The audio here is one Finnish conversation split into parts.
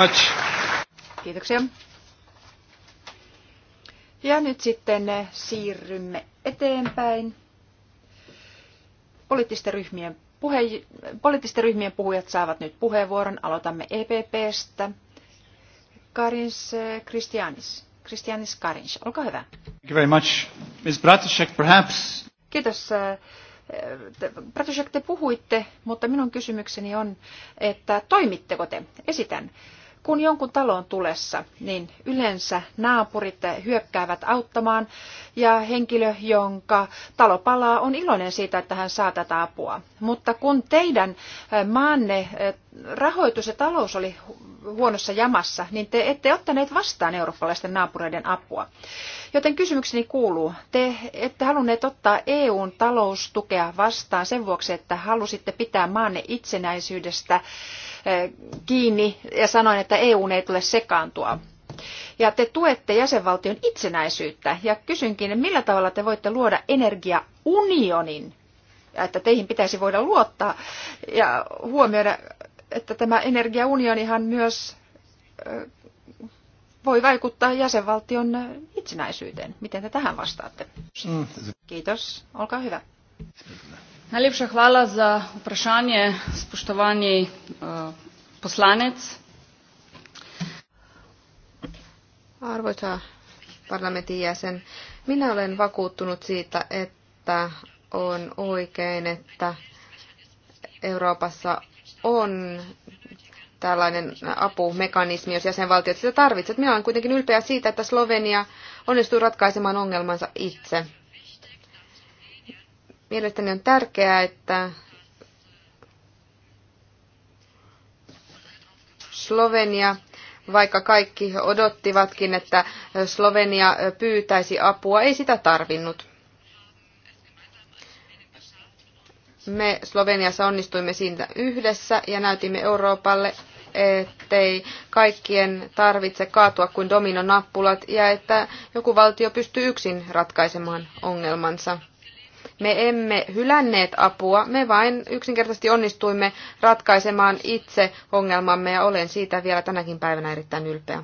much. Kiitoksia. Ja nyt sitten siirrymme eteenpäin. Poliittisten ryhmien, puhe, poliittisten ryhmien puhujat saavat nyt puheenvuoron. Aloitamme EPPstä. Karins eh, Christianis. Christianis Karins, olkaa hyvä. Thank you very much. Ms. Bratushek, perhaps. Kiitos. Eh, Bratushek, te puhuitte, mutta minun kysymykseni on, että toimitteko te? Esitän. Kun jonkun talo on tulessa, niin yleensä naapurit hyökkäävät auttamaan ja henkilö, jonka talo palaa, on iloinen siitä, että hän saa tätä apua. Mutta kun teidän maanne rahoitus ja talous oli huonossa jamassa, niin te ette ottaneet vastaan eurooppalaisten naapureiden apua. Joten kysymykseni kuuluu, te ette halunneet ottaa EUn taloustukea vastaan sen vuoksi, että halusitte pitää maanne itsenäisyydestä Eh, kiinni ja sanoin, että EU ei tule sekaantua. Ja te tuette jäsenvaltion itsenäisyyttä ja kysynkin, millä tavalla te voitte luoda energiaunionin, että teihin pitäisi voida luottaa ja huomioida, että tämä energiaunionihan myös eh, voi vaikuttaa jäsenvaltion itsenäisyyteen. Miten te tähän vastaatte? Mm. Kiitos. Olkaa hyvä. Najlepša hvala za vprašanje, spoštovani eh, poslanec. Arvoisa parlamentin jäsen, minä olen vakuuttunut siitä, että on oikein, että Euroopassa on tällainen apumekanismi, jos jäsenvaltiot sitä tarvitsevat. Minä olen kuitenkin ylpeä siitä, että Slovenia onnistuu ratkaisemaan ongelmansa itse. Mielestäni on tärkeää, että Slovenia, vaikka kaikki odottivatkin, että Slovenia pyytäisi apua, ei sitä tarvinnut. Me Sloveniassa onnistuimme siitä yhdessä ja näytimme Euroopalle, ettei kaikkien tarvitse kaatua kuin dominonappulat ja että joku valtio pystyy yksin ratkaisemaan ongelmansa. Me emme hylänneet apua, me vain yksinkertaisesti onnistuimme ratkaisemaan itse ongelmamme ja olen siitä vielä tänäkin päivänä erittäin ylpeä.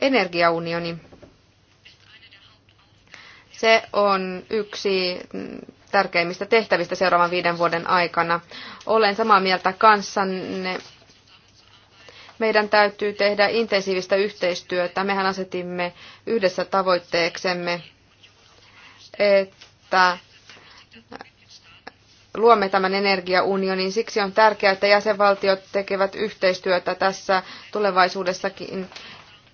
Energiaunioni. Se on yksi tärkeimmistä tehtävistä seuraavan viiden vuoden aikana. Olen samaa mieltä kanssanne. Meidän täytyy tehdä intensiivistä yhteistyötä. Mehän asetimme yhdessä tavoitteeksemme että luomme tämän energiaunionin. Siksi on tärkeää, että jäsenvaltiot tekevät yhteistyötä tässä tulevaisuudessakin,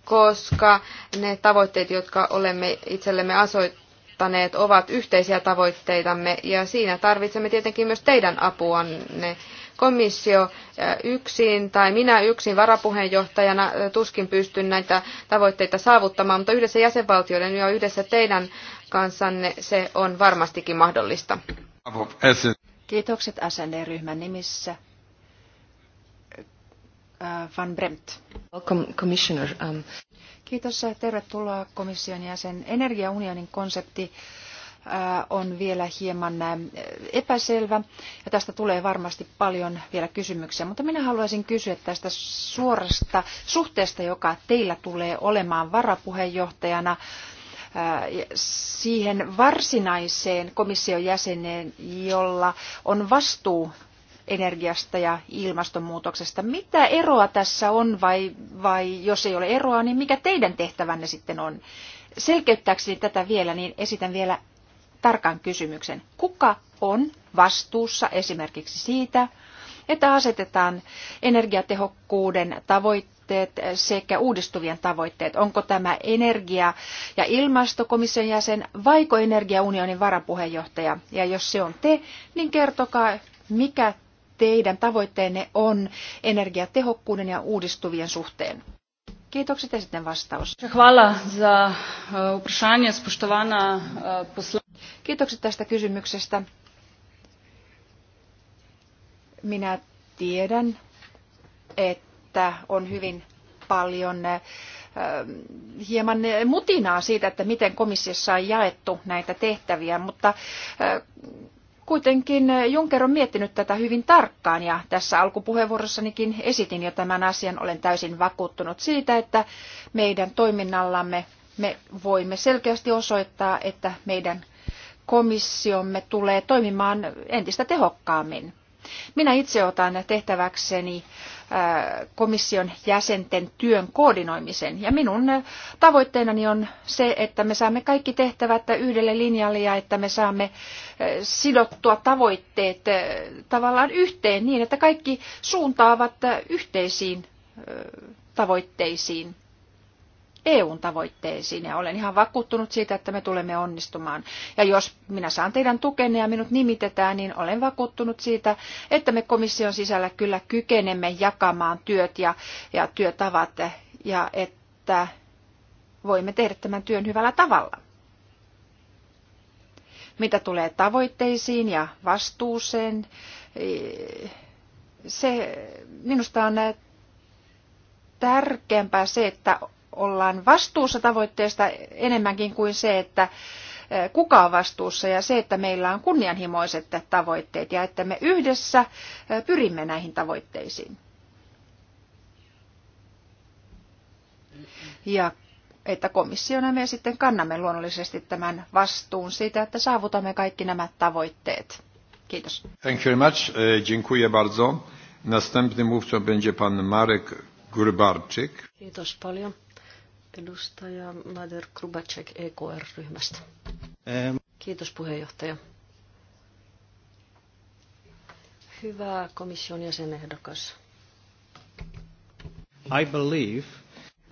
koska ne tavoitteet, jotka olemme itsellemme asoittaneet, ovat yhteisiä tavoitteitamme ja siinä tarvitsemme tietenkin myös teidän apuanne komissio yksin tai minä yksin varapuheenjohtajana tuskin pystyn näitä tavoitteita saavuttamaan, mutta yhdessä jäsenvaltioiden ja yhdessä teidän kanssanne se on varmastikin mahdollista. Kiitokset SND-ryhmän nimissä. Van Bremt. Welcome, Commissioner. Um, Kiitos ja tervetuloa komission jäsen. Energiaunionin konsepti Äh, on vielä hieman äh, epäselvä ja tästä tulee varmasti paljon vielä kysymyksiä, mutta minä haluaisin kysyä tästä suorasta suhteesta, joka teillä tulee olemaan varapuheenjohtajana äh, siihen varsinaiseen komission jäseneen, jolla on vastuu energiasta ja ilmastonmuutoksesta. Mitä eroa tässä on vai, vai jos ei ole eroa, niin mikä teidän tehtävänne sitten on? Selkeyttääkseni tätä vielä, niin esitän vielä tarkan kysymyksen. Kuka on vastuussa esimerkiksi siitä, että asetetaan energiatehokkuuden tavoitteet sekä uudistuvien tavoitteet. Onko tämä energia- ja ilmastokomission jäsen vaiko energiaunionin varapuheenjohtaja? Ja jos se on te, niin kertokaa, mikä teidän tavoitteenne on energiatehokkuuden ja uudistuvien suhteen. Kiitokset ja sitten vastaus. Hvala za uprašanje, e, spoštovana e, Kiitokset tästä kysymyksestä. Minä tiedän, että on hyvin paljon e, hieman mutinaa siitä, että miten komissiossa on jaettu näitä tehtäviä, mutta Kuitenkin eh, Juncker on miettinyt tätä hyvin tarkkaan ja tässä alkupuheenvuorossanikin esitin jo tämän asian. Olen täysin vakuuttunut siitä, että meidän toiminnallamme me voimme selkeästi osoittaa, että meidän komissiomme tulee toimimaan entistä tehokkaammin. Minä itse otan tehtäväkseni komission jäsenten työn koordinoimisen. Ja minun tavoitteenani on se, että me saamme kaikki tehtävät yhdelle linjalle ja että me saamme sidottua tavoitteet tavallaan yhteen niin, että kaikki suuntaavat yhteisiin tavoitteisiin. EUn tavoitteisiin ja olen ihan vakuuttunut siitä, että me tulemme onnistumaan. Ja jos minä saan teidän tukenne ja minut nimitetään, niin olen vakuuttunut siitä, että me komission sisällä kyllä kykenemme jakamaan työt ja, ja työtavat ja että voimme tehdä tämän työn hyvällä tavalla. Mitä tulee tavoitteisiin ja vastuuseen, se minusta on tärkeämpää se, että ollaan vastuussa tavoitteesta enemmänkin kuin se, että eh, kuka on vastuussa ja se, että meillä on kunnianhimoiset tavoitteet ja että me yhdessä eh, pyrimme näihin tavoitteisiin. Ja että komissiona me sitten kannamme luonnollisesti tämän vastuun siitä, että saavutamme kaikki nämä tavoitteet. Kiitos. Thank you very much. E, dziękuję bardzo. Następny mówca będzie pan Marek Grybarczyk. Kiitos paljon. Edustaja Nader Krubacek EKR-ryhmästä. Kiitos puheenjohtaja. Hyvä komission jäsenehdokas. I believe.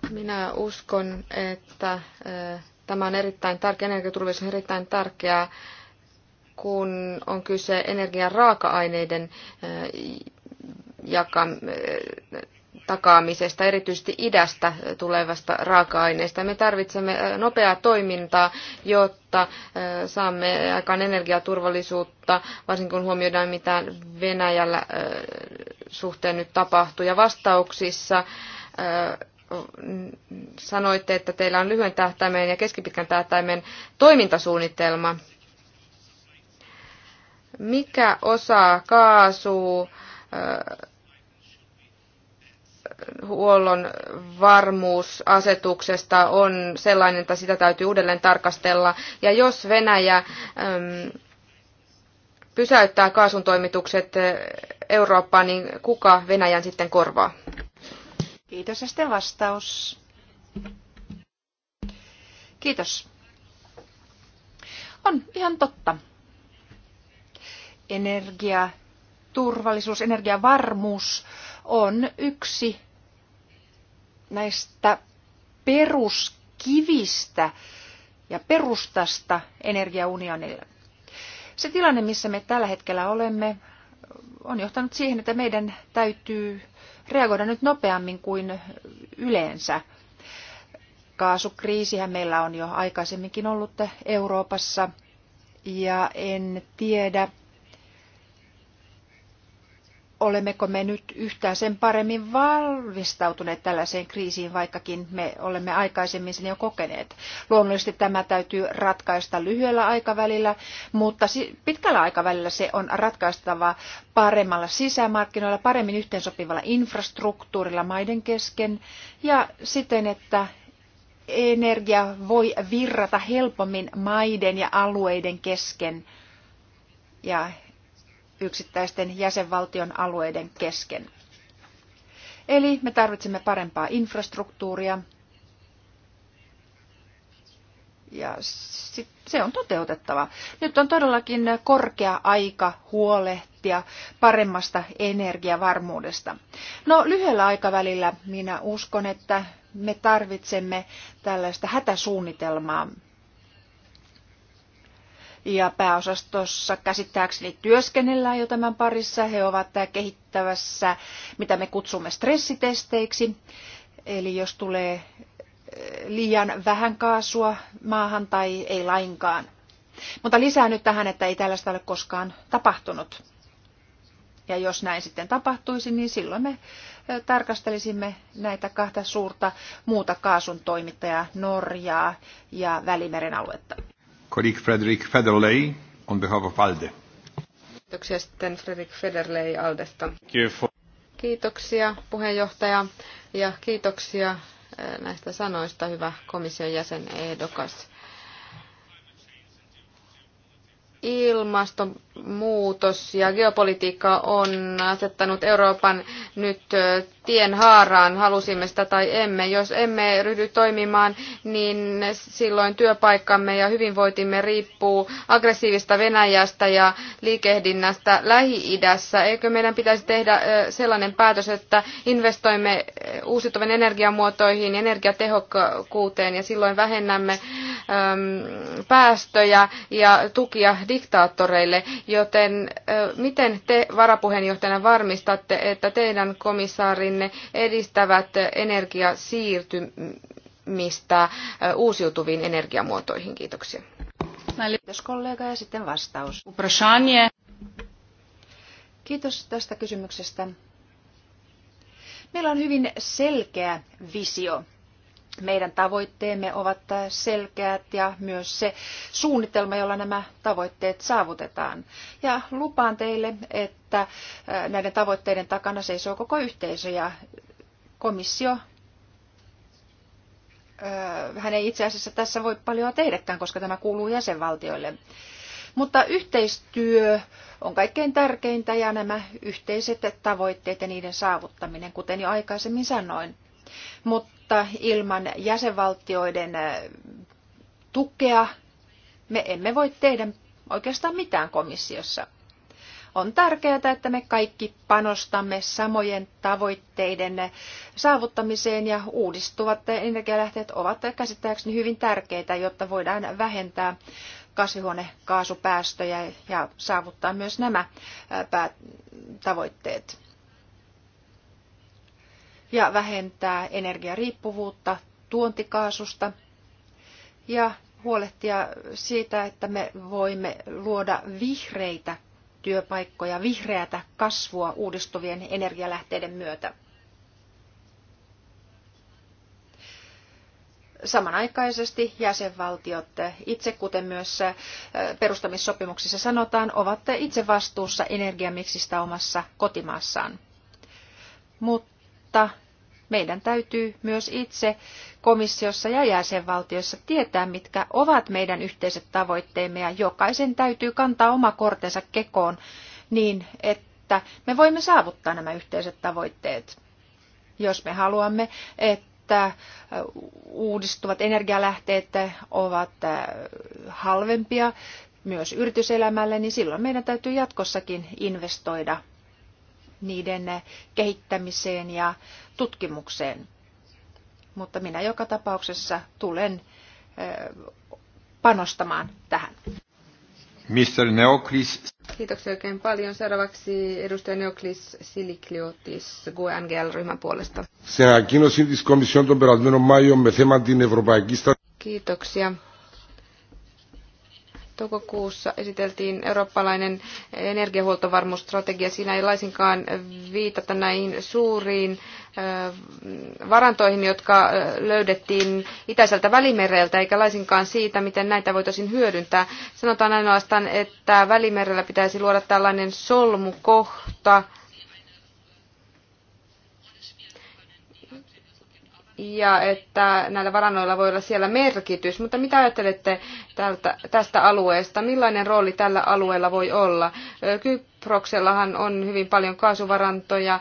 Minä uskon, että tämä on erittäin tärkeä, energiaturvallisuus on erittäin tärkeää, kun on kyse energian raaka-aineiden jakam- takaamisesta, erityisesti idästä tulevasta raaka-aineesta. Me tarvitsemme nopeaa toimintaa, jotta saamme aikaan energiaturvallisuutta, varsinkin kun huomioidaan, mitä Venäjällä suhteen nyt tapahtuu. Ja vastauksissa sanoitte, että teillä on lyhyen tähtäimen ja keskipitkän tähtäimen toimintasuunnitelma. Mikä osa kaasua, huollon varmuusasetuksesta on sellainen, että sitä täytyy uudelleen tarkastella. Ja jos Venäjä pysäyttää kaasuntoimitukset Eurooppaan, niin kuka Venäjän sitten korvaa? Kiitos ja sitten vastaus. Kiitos. On ihan totta. Energia, turvallisuus, energiavarmuus on yksi näistä peruskivistä ja perustasta energiaunionille. Se tilanne, missä me tällä hetkellä olemme, on johtanut siihen, että meidän täytyy reagoida nyt nopeammin kuin yleensä. Kaasukriisihän meillä on jo aikaisemminkin ollut Euroopassa, ja en tiedä, olemmeko me nyt yhtään sen paremmin valmistautuneet tällaiseen kriisiin, vaikkakin me olemme aikaisemmin sen jo kokeneet. Luonnollisesti tämä täytyy ratkaista lyhyellä aikavälillä, mutta pitkällä aikavälillä se on ratkaistava paremmalla sisämarkkinoilla, paremmin yhteensopivalla infrastruktuurilla maiden kesken ja siten, että energia voi virrata helpommin maiden ja alueiden kesken ja yksittäisten jäsenvaltion alueiden kesken. Eli me tarvitsemme parempaa infrastruktuuria. Ja sit se on toteutettava. Nyt on todellakin korkea aika huolehtia paremmasta energiavarmuudesta. No lyhyellä aikavälillä minä uskon, että me tarvitsemme tällaista hätäsuunnitelmaa ja pääosastossa käsittääkseni työskennellään jo tämän parissa. He ovat kehittävässä, mitä me kutsumme stressitesteiksi. Eli jos tulee eh, liian vähän kaasua maahan tai ei lainkaan. Mutta lisää nyt tähän, että ei tällaista ole koskaan tapahtunut. Ja jos näin sitten tapahtuisi, niin silloin me eh, tarkastelisimme näitä kahta suurta muuta kaasun toimittajaa, Norjaa ja Välimeren aluetta. Colleague Frederick Federley on behalf of ALDE. Kiitoksia sitten Fredrik Federley Aldesta. Kiitoksia puheenjohtaja ja kiitoksia eh, näistä sanoista, hyvä komission jäsen ehdokas. ilmastonmuutos ja geopolitiikka on asettanut Euroopan nyt tien haaraan, halusimme sitä tai emme. Jos emme ryhdy toimimaan, niin silloin työpaikkamme ja hyvinvointimme riippuu aggressiivista Venäjästä ja liikehdinnästä Lähi-idässä. Eikö meidän pitäisi tehdä sellainen päätös, että investoimme uusiutuvan energiamuotoihin ja energiatehokkuuteen ja silloin vähennämme päästöjä ja tukia diktaattoreille, joten miten te varapuheenjohtajana varmistatte, että teidän komissaarinne edistävät energiasiirtymistä uusiutuviin energiamuotoihin? Kiitoksia. Kiitos kollega ja sitten vastaus. Kiitos tästä kysymyksestä. Meillä on hyvin selkeä visio meidän tavoitteemme ovat selkeät ja myös se suunnitelma, jolla nämä tavoitteet saavutetaan. Ja lupaan teille, että äh, näiden tavoitteiden takana seisoo koko yhteisö ja komissio äh, hän ei itse asiassa tässä voi paljon tehdäkään, koska tämä kuuluu jäsenvaltioille. Mutta yhteistyö on kaikkein tärkeintä ja nämä yhteiset tavoitteet ja niiden saavuttaminen, kuten jo aikaisemmin sanoin mutta ilman jäsenvaltioiden äh, tukea me emme voi tehdä oikeastaan mitään komissiossa. On tärkeää, että me kaikki panostamme samojen tavoitteiden äh, saavuttamiseen ja uudistuvat energialähteet ovat käsittääkseni hyvin tärkeitä, jotta voidaan vähentää kasvihuonekaasupäästöjä ja saavuttaa myös nämä äh, tavoitteet ja vähentää energiariippuvuutta tuontikaasusta ja huolehtia siitä, että me voimme luoda vihreitä työpaikkoja, vihreätä kasvua uudistuvien energialähteiden myötä. samanaikaisesti jäsenvaltiot itse, kuten myös äh, perustamissopimuksissa sanotaan, ovat itse vastuussa energiamiksistä omassa kotimaassaan. Mutta meidän täytyy myös itse komissiossa ja jäsenvaltioissa tietää, mitkä ovat meidän yhteiset tavoitteemme ja jokaisen täytyy kantaa oma kortensa kekoon niin, että me voimme saavuttaa nämä yhteiset tavoitteet. Jos me haluamme, että äh, uudistuvat energialähteet ovat äh, halvempia myös yrityselämälle, niin silloin meidän täytyy jatkossakin investoida niiden kehittämiseen ja tutkimukseen. Mutta minä joka tapauksessa tulen panostamaan tähän. Mr. Neoklis. Kiitoksia oikein paljon. Seuraavaksi edustaja Neoklis Silikliotis gngl ryhmän puolesta. Se ankynosi της Κομισιόν τον περασμένο Μάιο Kiitoksia toukokuussa esiteltiin eurooppalainen energiahuoltovarmuusstrategia. Siinä ei laisinkaan viitata näihin suuriin varantoihin, jotka löydettiin itäiseltä välimereltä, eikä laisinkaan siitä, miten näitä voitaisiin hyödyntää. Sanotaan ainoastaan, että välimerellä pitäisi luoda tällainen solmukohta, ja että näillä varannoilla voi olla siellä merkitys. Mutta mitä ajattelette tältä, tästä alueesta? Millainen rooli tällä alueella voi olla? Kyproksellahan on hyvin paljon kaasuvarantoja.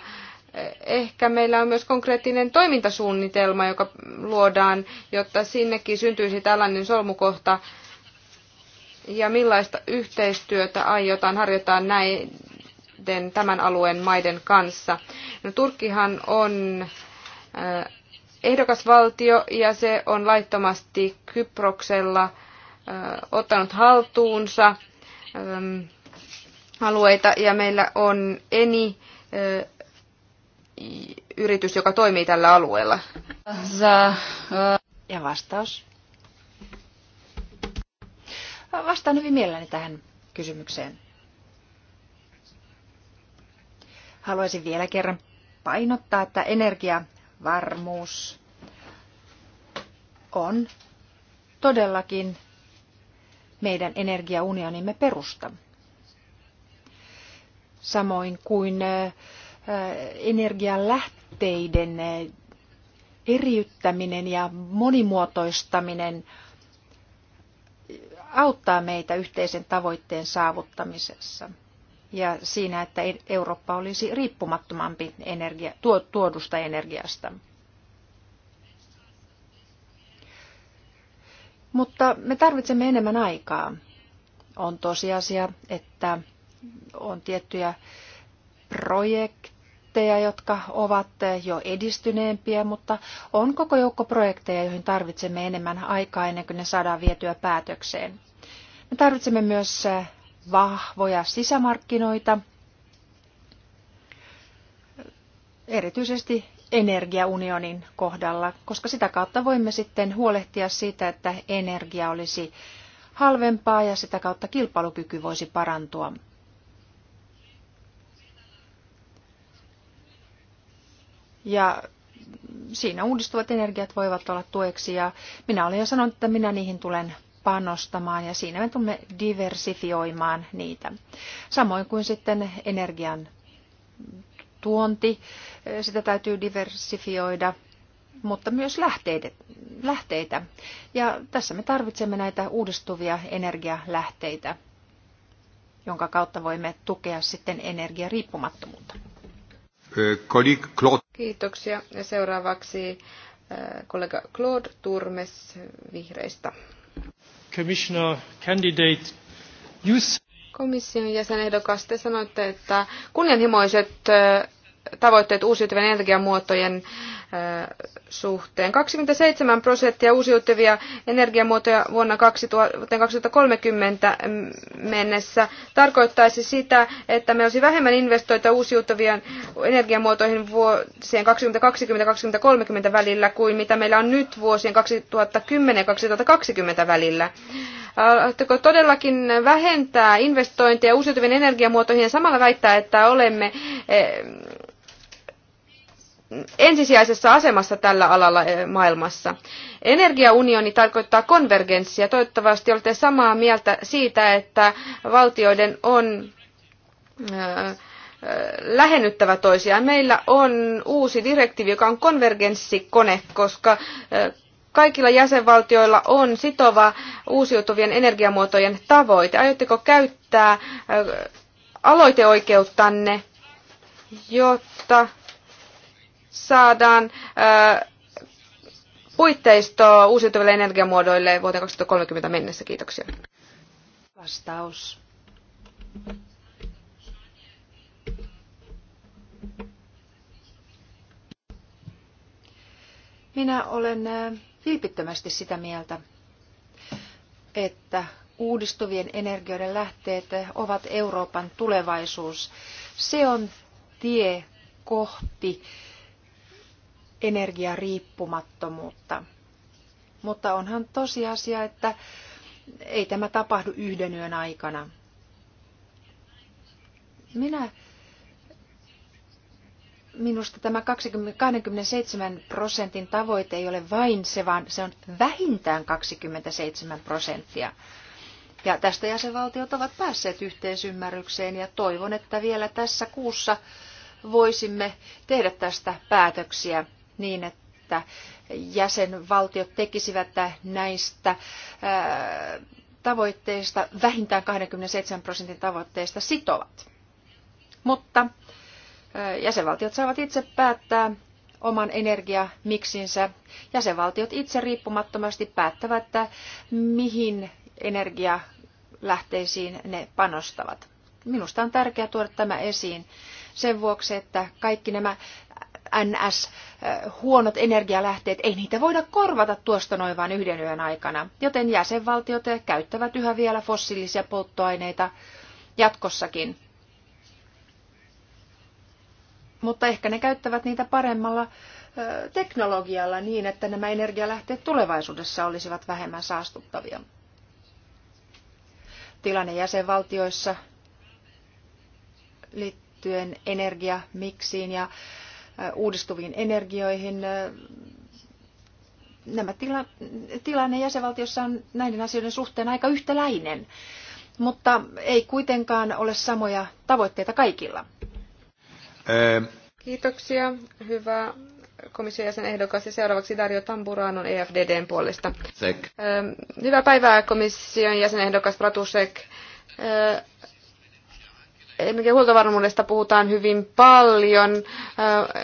Ehkä meillä on myös konkreettinen toimintasuunnitelma, joka luodaan, jotta sinnekin syntyisi tällainen solmukohta. Ja millaista yhteistyötä aiotaan harjoittaa näiden tämän alueen maiden kanssa? No, Turkkihan on äh, ehdokasvaltio ja se on laittomasti Kyproksella ottanut haltuunsa alueita ja meillä on eni yritys, joka toimii tällä alueella. Ja vastaus. Vastaan hyvin mielelläni tähän kysymykseen. Haluaisin vielä kerran painottaa, että energia varmuus on todellakin meidän energiaunionimme perusta. Samoin kuin energialähteiden eriyttäminen ja monimuotoistaminen auttaa meitä yhteisen tavoitteen saavuttamisessa ja siinä, että Eurooppa olisi riippumattomampi energia, tuo, tuodusta energiasta. Mutta me tarvitsemme enemmän aikaa. On tosiasia, että on tiettyjä projekteja, jotka ovat jo edistyneempiä, mutta on koko joukko projekteja, joihin tarvitsemme enemmän aikaa ennen kuin ne saadaan vietyä päätökseen. Me tarvitsemme myös vahvoja sisämarkkinoita, erityisesti energiaunionin kohdalla, koska sitä kautta voimme sitten huolehtia siitä, että energia olisi halvempaa ja sitä kautta kilpailukyky voisi parantua. Ja siinä uudistuvat energiat voivat olla tueksi ja minä olen jo sanonut, että minä niihin tulen panostamaan ja siinä me tulemme diversifioimaan niitä. Samoin kuin sitten energian tuonti, sitä täytyy diversifioida, mutta myös lähteitä. Ja tässä me tarvitsemme näitä uudistuvia energialähteitä, jonka kautta voimme tukea sitten energiariippumattomuutta. Kiitoksia. Ja seuraavaksi äh, kollega Claude Turmes vihreistä. Commissioner Candidate, you komission jäsenehdokas, te sanoitte, että kunnianhimoiset tavoitteet uusiutuvien energiamuotojen suhteen. 27 prosenttia uusiutuvia energiamuotoja vuonna 2030 mennessä tarkoittaisi sitä, että meillä olisi vähemmän investoita uusiutuvien energiamuotoihin vuosien 2020-2030 välillä kuin mitä meillä on nyt vuosien 2010-2020 välillä. Haluatteko todellakin vähentää investointeja uusiutuvien energiamuotoihin ja samalla väittää, että olemme eh, ensisijaisessa asemassa tällä alalla eh, maailmassa. Energiaunioni tarkoittaa konvergenssia. Toivottavasti olette samaa mieltä siitä, että valtioiden on eh, eh, lähennyttävä toisiaan. Meillä on uusi direktiivi, joka on konvergenssikone, koska kaikilla jäsenvaltioilla on sitova uusiutuvien energiamuotojen tavoite. Aiotteko käyttää aloiteoikeuttanne, jotta saadaan äh, puitteisto uusiutuville energiamuodoille vuoteen 2030 mennessä? Kiitoksia. Vastaus. Minä olen äh, vilpittömästi sitä mieltä, että uudistuvien energioiden lähteet ovat Euroopan tulevaisuus. Se on tie kohti äh, energiariippumattomuutta. Mutta onhan tosiasia, että ei tämä tapahdu yhden yön aikana. Minä, minusta tämä 20, 27 prosentin tavoite ei ole vain se, vaan se on vähintään 27 prosenttia. Ja tästä jäsenvaltiot ovat päässeet yhteisymmärrykseen ja toivon, että vielä tässä kuussa voisimme tehdä tästä päätöksiä niin, että jäsenvaltiot tekisivät näistä äh, tavoitteista, vähintään 27 prosentin tavoitteista sitovat. Mutta äh, jäsenvaltiot saavat itse päättää oman energiamiksinsä. Jäsenvaltiot itse riippumattomasti päättävät, että mihin energialähteisiin ne panostavat. Minusta on tärkeää tuoda tämä esiin sen vuoksi, että kaikki nämä NS eh, huonot energialähteet, ei niitä voida korvata tuosta noin vain yhden yön aikana, joten jäsenvaltiot eh, käyttävät yhä vielä fossiilisia polttoaineita jatkossakin. Mutta ehkä ne käyttävät niitä paremmalla eh, teknologialla niin, että nämä energialähteet tulevaisuudessa olisivat vähemmän saastuttavia. Tilanne jäsenvaltioissa liittyen energiamiksiin ja Äh, uudistuviin energioihin. Äh, nämä tila, tilanne jäsenvaltiossa on näiden asioiden suhteen aika yhtäläinen, mutta ei kuitenkaan ole samoja tavoitteita kaikilla. Ähm. Kiitoksia. Hyvä komission jäsen ehdokas ja seuraavaksi Dario on EFDDn puolesta. Sek. Ähm, hyvää päivää komission jäsen ehdokas Pratusek. Äh, huoltovarmuudesta puhutaan hyvin paljon, äh,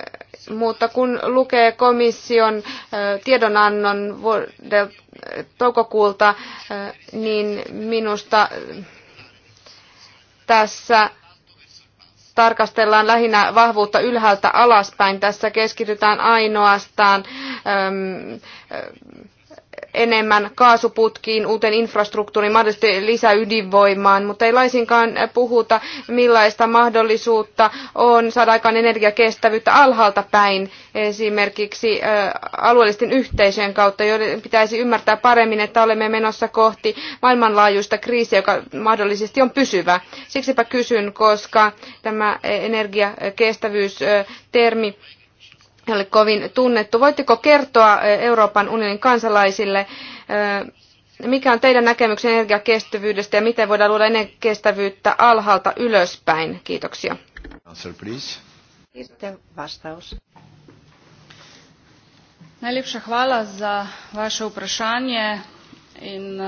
mutta kun lukee komission äh, tiedonannon toukokuulta, äh, niin minusta tässä tarkastellaan lähinnä vahvuutta ylhäältä alaspäin. Tässä keskitytään ainoastaan ähm, enemmän kaasuputkiin, uuteen infrastruktuuriin, mahdollisesti lisäydinvoimaan, mutta ei laisinkaan puhuta, millaista mahdollisuutta on saada aikaan energiakestävyyttä alhaalta päin, esimerkiksi alueellisten yhteisöjen kautta, joiden pitäisi ymmärtää paremmin, että olemme menossa kohti maailmanlaajuista kriisiä, joka mahdollisesti on pysyvä. Siksipä kysyn, koska tämä energiakestävyystermi ole kovin tunnettu. Voitteko kertoa Euroopan unionin kansalaisille, mikä on teidän näkemyksenne energiakestävyydestä ja miten voidaan luoda energiakestävyyttä alhaalta ylöspäin? Kiitoksia. Answer, please. Sitten vastaus. Najlepša hvala za vaše vprašanje in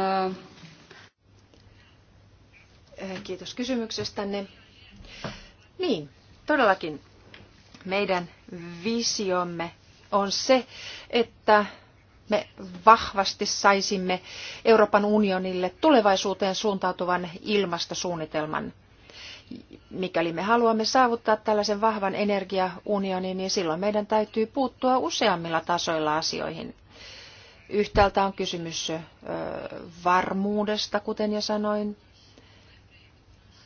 e, Kiitos kysymyksestänne. Niin, todellakin meidän visiomme on se, että me vahvasti saisimme Euroopan unionille tulevaisuuteen suuntautuvan ilmastosuunnitelman. Mikäli me haluamme saavuttaa tällaisen vahvan energiaunionin, niin silloin meidän täytyy puuttua useammilla tasoilla asioihin. Yhtäältä on kysymys varmuudesta, kuten jo sanoin.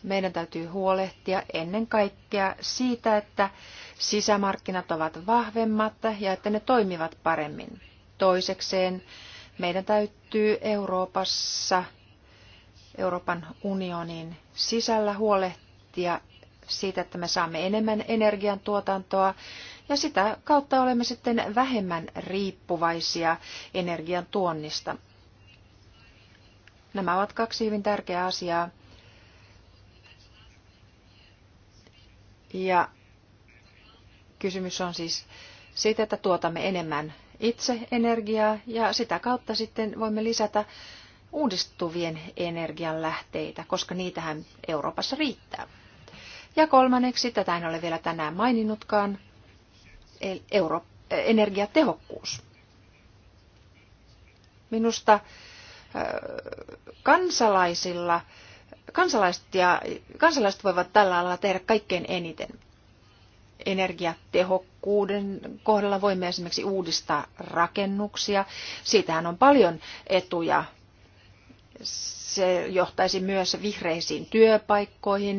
Meidän täytyy huolehtia ennen kaikkea siitä, että sisämarkkinat ovat vahvemmat ja että ne toimivat paremmin. Toisekseen meidän täytyy Euroopassa, Euroopan unionin sisällä huolehtia siitä, että me saamme enemmän energiantuotantoa ja sitä kautta olemme sitten vähemmän riippuvaisia energian tuonnista. Nämä ovat kaksi hyvin tärkeää asiaa. Ja Kysymys on siis siitä, että tuotamme enemmän itse energiaa ja sitä kautta sitten voimme lisätä uudistuvien energianlähteitä, koska niitähän Euroopassa riittää. Ja kolmanneksi, tätä en ole vielä tänään maininnutkaan, euro, eh, energiatehokkuus. Minusta eh, kansalaisilla, kansalaiset, ja, kansalaiset voivat tällä alalla tehdä kaikkein eniten energiatehokkuuden kohdalla voimme esimerkiksi uudistaa rakennuksia. Siitähän on paljon etuja. Se johtaisi myös vihreisiin työpaikkoihin,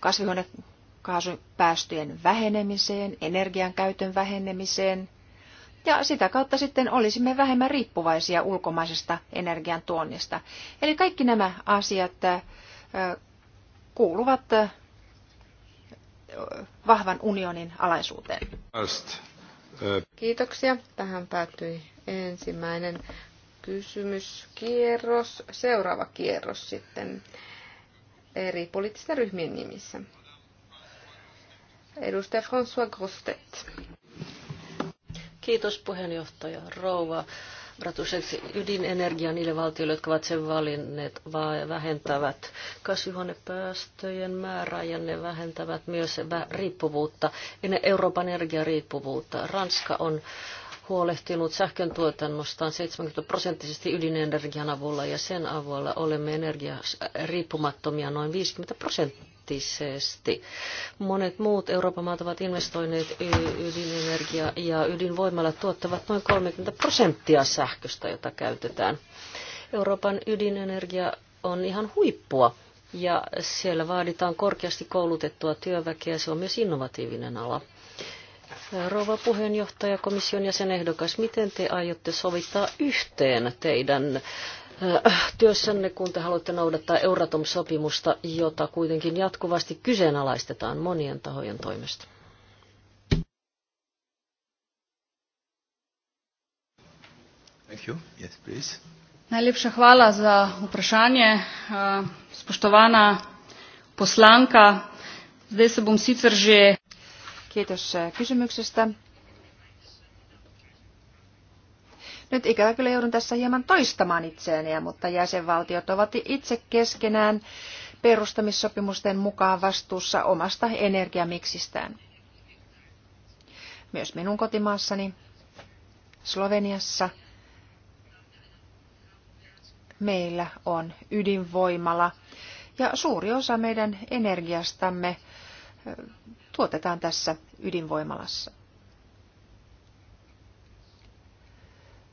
kasvihuonekaasupäästöjen vähenemiseen, energian käytön vähenemiseen. Ja sitä kautta sitten olisimme vähemmän riippuvaisia ulkomaisesta energiantuonnista. Eli kaikki nämä asiat kuuluvat vahvan unionin alaisuuteen. Uh, Kiitoksia. Tähän päättyi ensimmäinen kysymyskierros. Seuraava kierros sitten eri poliittisten ryhmien nimissä. Edustaja François Grostet. Kiitos puheenjohtaja Rouva. Bratuseksi ydinenergiaa niille valtioille, jotka ovat sen valinneet, vähentävät kasvihuonepäästöjen määrää ja ne vähentävät myös riippuvuutta, Euroopan energiariippuvuutta. Ranska on huolehtinut sähkön tuotannostaan 70 prosenttisesti ydinenergian avulla ja sen avulla olemme energiariippumattomia noin 50 prosenttia kriittisesti. Monet muut Euroopan maat ovat investoineet ydinenergiaa ja ydinvoimalla tuottavat noin 30 prosenttia sähköstä, jota käytetään. Euroopan ydinenergia on ihan huippua ja siellä vaaditaan korkeasti koulutettua työväkeä. Se on myös innovatiivinen ala. Rouva puheenjohtaja, komission jäsenehdokas, miten te aiotte sovittaa yhteen teidän Äh, työssänne, kun te haluatte noudattaa Euratom-sopimusta, jota kuitenkin jatkuvasti kyseenalaistetaan monien tahojen toimesta? Thank you. Yes, please. Najlepša hvala za vprašanje. Spoštovana poslanka, zdaj se bom sicer že... Kiitos e, kysymyksestä. Nyt ikävä kyllä joudun tässä hieman toistamaan itseäni, mutta jäsenvaltiot ovat itse keskenään perustamissopimusten mukaan vastuussa omasta energiamiksistään. Myös minun kotimaassani, Sloveniassa, meillä on ydinvoimala ja suuri osa meidän energiastamme tuotetaan tässä ydinvoimalassa.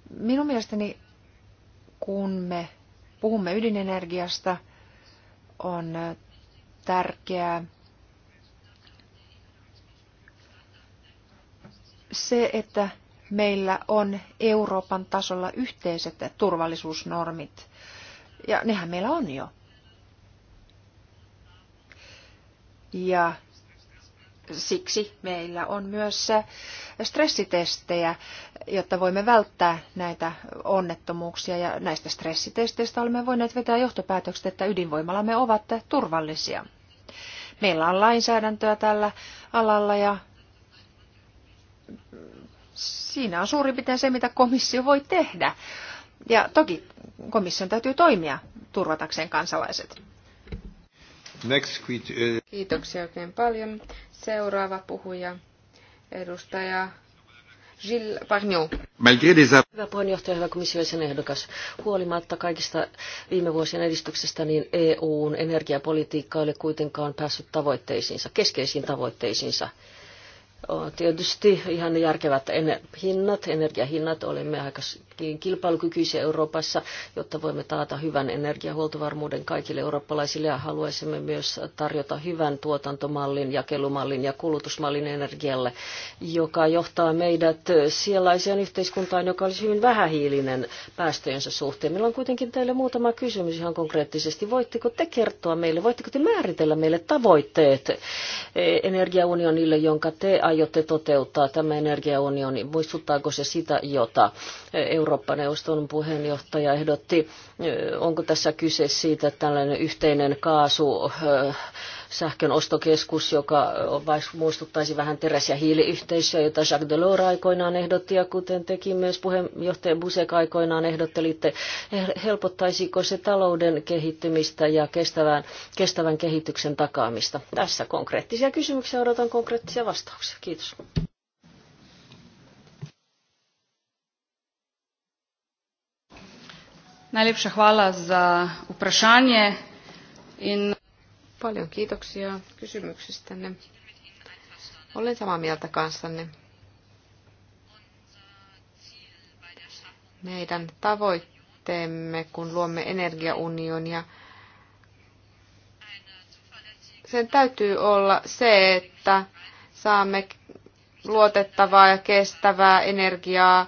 Minun mielestäni, kun me puhumme ydinenergiasta, on tärkeää se, että meillä on Euroopan tasolla yhteiset turvallisuusnormit. Ja nehän meillä on jo. Ja siksi meillä on myös äh, stressitestejä, jotta voimme välttää näitä onnettomuuksia. Ja näistä stressitesteistä olemme voineet vetää johtopäätökset, että ydinvoimalamme ovat turvallisia. Meillä on lainsäädäntöä tällä alalla ja siinä on suurin piirtein se, mitä komissio voi tehdä. Ja toki komission täytyy toimia turvatakseen kansalaiset. Next, uh, Kiitoksia oikein paljon. Seuraava puhuja, edustaja Gilles Parnion. Hyvä puheenjohtaja, hyvä komission sen ehdokas. Huolimatta kaikista viime vuosien edistyksestä, niin EUn energiapolitiikka ei ole kuitenkaan päässyt tavoitteisiinsa, keskeisiin tavoitteisiinsa tietysti ihan järkevät hinnat, energiahinnat. Olemme aika kilpailukykyisiä Euroopassa, jotta voimme taata hyvän energiahuoltovarmuuden kaikille eurooppalaisille ja haluaisimme myös tarjota hyvän tuotantomallin, jakelumallin ja kulutusmallin energialle, joka johtaa meidät sellaiseen yhteiskuntaan, joka olisi hyvin vähähiilinen päästöjensä suhteen. Meillä on kuitenkin teille muutama kysymys ihan konkreettisesti. Voitteko te kertoa meille, voitteko te määritellä meille tavoitteet e- energiaunionille, jonka te aiotte toteuttaa tämä energiaunioni? Muistuttaako se sitä, jota Eurooppa-neuvoston puheenjohtaja ehdotti? Onko tässä kyse siitä, että tällainen yhteinen kaasu sähkön ostokeskus, joka muistuttaisi vähän teräs- ja hiiliyhteisöä, jota Jacques Delors aikoinaan ehdotti ja kuten teki myös puheenjohtaja Busek aikoinaan ehdottelitte, eh, helpottaisiko se talouden kehittymistä ja kestävän, kestävän kehityksen takaamista? Tässä konkreettisia kysymyksiä, odotan konkreettisia vastauksia. Kiitos. Najlepša hvala za vprašanje. In... Paljon kiitoksia kysymyksistänne. Olen samaa mieltä kanssanne. Meidän tavoitteemme, kun luomme energiaunionia, sen täytyy olla se, että saamme luotettavaa ja kestävää energiaa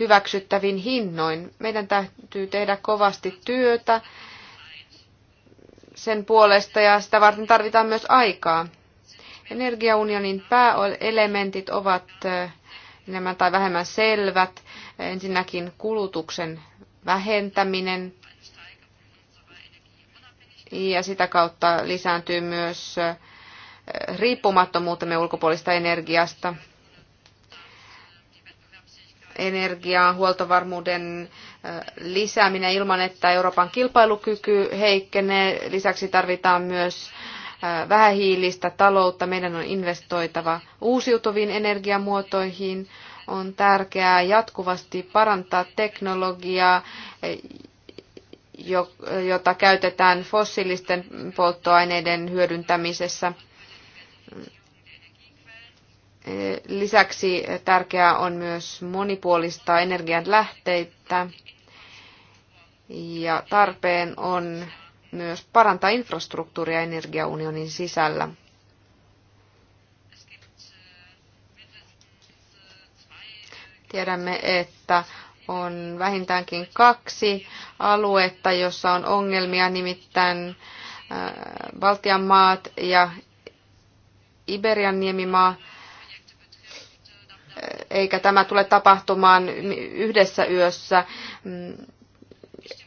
hyväksyttävin hinnoin. Meidän täytyy tehdä kovasti työtä sen puolesta ja sitä varten tarvitaan myös aikaa. Energiaunionin pääelementit ovat enemmän tai vähemmän selvät. Ensinnäkin kulutuksen vähentäminen ja sitä kautta lisääntyy myös riippumattomuutemme ulkopuolista energiasta energiaa, huoltovarmuuden lisääminen ilman, että Euroopan kilpailukyky heikkenee. Lisäksi tarvitaan myös vähähiilistä taloutta. Meidän on investoitava uusiutuviin energiamuotoihin. On tärkeää jatkuvasti parantaa teknologiaa, jota käytetään fossiilisten polttoaineiden hyödyntämisessä Lisäksi tärkeää on myös monipuolistaa energian lähteitä ja tarpeen on myös parantaa infrastruktuuria energiaunionin sisällä. Tiedämme, että on vähintäänkin kaksi aluetta, jossa on ongelmia, nimittäin Baltian maat ja Iberian niemimaa eikä tämä tule tapahtumaan yhdessä yössä.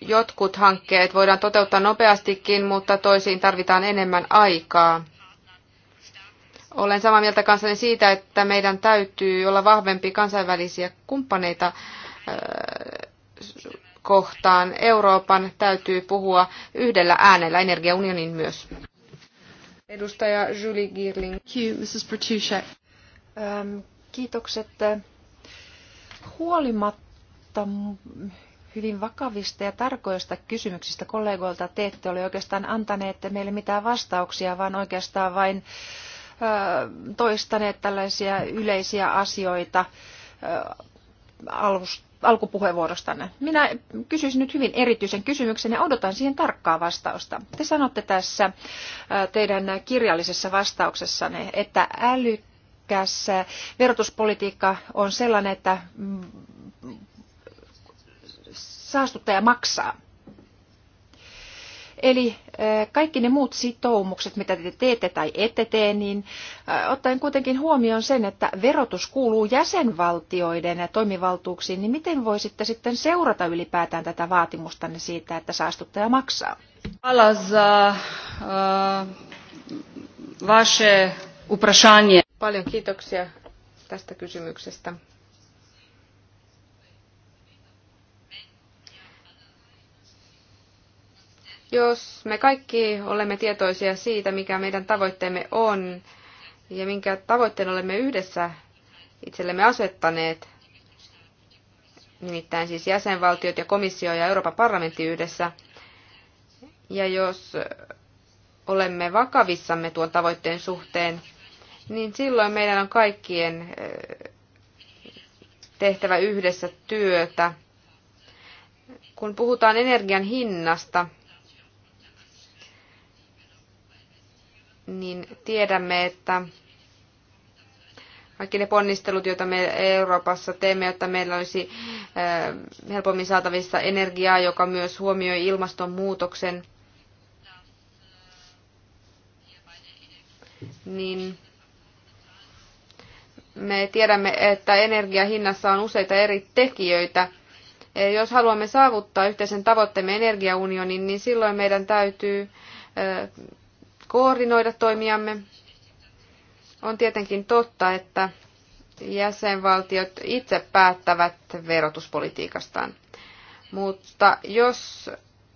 Jotkut hankkeet voidaan toteuttaa nopeastikin, mutta toisiin tarvitaan enemmän aikaa. Olen samaa mieltä kanssani siitä, että meidän täytyy olla vahvempi kansainvälisiä kumppaneita äh, kohtaan. Euroopan täytyy puhua yhdellä äänellä, energiaunionin myös. Edustaja Julie Girling. you, Mrs. Um, Kiitokset. Huolimatta hyvin vakavista ja tarkoista kysymyksistä kollegoilta te ette ole oikeastaan antaneet meille mitään vastauksia, vaan oikeastaan vain toistaneet tällaisia yleisiä asioita alkupuheenvuorostanne. Minä kysyisin nyt hyvin erityisen kysymyksen ja odotan siihen tarkkaa vastausta. Te sanotte tässä teidän kirjallisessa vastauksessanne, että älyt älykäs verotuspolitiikka on sellainen, että saastuttaja maksaa. Eli eh, kaikki ne muut sitoumukset, mitä te teette tai ette tee, niin eh, ottaen kuitenkin huomioon sen, että verotus kuuluu jäsenvaltioiden toimivaltuuksiin, niin miten voisitte sitten seurata ylipäätään tätä vaatimustanne siitä, että saastuttaja maksaa? Eh, vaše Paljon kiitoksia tästä kysymyksestä. Jos me kaikki olemme tietoisia siitä, mikä meidän tavoitteemme on ja minkä tavoitteen olemme yhdessä itsellemme asettaneet, nimittäin siis jäsenvaltiot ja komissio ja Euroopan parlamentti yhdessä, ja jos olemme vakavissamme tuon tavoitteen suhteen, niin silloin meidän on kaikkien eh, tehtävä yhdessä työtä. Kun puhutaan energian hinnasta, niin tiedämme, että kaikki ne ponnistelut, joita me Euroopassa teemme, jotta meillä olisi eh, helpommin saatavissa energiaa, joka myös huomioi ilmastonmuutoksen, niin me tiedämme, että energiahinnassa on useita eri tekijöitä. Jos haluamme saavuttaa yhteisen tavoitteemme energiaunionin, niin silloin meidän täytyy koordinoida toimiamme. On tietenkin totta, että jäsenvaltiot itse päättävät verotuspolitiikastaan. Mutta jos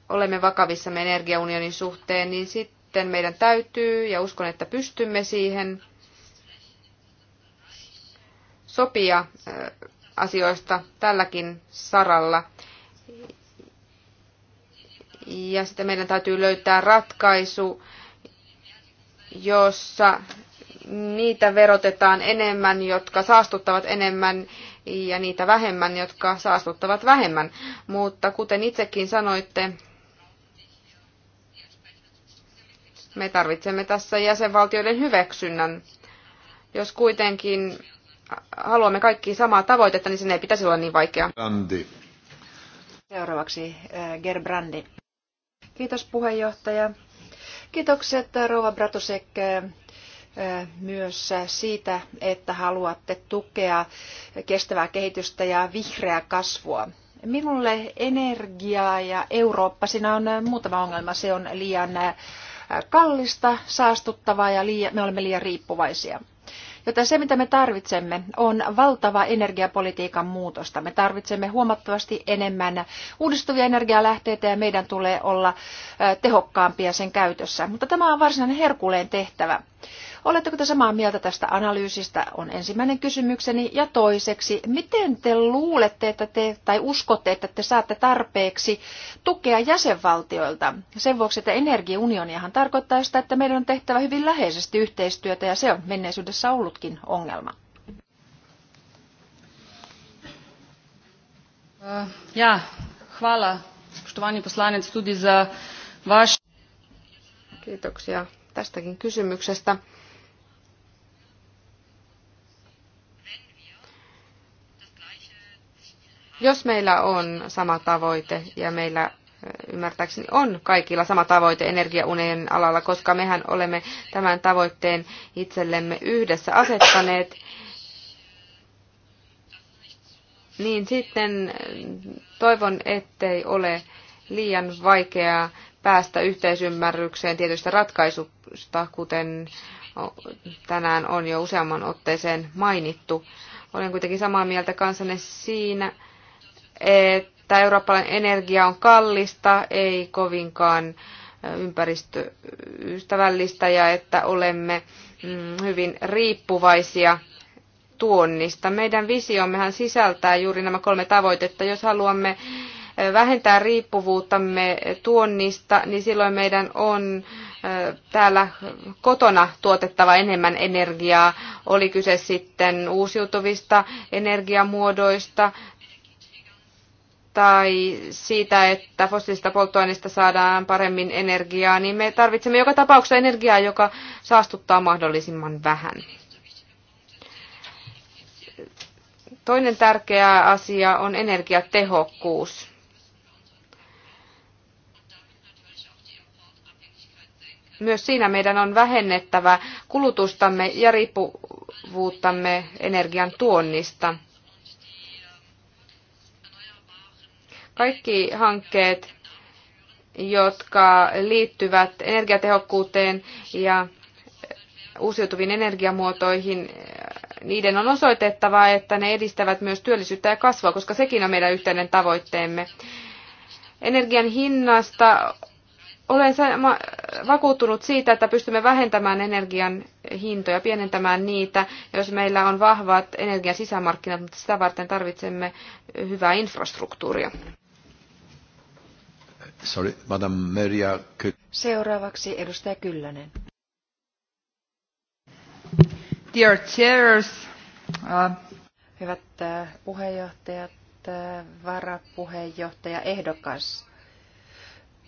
olemme vakavissamme energiaunionin suhteen, niin sitten meidän täytyy, ja uskon, että pystymme siihen, sopia asioista tälläkin saralla. Ja sitten meidän täytyy löytää ratkaisu, jossa niitä verotetaan enemmän, jotka saastuttavat enemmän ja niitä vähemmän, jotka saastuttavat vähemmän. Mutta kuten itsekin sanoitte, me tarvitsemme tässä jäsenvaltioiden hyväksynnän. Jos kuitenkin haluamme kaikki samaa tavoitetta, niin sen ei pitäisi olla niin vaikeaa. Brandi. Seuraavaksi äh, Gerbrandi. Kiitos puheenjohtaja. Kiitokset äh, Rova Bratusek äh, myös siitä, että haluatte tukea kestävää kehitystä ja vihreää kasvua. Minulle energia ja Eurooppa, siinä on muutama ongelma. Se on liian kallista, saastuttavaa ja liian, me olemme liian riippuvaisia. Joten se, mitä me tarvitsemme, on valtava energiapolitiikan muutosta. Me tarvitsemme huomattavasti enemmän uudistuvia energialähteitä ja meidän tulee olla tehokkaampia sen käytössä. Mutta tämä on varsinainen herkuleen tehtävä. Oletteko te samaa mieltä tästä analyysistä, on ensimmäinen kysymykseni. Ja toiseksi, miten te luulette että te, tai uskotte, että te saatte tarpeeksi tukea jäsenvaltioilta? Sen vuoksi, että energiaunioniahan tarkoittaa sitä, että meidän on tehtävä hyvin läheisesti yhteistyötä ja se on menneisyydessä ollutkin ongelma. Ja, hvala, poštovani poslanec, tudi za vaš... Kiitoksia tästäkin kysymyksestä. Jos meillä on sama tavoite ja meillä ymmärtääkseni on kaikilla sama tavoite energiaunien alalla, koska mehän olemme tämän tavoitteen itsellemme yhdessä asettaneet, niin sitten toivon, ettei ole liian vaikeaa päästä yhteisymmärrykseen tietystä ratkaisusta, kuten tänään on jo useamman otteeseen mainittu. Olen kuitenkin samaa mieltä kanssanne siinä, että eurooppalainen energia on kallista, ei kovinkaan ympäristöystävällistä ja että olemme mm, hyvin riippuvaisia tuonnista. Meidän visiommehan sisältää juuri nämä kolme tavoitetta. Jos haluamme vähentää riippuvuuttamme tuonnista, niin silloin meidän on täällä kotona tuotettava enemmän energiaa, oli kyse sitten uusiutuvista energiamuodoista tai siitä, että fossiilisista polttoaineista saadaan paremmin energiaa, niin me tarvitsemme joka tapauksessa energiaa, joka saastuttaa mahdollisimman vähän. Toinen tärkeä asia on energiatehokkuus. Myös siinä meidän on vähennettävä kulutustamme ja riippuvuuttamme energian tuonnista. kaikki hankkeet, jotka liittyvät energiatehokkuuteen ja uusiutuviin energiamuotoihin, niiden on osoitettava, että ne edistävät myös työllisyyttä ja kasvua, koska sekin on meidän yhteinen tavoitteemme. Energian hinnasta olen vakuuttunut siitä, että pystymme vähentämään energian hintoja, pienentämään niitä, jos meillä on vahvat energian sisämarkkinat, mutta sitä varten tarvitsemme hyvää infrastruktuuria. Sorry, Madame Seuraavaksi edustaja Kyllönen. Dear chairs, uh... Hyvät äh, puheenjohtajat, äh, varapuheenjohtaja, ehdokas.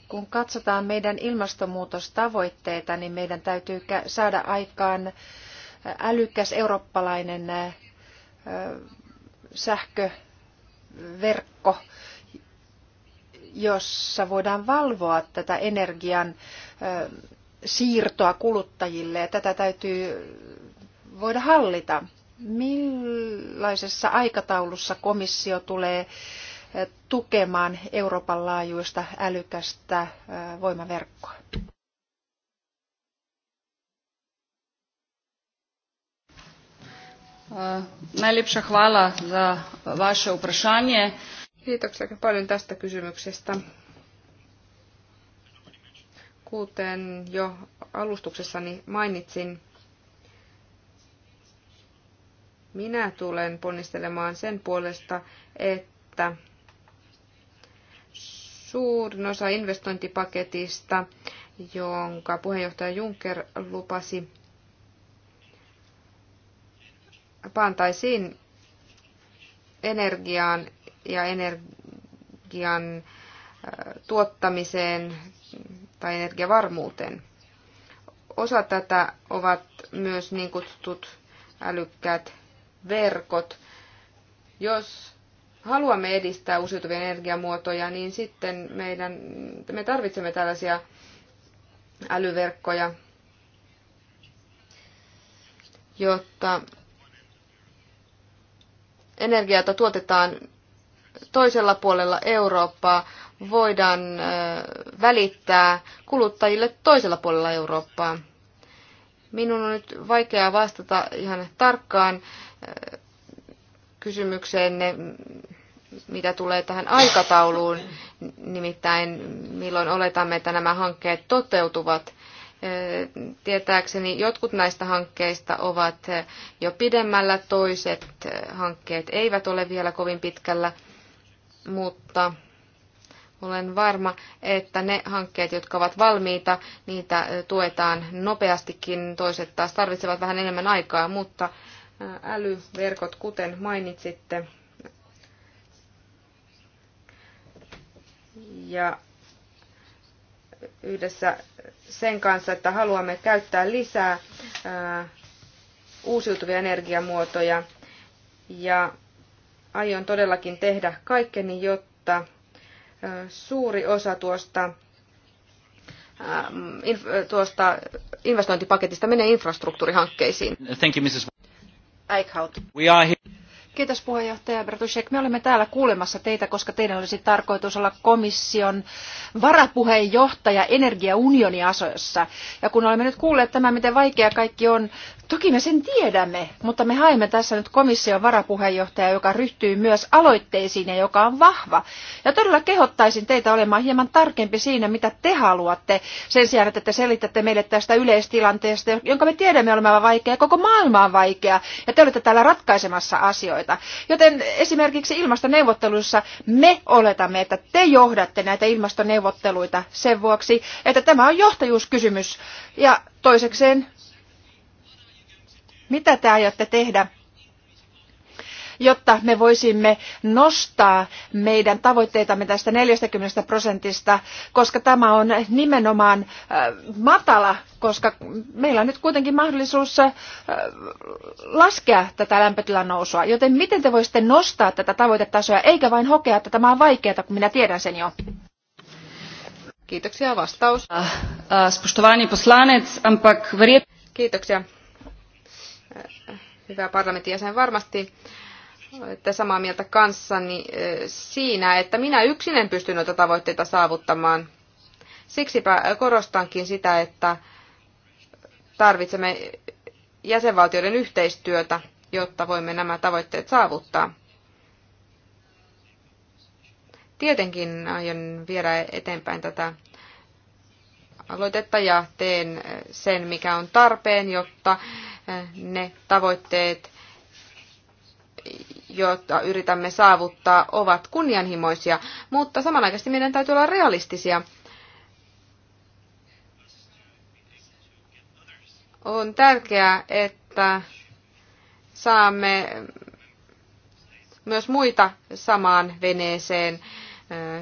Kun katsotaan meidän ilmastonmuutostavoitteita, niin meidän täytyy saada aikaan äh, älykäs eurooppalainen sähköverkko, jossa voidaan valvoa tätä energian siirtoa kuluttajille ja tätä täytyy voida hallita. Millaisessa aikataulussa komissio tulee tukemaan Euroopan laajuista älykästä voimaverkkoa? Najlepša hvala za vaše Kiitoksia paljon tästä kysymyksestä. Kuten jo alustuksessani mainitsin, minä tulen ponnistelemaan sen puolesta, että suurin osa investointipaketista, jonka puheenjohtaja Juncker lupasi, pantaisiin energiaan ja energian tuottamiseen tai energiavarmuuteen. Osa tätä ovat myös niin kutsutut älykkäät verkot. Jos haluamme edistää uusiutuvia energiamuotoja, niin sitten meidän, me tarvitsemme tällaisia älyverkkoja, jotta energiaa, jota tuotetaan toisella puolella Eurooppaa voidaan välittää kuluttajille toisella puolella Eurooppaa. Minun on nyt vaikea vastata ihan tarkkaan kysymykseenne, mitä tulee tähän aikatauluun, nimittäin milloin oletamme, että nämä hankkeet toteutuvat. Tietääkseni jotkut näistä hankkeista ovat jo pidemmällä, toiset hankkeet eivät ole vielä kovin pitkällä mutta olen varma, että ne hankkeet, jotka ovat valmiita, niitä tuetaan nopeastikin. Toiset taas tarvitsevat vähän enemmän aikaa, mutta älyverkot, kuten mainitsitte, ja yhdessä sen kanssa, että haluamme käyttää lisää uusiutuvia energiamuotoja ja aion todellakin tehdä kaikkeni, jotta suuri osa tuosta, tuosta investointipaketista menee infrastruktuurihankkeisiin. Thank you, Mrs. Eichhout. We are here. Kiitos puheenjohtaja Bertusek. Me olemme täällä kuulemassa teitä, koska teidän olisi tarkoitus olla komission varapuheenjohtaja energiaunioniasoissa. Ja kun olemme nyt kuulleet tämän, miten vaikea kaikki on, toki me sen tiedämme, mutta me haemme tässä nyt komission varapuheenjohtajaa, joka ryhtyy myös aloitteisiin ja joka on vahva. Ja todella kehottaisin teitä olemaan hieman tarkempi siinä, mitä te haluatte, sen sijaan, että te selitätte meille tästä yleistilanteesta, jonka me tiedämme olevan vaikea, koko maailma on vaikea, ja te olette täällä ratkaisemassa asioita asioita. Joten esimerkiksi ilmastoneuvotteluissa me oletamme, että te johdatte näitä ilmastoneuvotteluita sen vuoksi, että tämä on johtajuuskysymys. Ja toisekseen, mitä te aiotte tehdä jotta me voisimme nostaa meidän tavoitteitamme tästä 40 prosentista, koska tämä on nimenomaan äh, matala, koska meillä on nyt kuitenkin mahdollisuus äh, laskea tätä lämpötilan nousua. Joten miten te voisitte nostaa tätä tavoitetasoa, eikä vain hokea, että tämä on vaikeaa, kun minä tiedän sen jo? Kiitoksia vastaus. Äh, Spustovani poslanec, ampak Kiitoksia. Hyvä parlamentin jäsen varmasti olette samaa mieltä kanssani siinä, että minä yksin en pysty noita tavoitteita saavuttamaan. Siksipä korostankin sitä, että tarvitsemme jäsenvaltioiden yhteistyötä, jotta voimme nämä tavoitteet saavuttaa. Tietenkin aion viedä eteenpäin tätä aloitetta ja teen sen, mikä on tarpeen, jotta ne tavoitteet, joita yritämme saavuttaa, ovat kunnianhimoisia, mutta samanaikaisesti meidän täytyy olla realistisia. On tärkeää, että saamme myös muita samaan veneeseen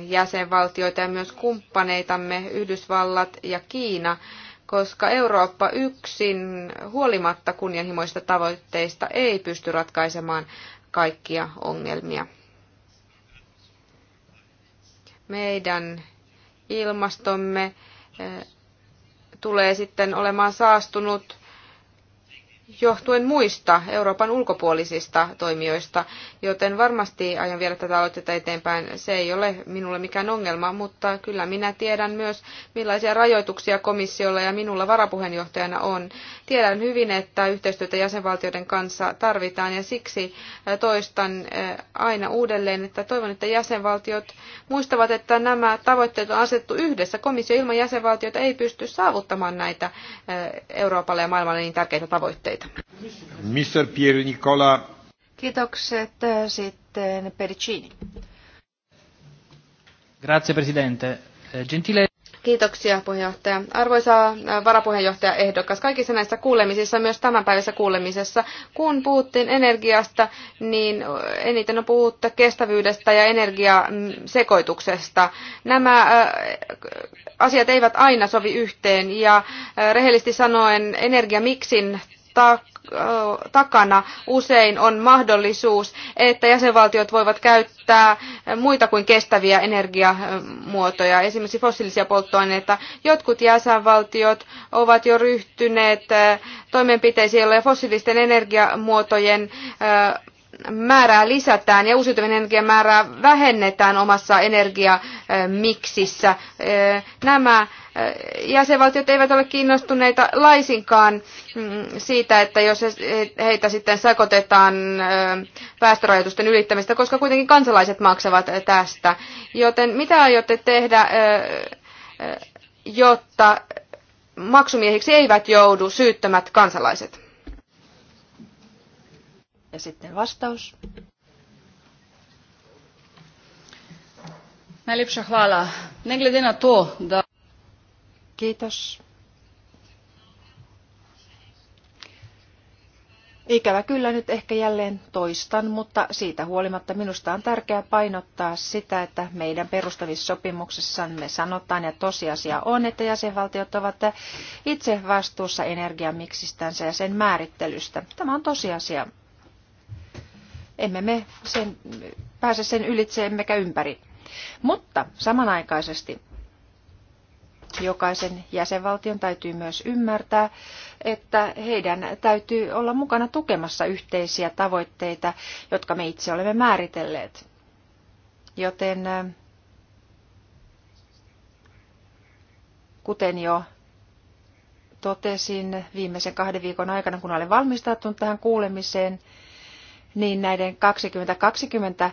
jäsenvaltioita ja myös kumppaneitamme Yhdysvallat ja Kiina koska Eurooppa yksin huolimatta kunnianhimoista tavoitteista ei pysty ratkaisemaan kaikkia ongelmia. Meidän ilmastomme eh, tulee sitten olemaan saastunut johtuen muista Euroopan ulkopuolisista toimijoista, joten varmasti aion vielä tätä aloitetta eteenpäin. Se ei ole minulle mikään ongelma, mutta kyllä minä tiedän myös, millaisia rajoituksia komissiolla ja minulla varapuheenjohtajana on. Tiedän hyvin, että yhteistyötä jäsenvaltioiden kanssa tarvitaan ja siksi toistan aina uudelleen, että toivon, että jäsenvaltiot muistavat, että nämä tavoitteet on asettu yhdessä. Komissio ilman jäsenvaltioita ei pysty saavuttamaan näitä Euroopalle ja maailmalle niin tärkeitä tavoitteita aloitteita. Mr. Pierre Nicola. Kiitokset. Äh, sitten Pericini. Grazie, Presidente. Äh, gentile... Kiitoksia puheenjohtaja. Arvoisa äh, varapuheenjohtaja ehdokas, kaikissa näissä kuulemisissa, myös tämän päivässä kuulemisessa, kun puhuttiin energiasta, niin eniten on puhuttu kestävyydestä ja energiasekoituksesta. Nämä asiat eivät aina sovi yhteen ja rehellisesti sanoen energiamiksin takana usein on mahdollisuus, että jäsenvaltiot voivat käyttää muita kuin kestäviä energiamuotoja, esimerkiksi fossiilisia polttoaineita. Jotkut jäsenvaltiot ovat jo ryhtyneet toimenpiteisiin, joilla fossiilisten energiamuotojen määrää lisätään ja uusiutuvan energian määrää vähennetään omassa energiamiksissä. Nämä jäsenvaltiot eivät ole kiinnostuneita laisinkaan mm, siitä, että jos heitä sitten sakotetaan päästörajoitusten ylittämistä, koska kuitenkin kansalaiset maksavat tästä. Joten mitä aiotte tehdä, jotta maksumiehiksi eivät joudu syyttämät kansalaiset? Ja sitten vastaus. Najlepša hvala. Ne glede na to, da Kiitos. Ikävä kyllä nyt ehkä jälleen toistan, mutta siitä huolimatta minusta on tärkeää painottaa sitä, että meidän sopimuksessamme sanotaan ja tosiasia on, että jäsenvaltiot ovat itse vastuussa energiamiksistänsä ja sen määrittelystä. Tämä on tosiasia. Emme me sen, pääse sen ylitse emmekä ympäri. Mutta samanaikaisesti Jokaisen jäsenvaltion täytyy myös ymmärtää, että heidän täytyy olla mukana tukemassa yhteisiä tavoitteita, jotka me itse olemme määritelleet. Joten kuten jo totesin viimeisen kahden viikon aikana, kun olen valmistautunut tähän kuulemiseen, niin näiden 2020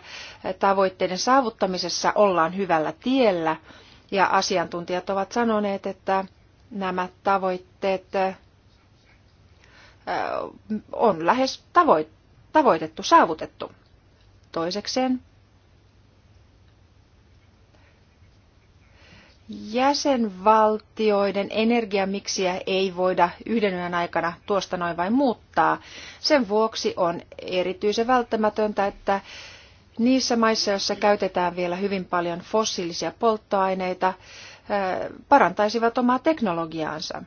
tavoitteiden saavuttamisessa ollaan hyvällä tiellä – ja asiantuntijat ovat sanoneet, että nämä tavoitteet on lähes tavoitettu, saavutettu. Toisekseen jäsenvaltioiden energiamiksiä ei voida yhden yön aikana tuosta noin vain muuttaa. Sen vuoksi on erityisen välttämätöntä, että Niissä maissa, joissa käytetään vielä hyvin paljon fossiilisia polttoaineita, parantaisivat omaa teknologiaansa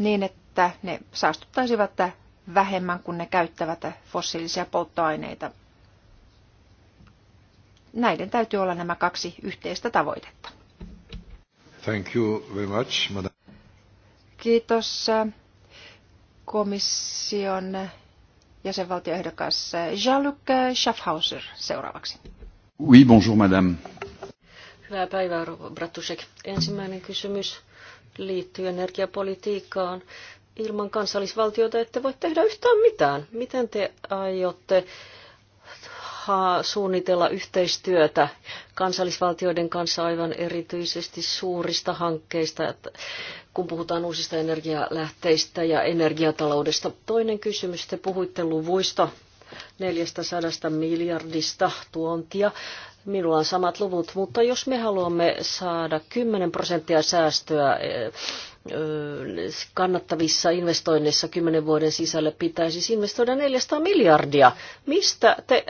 niin, että ne saastuttaisivat vähemmän kuin ne käyttävät fossiilisia polttoaineita. Näiden täytyy olla nämä kaksi yhteistä tavoitetta. Thank you very much, madam. Kiitos komission jäsenvaltioehdokas Jean-Luc Schaffhauser seuraavaksi. Oui, bonjour madame. Hyvää päivää, Bratusek. Ensimmäinen kysymys liittyy energiapolitiikkaan. Ilman kansallisvaltiota ette voi tehdä yhtään mitään. Miten te aiotte suunnitella yhteistyötä kansallisvaltioiden kanssa aivan erityisesti suurista hankkeista kun puhutaan uusista energialähteistä ja energiataloudesta. Toinen kysymys, te puhuitte luvuista 400 miljardista tuontia. Minulla on samat luvut, mutta jos me haluamme saada 10 prosenttia säästöä eh, kannattavissa investoinneissa kymmenen vuoden sisällä pitäisi investoida 400 miljardia. Mistä te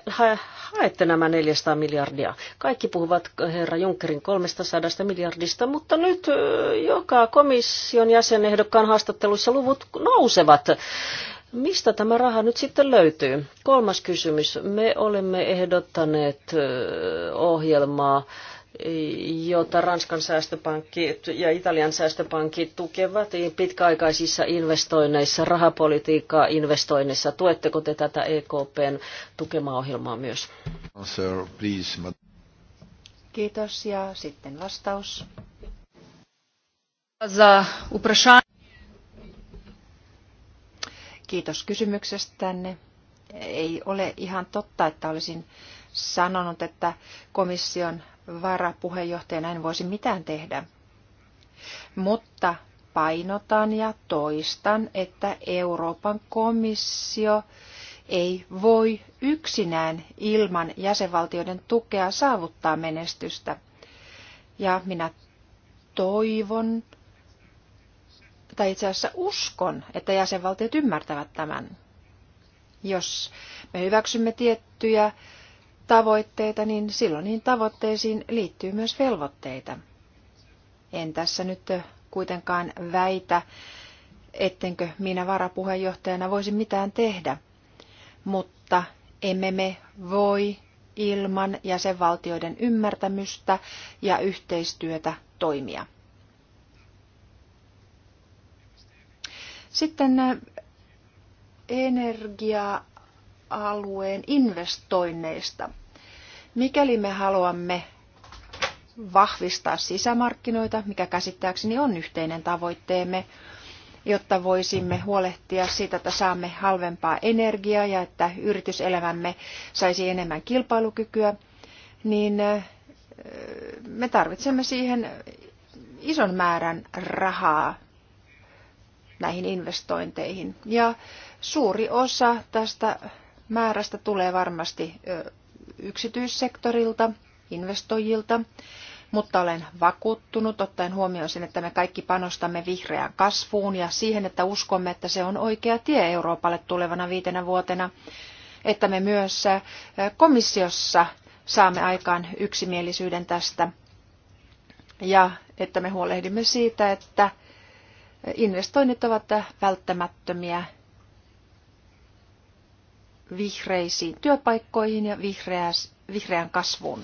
haette nämä 400 miljardia? Kaikki puhuvat herra Junckerin 300 miljardista, mutta nyt joka komission jäsenehdokkaan haastatteluissa luvut nousevat. Mistä tämä raha nyt sitten löytyy? Kolmas kysymys. Me olemme ehdottaneet ohjelmaa jota Ranskan säästöpankki ja Italian säästöpankki tukevat pitkäaikaisissa investoinneissa, rahapolitiikkaa investoinneissa. Tuetteko te tätä EKPn tukemaa ohjelmaa myös? Kiitos ja sitten vastaus. Kiitos kysymyksestänne. Ei ole ihan totta, että olisin sanonut, että komission varapuheenjohtajana en voisi mitään tehdä. Mutta painotan ja toistan, että Euroopan komissio ei voi yksinään ilman jäsenvaltioiden tukea saavuttaa menestystä. Ja minä toivon, tai itse asiassa uskon, että jäsenvaltiot ymmärtävät tämän. Jos me hyväksymme tiettyjä tavoitteita, niin silloin niihin tavoitteisiin liittyy myös velvoitteita. En tässä nyt kuitenkaan väitä, ettenkö minä varapuheenjohtajana voisi mitään tehdä, mutta emme me voi ilman jäsenvaltioiden ymmärtämystä ja yhteistyötä toimia. Sitten eh, energia alueen investoinneista. Mikäli me haluamme vahvistaa sisämarkkinoita, mikä käsittääkseni on yhteinen tavoitteemme, jotta voisimme huolehtia siitä, että saamme halvempaa energiaa ja että yrityselämämme saisi enemmän kilpailukykyä, niin me tarvitsemme siihen ison määrän rahaa näihin investointeihin. Ja suuri osa tästä määrästä tulee varmasti yksityissektorilta, investoijilta, mutta olen vakuuttunut ottaen huomioon sen, että me kaikki panostamme vihreään kasvuun ja siihen, että uskomme, että se on oikea tie Euroopalle tulevana viitenä vuotena, että me myös komissiossa saamme aikaan yksimielisyyden tästä ja että me huolehdimme siitä, että investoinnit ovat välttämättömiä vihreisiin työpaikkoihin ja vihreään kasvuun.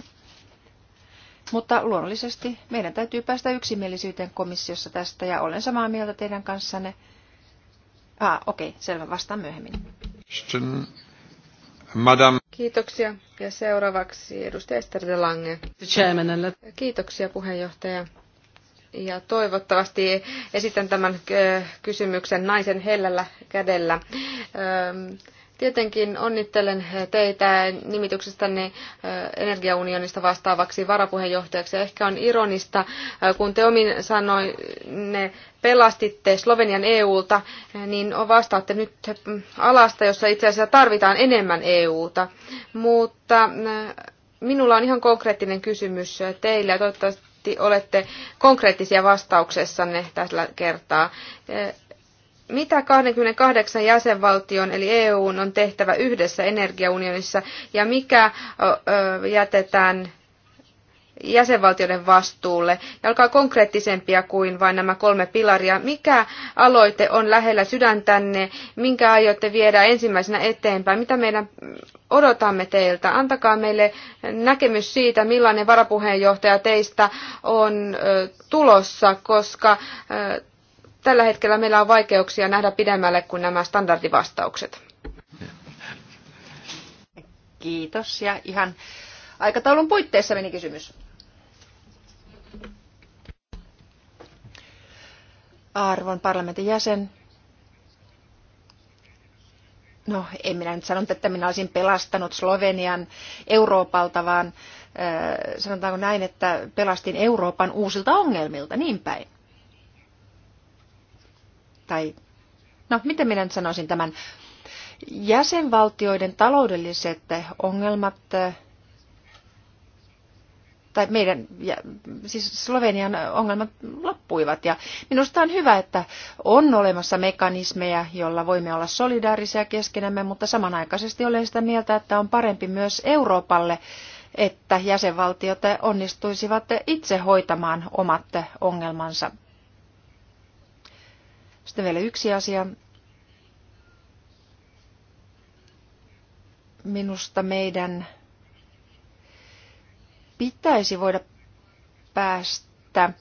Mutta luonnollisesti meidän täytyy päästä yksimielisyyteen komissiossa tästä ja olen samaa mieltä teidän kanssanne. Ah, okei, okay, selvä, vastaan myöhemmin. Madam. Kiitoksia. Ja seuraavaksi edustaja Ester de Lange. Kiitoksia puheenjohtaja. Ja toivottavasti esitän tämän kysymyksen naisen hellällä kädellä. Öö, Tietenkin onnittelen teitä nimityksestänne energiaunionista vastaavaksi varapuheenjohtajaksi. Ehkä on ironista, kun te omin ne pelastitte Slovenian EUlta, niin vastaatte nyt alasta, jossa itse asiassa tarvitaan enemmän EUta. Mutta minulla on ihan konkreettinen kysymys teille ja toivottavasti olette konkreettisia vastauksessanne tällä kertaa mitä 28 jäsenvaltion eli EUn on tehtävä yhdessä energiaunionissa ja mikä jätetään jäsenvaltioiden vastuulle. Ja olkaa konkreettisempia kuin vain nämä kolme pilaria. Mikä aloite on lähellä sydäntänne? Minkä aiotte viedä ensimmäisenä eteenpäin? Mitä meidän odotamme teiltä? Antakaa meille näkemys siitä, millainen varapuheenjohtaja teistä on tulossa, koska tällä hetkellä meillä on vaikeuksia nähdä pidemmälle kuin nämä standardivastaukset. Kiitos. Ja ihan aikataulun puitteissa meni kysymys. Arvon parlamentin jäsen. No, en minä nyt sanonut, että minä olisin pelastanut Slovenian Euroopalta, vaan äh, sanotaanko näin, että pelastin Euroopan uusilta ongelmilta, niin päin tai no miten minä nyt sanoisin tämän, jäsenvaltioiden taloudelliset ongelmat eh, tai meidän, siis Slovenian ongelmat loppuivat. Ja minusta on hyvä, että on olemassa mekanismeja, joilla voimme olla solidaarisia keskenämme, mutta samanaikaisesti olen sitä mieltä, että on parempi myös Euroopalle, että jäsenvaltiot onnistuisivat itse hoitamaan omat ongelmansa. Sitten vielä yksi asia. Minusta meidän pitäisi voida päästä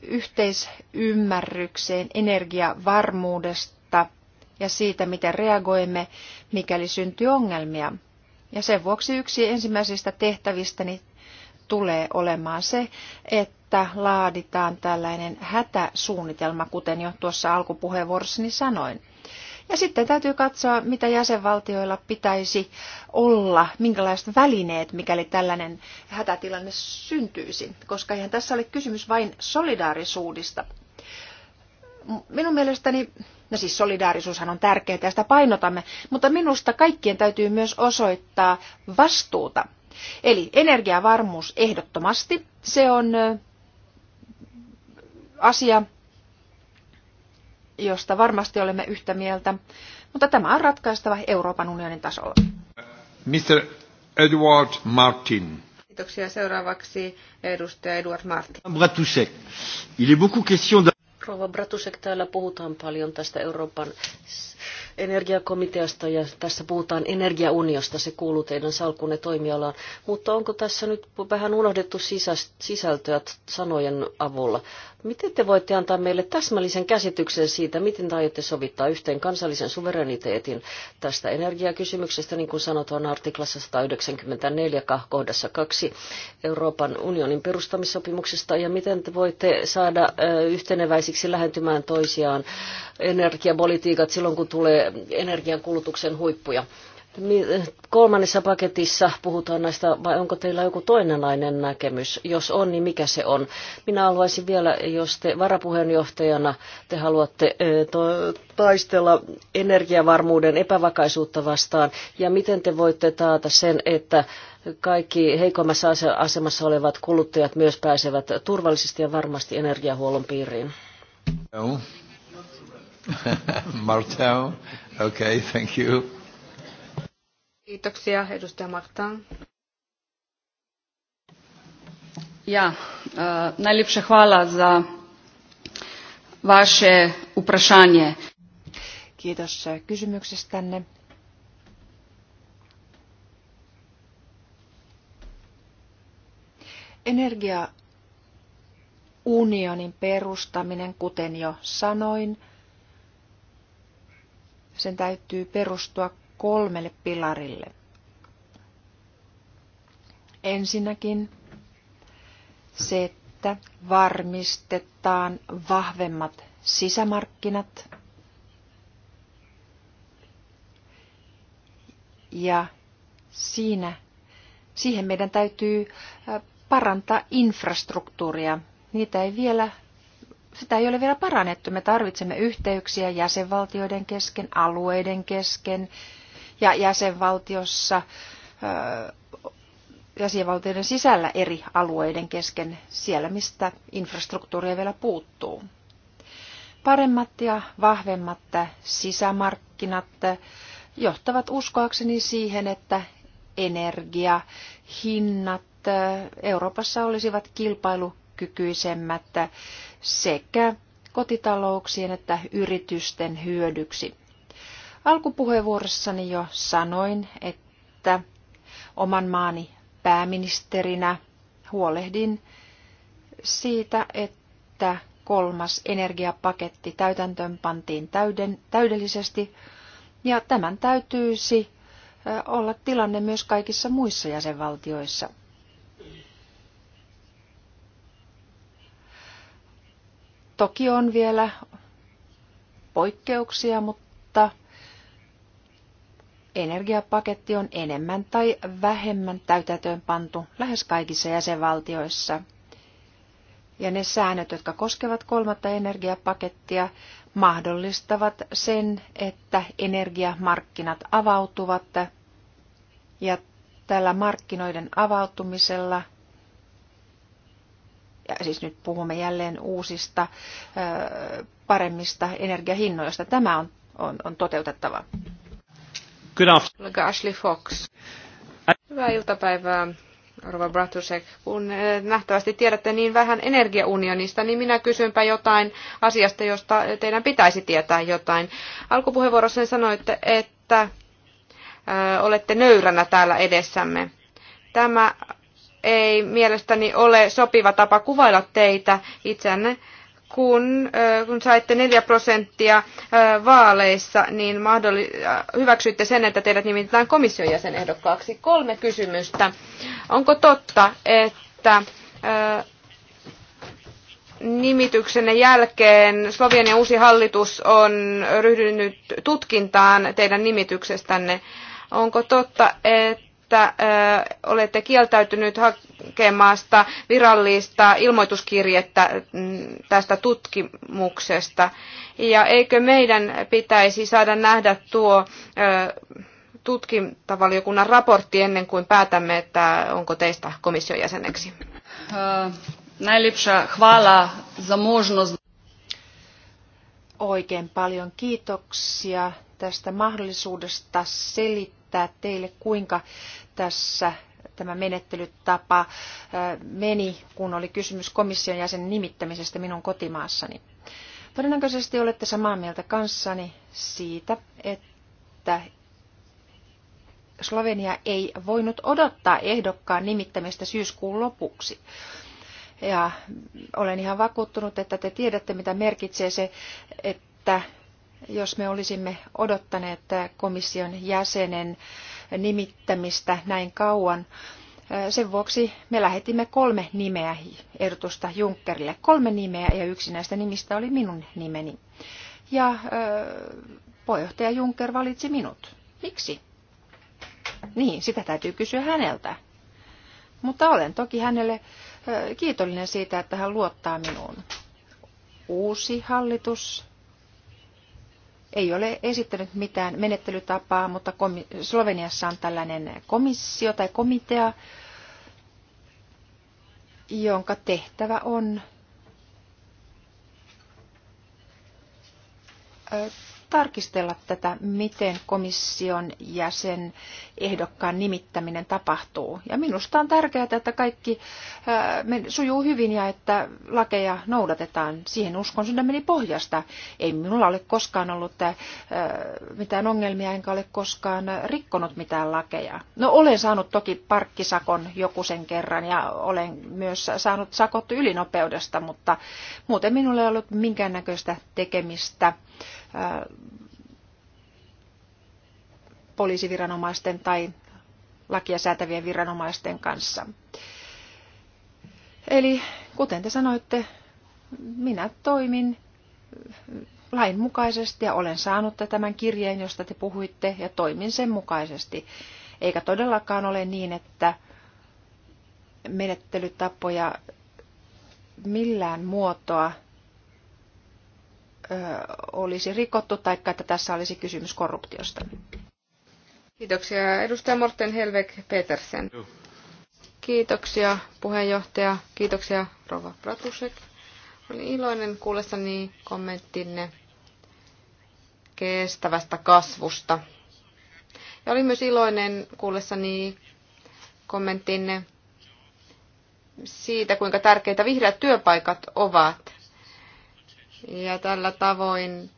yhteisymmärrykseen energiavarmuudesta ja siitä, miten reagoimme, mikäli syntyy ongelmia. Ja sen vuoksi yksi ensimmäisistä tehtävistäni tulee olemaan se, että laaditaan tällainen hätäsuunnitelma, kuten jo tuossa alkupuheenvuorossani sanoin. Ja sitten täytyy katsoa, mitä jäsenvaltioilla pitäisi olla, minkälaiset välineet, mikäli tällainen hätätilanne syntyisi, koska ihan tässä oli kysymys vain solidaarisuudesta. Minun mielestäni, no siis solidaarisuushan on tärkeää ja sitä painotamme, mutta minusta kaikkien täytyy myös osoittaa vastuuta Eli energiavarmuus ehdottomasti, se on asia, josta varmasti olemme yhtä mieltä, mutta tämä on ratkaistava Euroopan unionin tasolla. Mr. Edward Martin. Kiitoksia. Seuraavaksi edustaja Edward Martin. Il est beaucoup question de... Rova Bratusek, täällä puhutaan paljon tästä Euroopan energiakomiteasta ja tässä puhutaan energiauniosta, se kuuluu teidän salkunne toimialaan. Mutta onko tässä nyt vähän unohdettu sisältöä sanojen avulla? Miten te voitte antaa meille täsmällisen käsityksen siitä, miten te aiotte sovittaa yhteen kansallisen suvereniteetin tästä energiakysymyksestä, niin kuin sanotaan artiklassa 194 kohdassa 2 Euroopan unionin perustamissopimuksesta, ja miten te voitte saada yhteneväisiksi lähentymään toisiaan energiapolitiikat silloin, kun tulee energiankulutuksen huippuja? Kolmannessa paketissa puhutaan näistä, vai onko teillä joku toinenlainen näkemys? Jos on, niin mikä se on? Minä haluaisin vielä, jos te varapuheenjohtajana te haluatte to, taistella energiavarmuuden epävakaisuutta vastaan, ja miten te voitte taata sen, että kaikki heikommassa asemassa olevat kuluttajat myös pääsevät turvallisesti ja varmasti energiahuollon piiriin? Martel. Okay, thank you. Kiitoksia, edustaja Martin. Ja, äh, najlepša hvala za vaše uprašanje. Kiitos kysymyksestänne. Energiaunionin perustaminen, kuten jo sanoin, sen täytyy perustua kolmelle pilarille. Ensinnäkin se, että varmistetaan vahvemmat sisämarkkinat ja siinä, siihen meidän täytyy parantaa infrastruktuuria. Niitä ei vielä, sitä ei ole vielä parannettu. Me tarvitsemme yhteyksiä jäsenvaltioiden kesken, alueiden kesken, ja jäsenvaltiossa jäsenvaltioiden sisällä eri alueiden kesken siellä, mistä infrastruktuuria vielä puuttuu. Paremmat ja vahvemmat sisämarkkinat johtavat uskoakseni siihen, että energia, hinnat Euroopassa olisivat kilpailukykyisemmät sekä kotitalouksien että yritysten hyödyksi. Alkupuheenvuorossani jo sanoin, että oman maani pääministerinä huolehdin siitä, että kolmas energiapaketti täytäntöön pantiin täyden, täydellisesti, ja tämän täytyisi olla tilanne myös kaikissa muissa jäsenvaltioissa. Toki on vielä poikkeuksia, mutta energiapaketti on enemmän tai vähemmän täytäntöön pantu lähes kaikissa jäsenvaltioissa. Ja ne säännöt, jotka koskevat kolmatta energiapakettia, mahdollistavat sen, että energiamarkkinat avautuvat ja tällä markkinoiden avautumisella ja siis nyt puhumme jälleen uusista paremmista energiahinnoista. Tämä on, on, on toteutettava. Good afternoon. Ashley Fox. Hyvää iltapäivää. Rova Bratusek, kun eh, nähtävästi tiedätte niin vähän energiaunionista, niin minä kysynpä jotain asiasta, josta teidän pitäisi tietää jotain. Alkupuheenvuorossanne sanoitte, että eh, olette nöyränä täällä edessämme. Tämä ei mielestäni ole sopiva tapa kuvailla teitä itseänne kun, kun saitte 4 prosenttia vaaleissa, niin mahdolli, hyväksyitte sen, että teidät nimitetään komission jäsenehdokkaaksi. Kolme kysymystä. Onko totta, että nimityksenne jälkeen Slovenian uusi hallitus on ryhdynyt tutkintaan teidän nimityksestänne? Onko totta, että että olette kieltäytynyt hakemasta virallista ilmoituskirjettä mm, tästä tutkimuksesta. Ja eikö meidän pitäisi saada nähdä tuo tutkintavaliokunnan raportti ennen kuin päätämme, että onko teistä komission jäseneksi? Najlipša hvala za možnost. Oikein paljon kiitoksia tästä mahdollisuudesta selittää selittää teille, kuinka tässä tämä menettelytapa meni, kun oli kysymys komission jäsenen nimittämisestä minun kotimaassani. Todennäköisesti olette samaa mieltä kanssani siitä, että Slovenia ei voinut odottaa ehdokkaan nimittämistä syyskuun lopuksi. Ja olen ihan vakuuttunut, että te tiedätte, mitä merkitsee se, että jos me olisimme odottaneet komission jäsenen nimittämistä näin kauan. Sen vuoksi me lähetimme kolme nimeä ehdotusta Junckerille. Kolme nimeä ja yksi näistä nimistä oli minun nimeni. Ja äh, puheenjohtaja Juncker valitsi minut. Miksi? Niin, sitä täytyy kysyä häneltä. Mutta olen toki hänelle kiitollinen siitä, että hän luottaa minuun. Uusi hallitus ei ole esittänyt mitään menettelytapaa, mutta Sloveniassa on tällainen komissio tai komitea, jonka tehtävä on tarkistella tätä, miten komission ja sen ehdokkaan nimittäminen tapahtuu. Ja minusta on tärkeää, että kaikki sujuu hyvin ja että lakeja noudatetaan. Siihen uskon sydämeni pohjasta. Ei minulla ole koskaan ollut mitään ongelmia, enkä ole koskaan rikkonut mitään lakeja. No olen saanut toki parkkisakon joku sen kerran ja olen myös saanut sakot ylinopeudesta, mutta muuten minulla ei ollut minkäännäköistä tekemistä poliisiviranomaisten tai lakia säätävien viranomaisten kanssa. Eli kuten te sanoitte, minä toimin lain mukaisesti ja olen saanut tämän kirjeen, josta te puhuitte, ja toimin sen mukaisesti. Eikä todellakaan ole niin, että menettelytapoja millään muotoa olisi rikottu tai että tässä olisi kysymys korruptiosta. Kiitoksia. Edustaja Morten Helvek Petersen. Kiitoksia puheenjohtaja. Kiitoksia Rova Pratusek. Olin iloinen kuullessani kommenttinne kestävästä kasvusta. Ja olin myös iloinen kuullessani kommenttinne siitä, kuinka tärkeitä vihreät työpaikat ovat. Ja tällä tavoin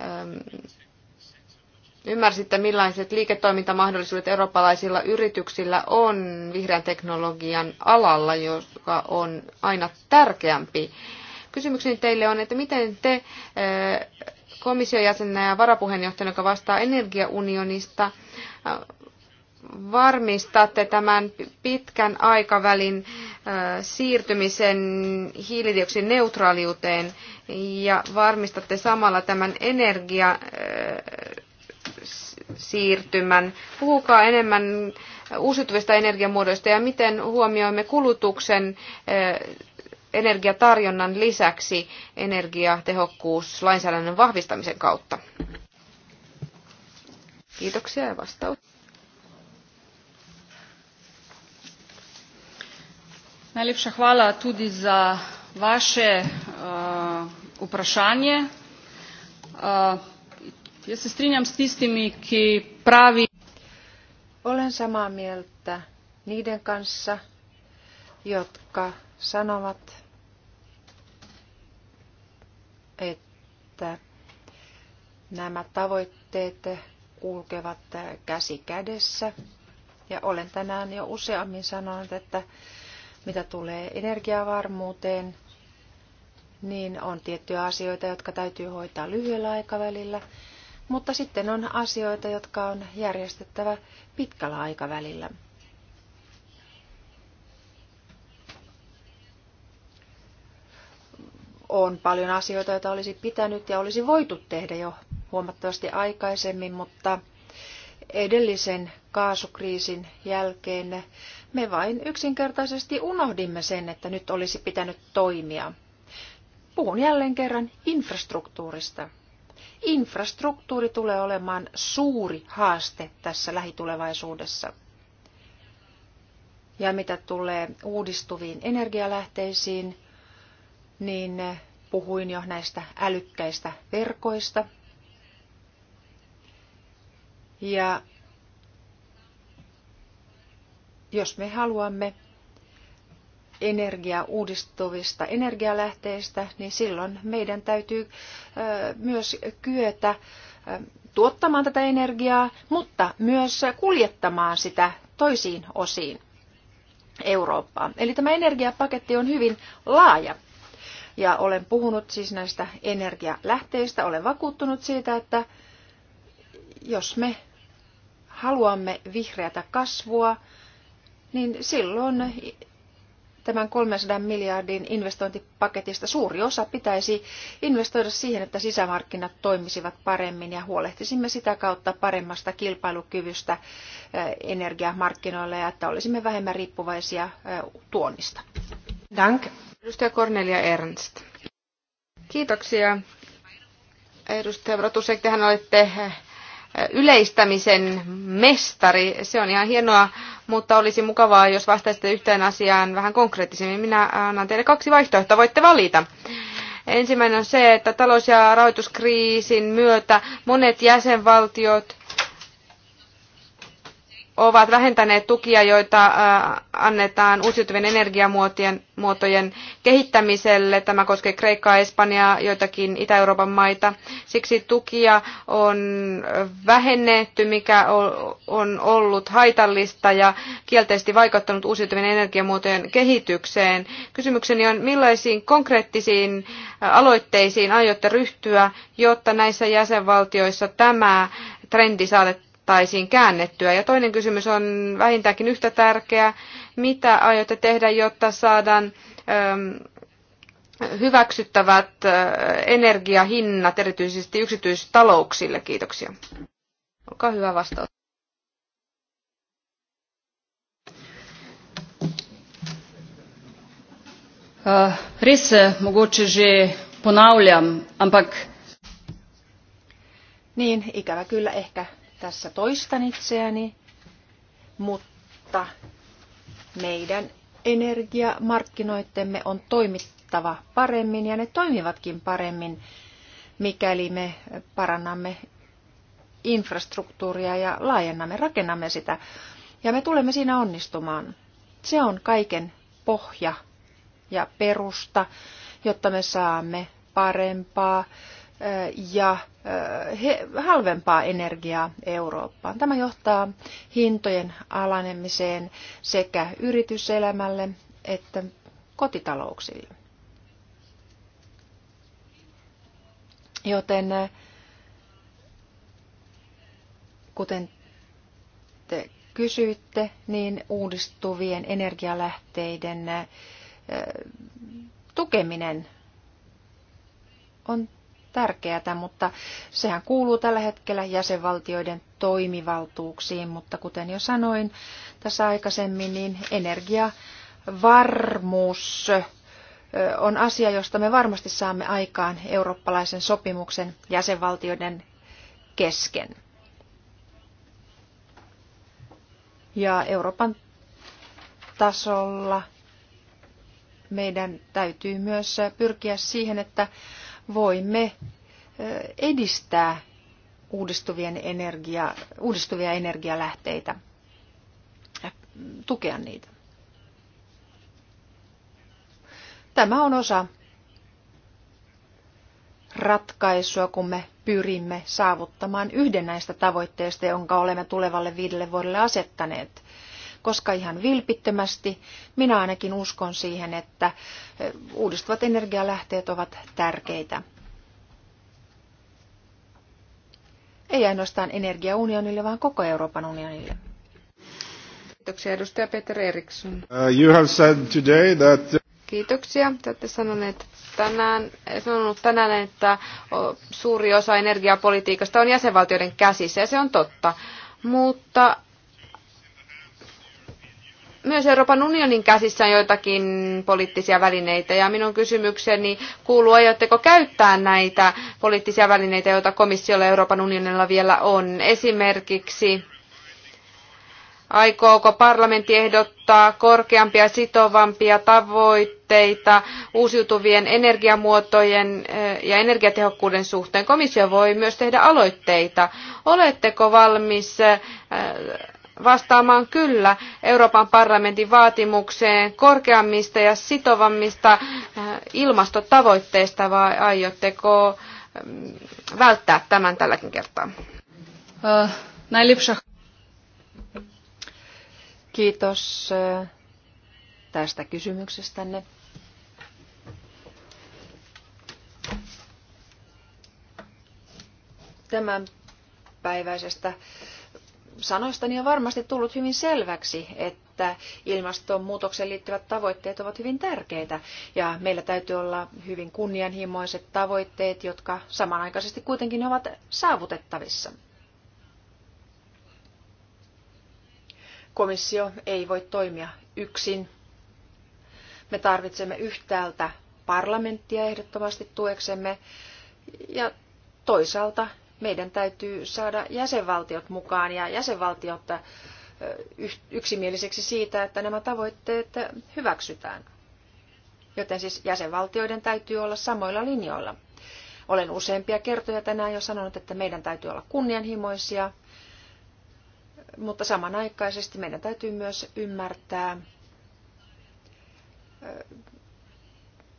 ähm, ymmärsitte, millaiset liiketoimintamahdollisuudet eurooppalaisilla yrityksillä on vihreän teknologian alalla, joka on aina tärkeämpi. Kysymykseni teille on, että miten te äh, komission jäsenenä ja varapuheenjohtajana, joka vastaa energiaunionista, äh, varmistatte tämän pitkän aikavälin siirtymisen hiilidioksidin neutraaliuteen ja varmistatte samalla tämän energia siirtymän. Puhukaa enemmän uusiutuvista energiamuodoista ja miten huomioimme kulutuksen energiatarjonnan lisäksi energiatehokkuuslainsäädännön vahvistamisen kautta. Kiitoksia ja vastaus. Najlepša hvala tudi za vaše uh, vprašanje. Uh, jaz se strinjam s tistimi, ki pravi. Olen samaa mieltä niiden kanssa, jotka sanovat, että nämä tavoitteet kulkevat käsi kädessä. Ja olen tänään jo useammin sanonut, että mitä tulee energiavarmuuteen, niin on tiettyjä asioita, jotka täytyy hoitaa lyhyellä aikavälillä, mutta sitten on asioita, jotka on järjestettävä pitkällä aikavälillä. On paljon asioita, joita olisi pitänyt ja olisi voitu tehdä jo huomattavasti aikaisemmin, mutta edellisen kaasukriisin jälkeen me vain yksinkertaisesti unohdimme sen, että nyt olisi pitänyt toimia. Puhun jälleen kerran infrastruktuurista. Infrastruktuuri tulee olemaan suuri haaste tässä lähitulevaisuudessa. Ja mitä tulee uudistuviin energialähteisiin, niin puhuin jo näistä älykkäistä verkoista. Ja jos me haluamme energiaa uudistuvista energialähteistä, niin silloin meidän täytyy myös kyetä tuottamaan tätä energiaa, mutta myös kuljettamaan sitä toisiin osiin Eurooppaa. Eli tämä energiapaketti on hyvin laaja. Ja olen puhunut siis näistä energialähteistä. Olen vakuuttunut siitä, että jos me haluamme vihreätä kasvua, niin silloin tämän 300 miljardin investointipaketista suuri osa pitäisi investoida siihen, että sisämarkkinat toimisivat paremmin ja huolehtisimme sitä kautta paremmasta kilpailukyvystä eh, energiamarkkinoilla ja että olisimme vähemmän riippuvaisia eh, tuonnista. Dank. Edustaja Cornelia Ernst. Kiitoksia. Edustaja Rotusek, tehän olette eh, yleistämisen mestari. Se on ihan hienoa mutta olisi mukavaa, jos vastaisitte yhteen asiaan vähän konkreettisemmin. Minä annan teille kaksi vaihtoehtoa, voitte valita. Ensimmäinen on se, että talous- ja rahoituskriisin myötä monet jäsenvaltiot ovat vähentäneet tukia, joita annetaan uusiutuvien energiamuotojen kehittämiselle. Tämä koskee Kreikkaa, Espanjaa, joitakin Itä-Euroopan maita. Siksi tukia on vähennetty, mikä on ollut haitallista ja kielteisesti vaikuttanut uusiutuvien energiamuotojen kehitykseen. Kysymykseni on, millaisiin konkreettisiin aloitteisiin aiotte ryhtyä, jotta näissä jäsenvaltioissa tämä trendi saataisiin käännettyä? Ja toinen kysymys on vähintäänkin yhtä tärkeä. Mitä aiotte tehdä, jotta saadaan ähm, hyväksyttävät äh, energiahinnat, erityisesti yksityistalouksille? Kiitoksia. Olkaa hyvä vastaus. Äh, Risse äh, mogoče že ponavljam ampak. niin ikävä kyllä ehkä tässä toistan itseäni, mutta meidän energiamarkkinoittemme on toimittava paremmin ja ne toimivatkin paremmin, mikäli me parannamme infrastruktuuria ja laajennamme, rakennamme sitä. Ja me tulemme siinä onnistumaan. Se on kaiken pohja ja perusta, jotta me saamme parempaa ja halvempaa energiaa Eurooppaan. Tämä johtaa hintojen alanemiseen sekä yrityselämälle että kotitalouksille. Joten kuten te kysyitte, niin uudistuvien energialähteiden tukeminen on tärkeää, mutta sehän kuuluu tällä hetkellä jäsenvaltioiden toimivaltuuksiin, mutta kuten jo sanoin tässä aikaisemmin, niin energiavarmuus on asia, josta me varmasti saamme aikaan eurooppalaisen sopimuksen jäsenvaltioiden kesken. Ja Euroopan tasolla meidän täytyy myös pyrkiä siihen, että voimme edistää uudistuvien energia, uudistuvia energialähteitä ja tukea niitä. Tämä on osa ratkaisua, kun me pyrimme saavuttamaan yhden näistä tavoitteista, jonka olemme tulevalle viidelle vuodelle asettaneet – koska ihan vilpittömästi. Minä ainakin uskon siihen, että eh, uudistuvat energialähteet ovat tärkeitä. Ei ainoastaan energiaunionille, vaan koko Euroopan unionille. Kiitoksia edustaja Peter Eriksson. Uh, you have said today that... Kiitoksia. Te olette sanoneet tänään, sanonut tänään, että suuri osa energiapolitiikasta on jäsenvaltioiden käsissä ja se on totta. Mutta myös Euroopan unionin käsissä on joitakin poliittisia välineitä ja minun kysymykseni kuuluu, aiotteko käyttää näitä poliittisia välineitä, joita komissiolla ja Euroopan unionilla vielä on. Esimerkiksi aikooko parlamentti ehdottaa korkeampia sitovampia tavoitteita uusiutuvien energiamuotojen ja energiatehokkuuden suhteen. Komissio voi myös tehdä aloitteita. Oletteko valmis vastaamaan kyllä Euroopan parlamentin vaatimukseen korkeammista ja sitovammista äh, ilmastotavoitteista vai aiotteko ähm, välttää tämän tälläkin kertaa? Uh, Kiitos äh, tästä kysymyksestänne. Tämän päiväisestä sanoistani on varmasti tullut hyvin selväksi, että ilmastonmuutokseen liittyvät tavoitteet ovat hyvin tärkeitä ja meillä täytyy olla hyvin kunnianhimoiset tavoitteet, jotka samanaikaisesti kuitenkin ovat saavutettavissa. Komissio ei voi toimia yksin. Me tarvitsemme yhtäältä parlamenttia ehdottomasti tueksemme ja toisaalta meidän täytyy saada jäsenvaltiot mukaan ja jäsenvaltiot yksimieliseksi siitä, että nämä tavoitteet hyväksytään. Joten siis jäsenvaltioiden täytyy olla samoilla linjoilla. Olen useampia kertoja tänään jo sanonut, että meidän täytyy olla kunnianhimoisia, mutta samanaikaisesti meidän täytyy myös ymmärtää,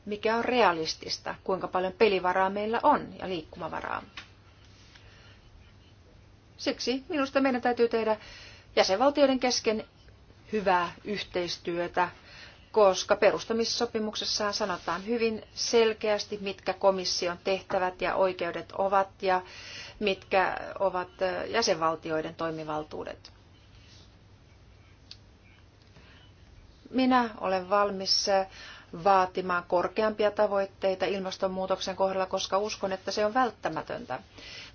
mikä on realistista, kuinka paljon pelivaraa meillä on ja liikkumavaraa. Siksi minusta meidän täytyy tehdä jäsenvaltioiden kesken hyvää yhteistyötä, koska perustamissopimuksessa sanotaan hyvin selkeästi, mitkä komission tehtävät ja oikeudet ovat ja mitkä ovat jäsenvaltioiden toimivaltuudet. Minä olen valmis vaatimaan korkeampia tavoitteita ilmastonmuutoksen kohdalla, koska uskon, että se on välttämätöntä.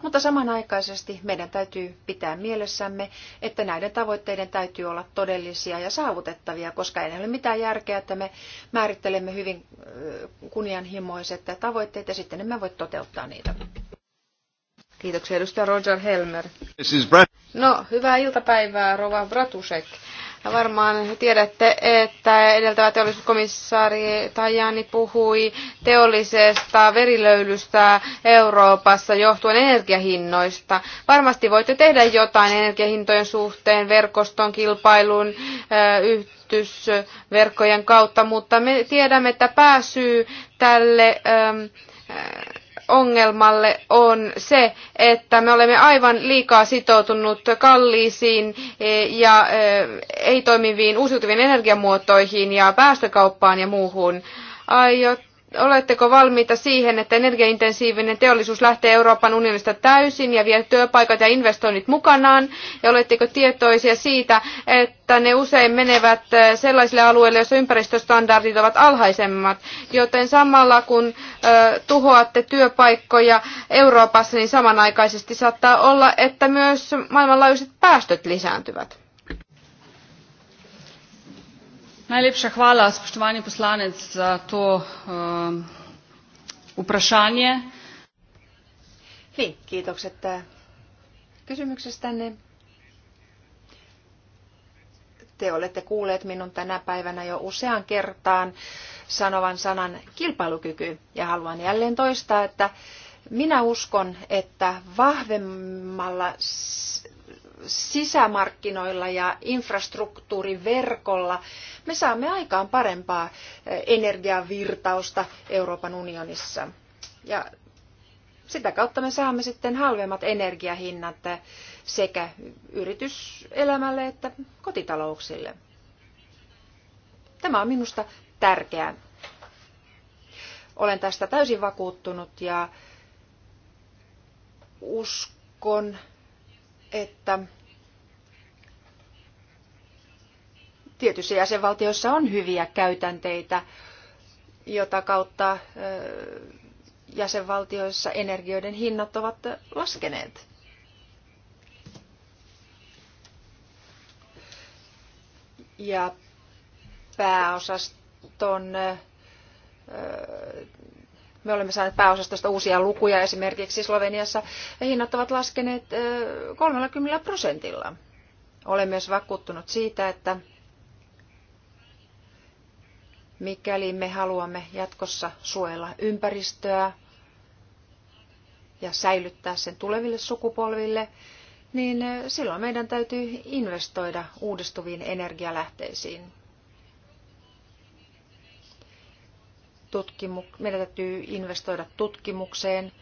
Mutta samanaikaisesti meidän täytyy pitää mielessämme, että näiden tavoitteiden täytyy olla todellisia ja saavutettavia, koska ei ole mitään järkeä, että me määrittelemme hyvin kunnianhimoiset tavoitteet ja sitten emme voi toteuttaa niitä. Kiitoksia edustaja Roger Helmer. No, hyvää iltapäivää, Rova Bratusek. Varmaan tiedätte, että edeltävä teollisuuskomissaari Tajani puhui teollisesta verilöylystä Euroopassa johtuen energiahinnoista. Varmasti voitte tehdä jotain energiahintojen suhteen, verkoston, kilpailun, yhtysverkkojen kautta, mutta me tiedämme, että pääsyy tälle ongelmalle on se, että me olemme aivan liikaa sitoutunut kalliisiin e, ja e, ei toimiviin uusiutuviin energiamuotoihin ja päästökauppaan ja muuhun. Aiot oletteko valmiita siihen, että energiaintensiivinen teollisuus lähtee Euroopan unionista täysin ja vie työpaikat ja investoinnit mukanaan? Ja oletteko tietoisia siitä, että ne usein menevät eh, sellaisille alueille, joissa ympäristöstandardit ovat alhaisemmat? Joten samalla kun eh, tuhoatte työpaikkoja Euroopassa, niin samanaikaisesti saattaa olla, että myös maailmanlaajuiset päästöt lisääntyvät. Najlepša hvala, spoštovani poslanec, za to um, vprašanje. Niin, kiitokset eh, kysymyksestänne. Te olette kuulleet minun tänä päivänä jo usean kertaan sanovan sanan kilpailukyky. Ja haluan jälleen toistaa, että minä uskon, että vahvemmalla sisämarkkinoilla ja infrastruktuuriverkolla me saamme aikaan parempaa eh, energiavirtausta Euroopan unionissa. Ja sitä kautta me saamme sitten halvemmat energiahinnat eh, sekä yrityselämälle että kotitalouksille. Tämä on minusta tärkeää. Olen tästä täysin vakuuttunut ja uskon, että tietyissä jäsenvaltioissa on hyviä käytänteitä, jota kautta jäsenvaltioissa energioiden hinnat ovat laskeneet. Ja pääosaston me olemme saaneet pääosastosta uusia lukuja esimerkiksi Sloveniassa ja hinnat ovat laskeneet 30 prosentilla. Olen myös vakuuttunut siitä, että mikäli me haluamme jatkossa suojella ympäristöä ja säilyttää sen tuleville sukupolville, niin silloin meidän täytyy investoida uudistuviin energialähteisiin. tutkimu- meidän täytyy investoida tutkimukseen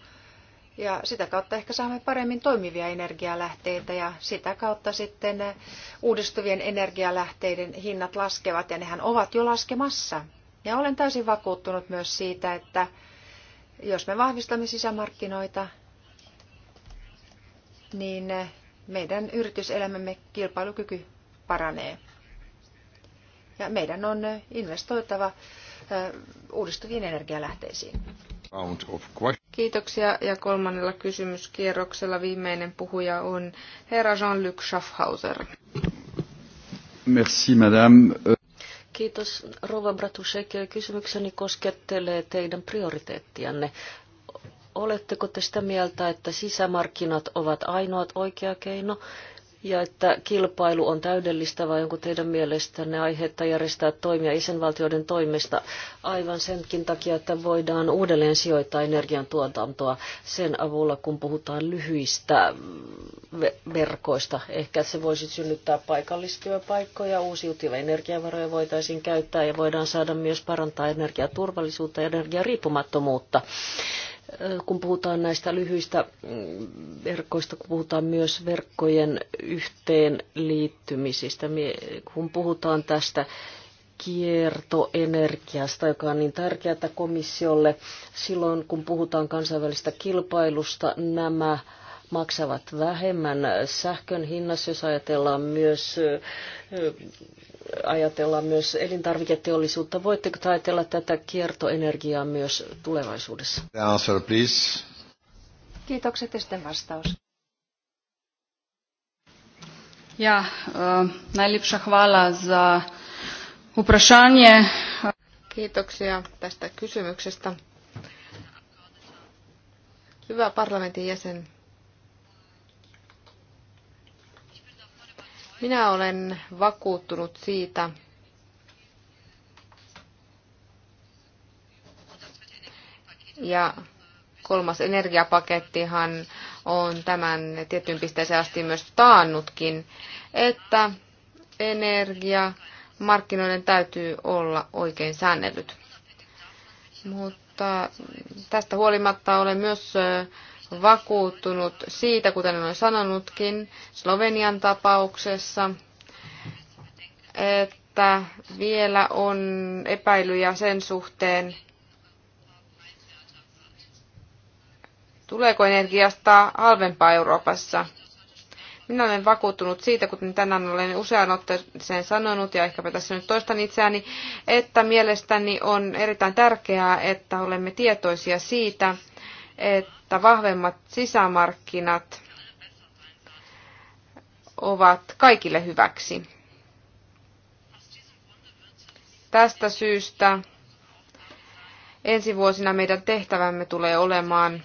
ja sitä kautta ehkä saamme paremmin toimivia energialähteitä ja sitä kautta sitten uudistuvien energialähteiden hinnat laskevat ja nehän ovat jo laskemassa. Ja olen täysin vakuuttunut myös siitä, että jos me vahvistamme sisämarkkinoita, niin meidän yrityselämämme kilpailukyky paranee. Ja meidän on investoitava uudistuviin energialähteisiin. Kiitoksia ja kolmannella kysymyskierroksella viimeinen puhuja on herra Jean-Luc Schaffhauser. Merci madame. Kiitos Rova Bratusek. Kysymykseni koskettelee teidän prioriteettianne. Oletteko te sitä mieltä, että sisämarkkinat ovat ainoat oikea keino ja että kilpailu on täydellistä vai onko teidän mielestänne aihetta järjestää toimia isänvaltioiden toimesta aivan senkin takia, että voidaan uudelleen sijoittaa energiantuotantoa sen avulla, kun puhutaan lyhyistä verkoista. Ehkä se voisi synnyttää paikallistyöpaikkoja, uusiutuvia energiavaroja voitaisiin käyttää ja voidaan saada myös parantaa energiaturvallisuutta ja energiariippumattomuutta. riippumattomuutta kun puhutaan näistä lyhyistä mm, verkoista, kun puhutaan myös verkkojen yhteenliittymisistä, kun puhutaan tästä kiertoenergiasta, joka on niin tärkeää komissiolle. Silloin kun puhutaan kansainvälistä kilpailusta, nämä maksavat vähemmän sähkön hinnassa, jos ajatellaan myös, ajatellaan myös elintarviketeollisuutta. Voitteko ajatella tätä kiertoenergiaa myös tulevaisuudessa? Answer, please. Kiitokset ja sitten vastaus. Ja, äh, e, najlipša hvala za uprašanje. Kiitoksia tästä kysymyksestä. Hyvä parlamentin jäsen. Minä olen vakuuttunut siitä, ja kolmas energiapakettihan on tämän tietyn pisteeseen asti myös taannutkin, että energia markkinoiden täytyy olla oikein säännellyt. Mutta tästä huolimatta olen myös vakuuttunut siitä, kuten olen sanonutkin Slovenian tapauksessa, että vielä on epäilyjä sen suhteen, tuleeko energiasta halvempaa Euroopassa. Minä olen vakuuttunut siitä, kuten tänään olen usean otteeseen sanonut, ja ehkäpä tässä nyt toistan itseäni, että mielestäni on erittäin tärkeää, että olemme tietoisia siitä, että vahvemmat sisämarkkinat ovat kaikille hyväksi. Tästä syystä ensi vuosina meidän tehtävämme tulee olemaan,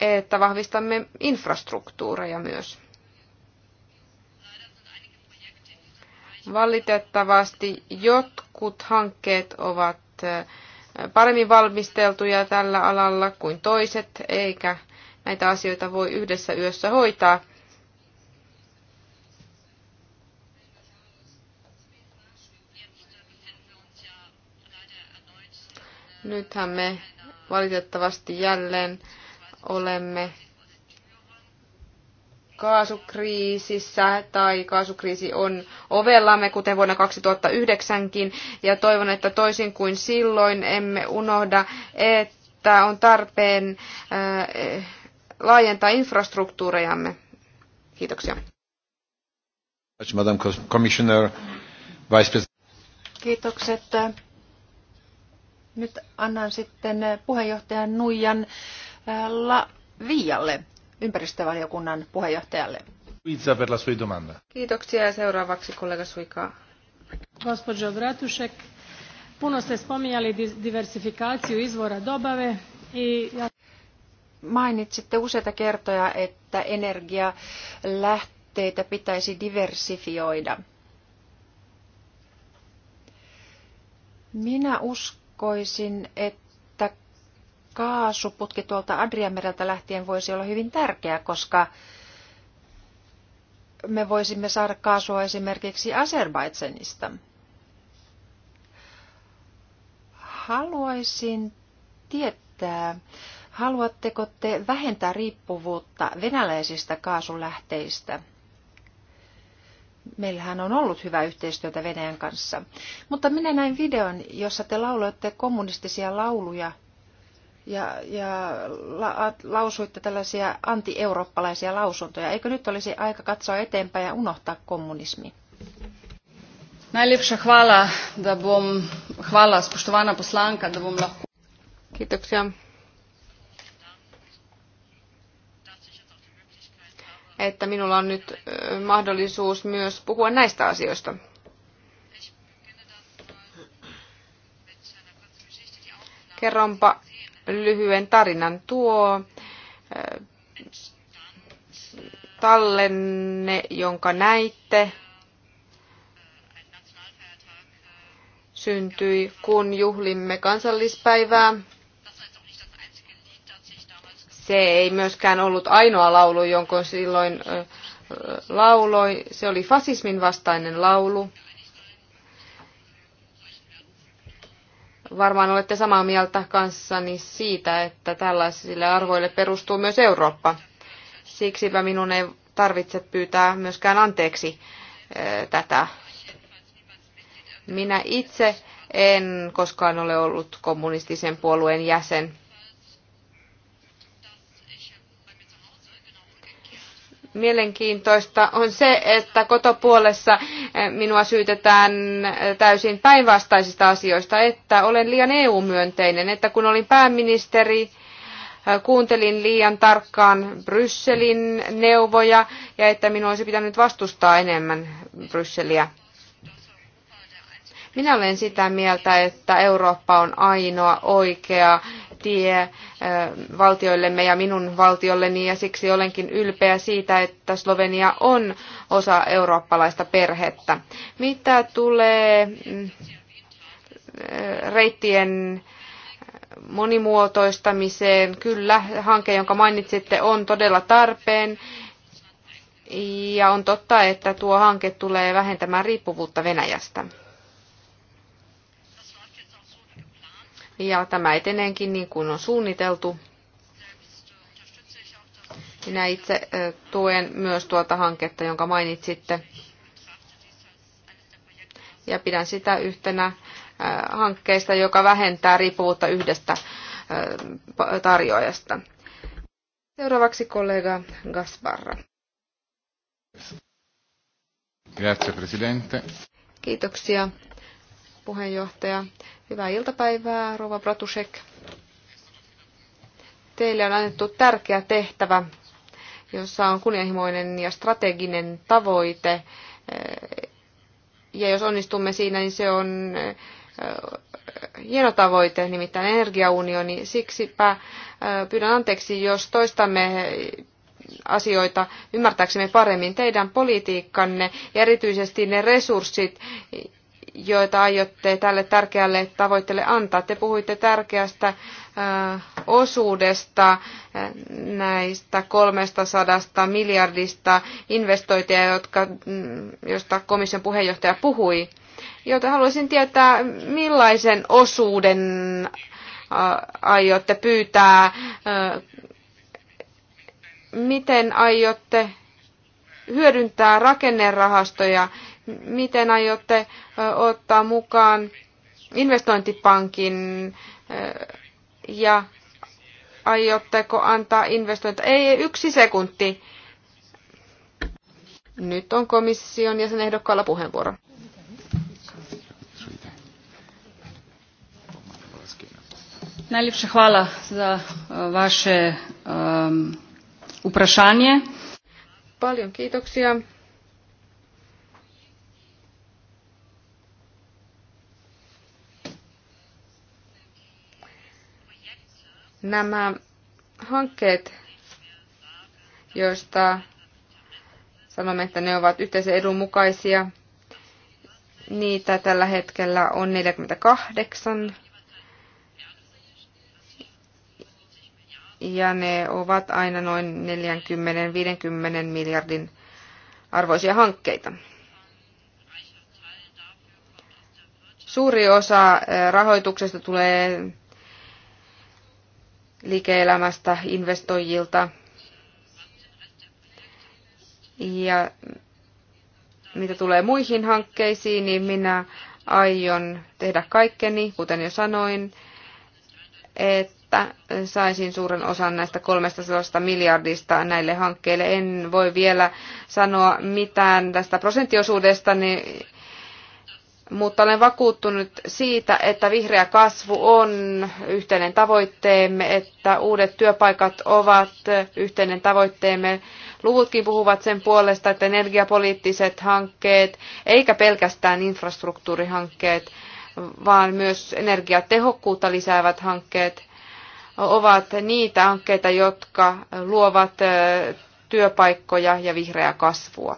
että vahvistamme infrastruktuureja myös. Valitettavasti jotkut hankkeet ovat paremmin valmisteltuja tällä alalla kuin toiset, eikä näitä asioita voi yhdessä yössä hoitaa. Nythän me valitettavasti jälleen olemme kaasukriisissä tai kaasukriisi on ovellamme, kuten vuonna 2009kin, ja toivon, että toisin kuin silloin emme unohda, että on tarpeen äh, laajentaa infrastruktuurejamme. Kiitoksia. Madam Commissioner, Vice President. Kiitokset. Nyt annan sitten puheenjohtajan Nuijan äh, La Viialle ympäristövaliokunnan puheenjohtajalle. Kiitoksia ja seuraavaksi kollega Suika. Gospođo Bratušek, puno ste spominjali diversifikaciju izvora dobave i mainitsitte useita kertoja, että energialähteitä pitäisi diversifioida. Minä uskoisin, että kaasuputki tuolta Adriamereltä lähtien voisi olla hyvin tärkeä, koska me voisimme saada kaasua esimerkiksi Azerbaidsenista. Haluaisin tietää, haluatteko te vähentää riippuvuutta venäläisistä kaasulähteistä? Meillähän on ollut hyvä yhteistyötä Venäjän kanssa. Mutta minä näin videon, jossa te lauloitte kommunistisia lauluja ja, ja la, lausuitte tällaisia anti-eurooppalaisia lausuntoja. Eikö nyt olisi aika katsoa eteenpäin ja unohtaa kommunismi? Najlepša hvala, da bom, hvala spoštovana poslanka, da bom lahko. Kiitoksia. Että minulla on nyt mahdollisuus myös puhua näistä asioista. Kerronpa lyhyen tarinan. Tuo eh, tallenne, jonka näitte, syntyi, kun juhlimme kansallispäivää. Se ei myöskään ollut ainoa laulu, jonka silloin eh, eh, lauloi. Se oli fasismin vastainen laulu. Varmaan olette samaa mieltä kanssani siitä, että tällaisille arvoille perustuu myös Eurooppa. Siksipä minun ei tarvitse pyytää myöskään anteeksi eh, tätä. Minä itse en koskaan ole ollut kommunistisen puolueen jäsen. mielenkiintoista on se, että kotopuolessa eh, minua syytetään eh, täysin päinvastaisista asioista, että olen liian EU-myönteinen, että kun olin pääministeri, eh, kuuntelin liian tarkkaan Brysselin neuvoja ja että minun olisi pitänyt vastustaa enemmän Brysseliä. Minä olen sitä mieltä, että Eurooppa on ainoa oikea tie valtioillemme ja minun valtiolleni ja siksi olenkin ylpeä siitä, että Slovenia on osa eurooppalaista perhettä. Mitä tulee mm, reittien monimuotoistamiseen, kyllä hanke, jonka mainitsitte, on todella tarpeen. Ja on totta, että tuo hanke tulee vähentämään riippuvuutta Venäjästä. ja tämä eteneenkin niin kuin on suunniteltu. Minä itse tuen myös tuota hanketta, jonka mainitsitte, ja pidän sitä yhtenä hankkeista, joka vähentää riippuvuutta yhdestä tarjoajasta. Seuraavaksi kollega Gasparra. Grazie, Presidente. Kiitoksia puheenjohtaja. Hyvää iltapäivää, Rova Bratusek. Teille on annettu tärkeä tehtävä, jossa on kunnianhimoinen ja strateginen tavoite. Ja jos onnistumme siinä, niin se on eh, hieno tavoite, nimittäin energiaunioni. Siksipä eh, pyydän anteeksi, jos toistamme asioita ymmärtääksemme paremmin teidän politiikkanne ja erityisesti ne resurssit, joita aiotte tälle tärkeälle tavoitteelle antaa. Te puhuitte tärkeästä äh, osuudesta äh, näistä 300 miljardista investointeja, jotka, mm, josta komission puheenjohtaja puhui. Joten haluaisin tietää, millaisen osuuden äh, aiotte pyytää, miten aiotte hyödyntää rakennerahastoja miten aiotte ottaa mukaan investointipankin ja aiotteko antaa investointia? Ei, yksi sekunti. Nyt on komission ja sen ehdokkaalla puheenvuoro. Najlepša hvala za vaše um, uprašanje. Paljon kiitoksia Nämä hankkeet, joista sanomme, että ne ovat yhteisen edun mukaisia, niitä tällä hetkellä on 48. Ja ne ovat aina noin 40-50 miljardin arvoisia hankkeita. Suuri osa eh, rahoituksesta tulee liike-elämästä, investoijilta. Ja mitä tulee muihin hankkeisiin, niin minä aion tehdä kaikkeni, kuten jo sanoin, että saisin suuren osan näistä 300 miljardista näille hankkeille. En voi vielä sanoa mitään tästä prosenttiosuudesta, niin mutta olen vakuuttunut siitä, että vihreä kasvu on yhteinen tavoitteemme, että uudet työpaikat ovat yhteinen tavoitteemme. Luvutkin puhuvat sen puolesta, että energiapoliittiset hankkeet, eikä pelkästään infrastruktuurihankkeet, vaan myös energiatehokkuutta lisäävät hankkeet ovat niitä hankkeita, jotka luovat työpaikkoja ja vihreää kasvua.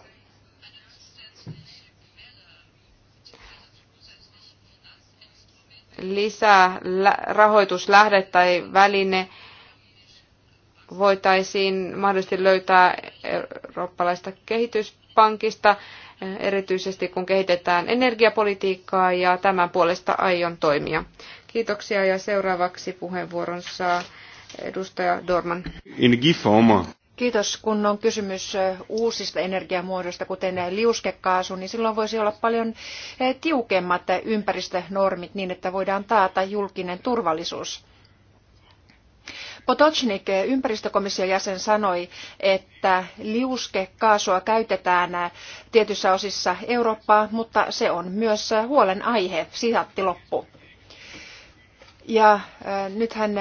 lisää rahoituslähde tai väline voitaisiin mahdollisesti löytää eurooppalaista kehityspankista, erityisesti kun kehitetään energiapolitiikkaa ja tämän puolesta aion toimia. Kiitoksia ja seuraavaksi puheenvuoron saa edustaja Dorman. Energiformer. Kiitos, kun on kysymys uusista energiamuodoista, kuten liuskekaasu, niin silloin voisi olla paljon tiukemmat ympäristönormit niin, että voidaan taata julkinen turvallisuus. potonik ympäristökomission jäsen, sanoi, että liuskekaasua käytetään tietyissä osissa Eurooppaa, mutta se on myös huolenaihe. Sitaatti loppu. Ja nythän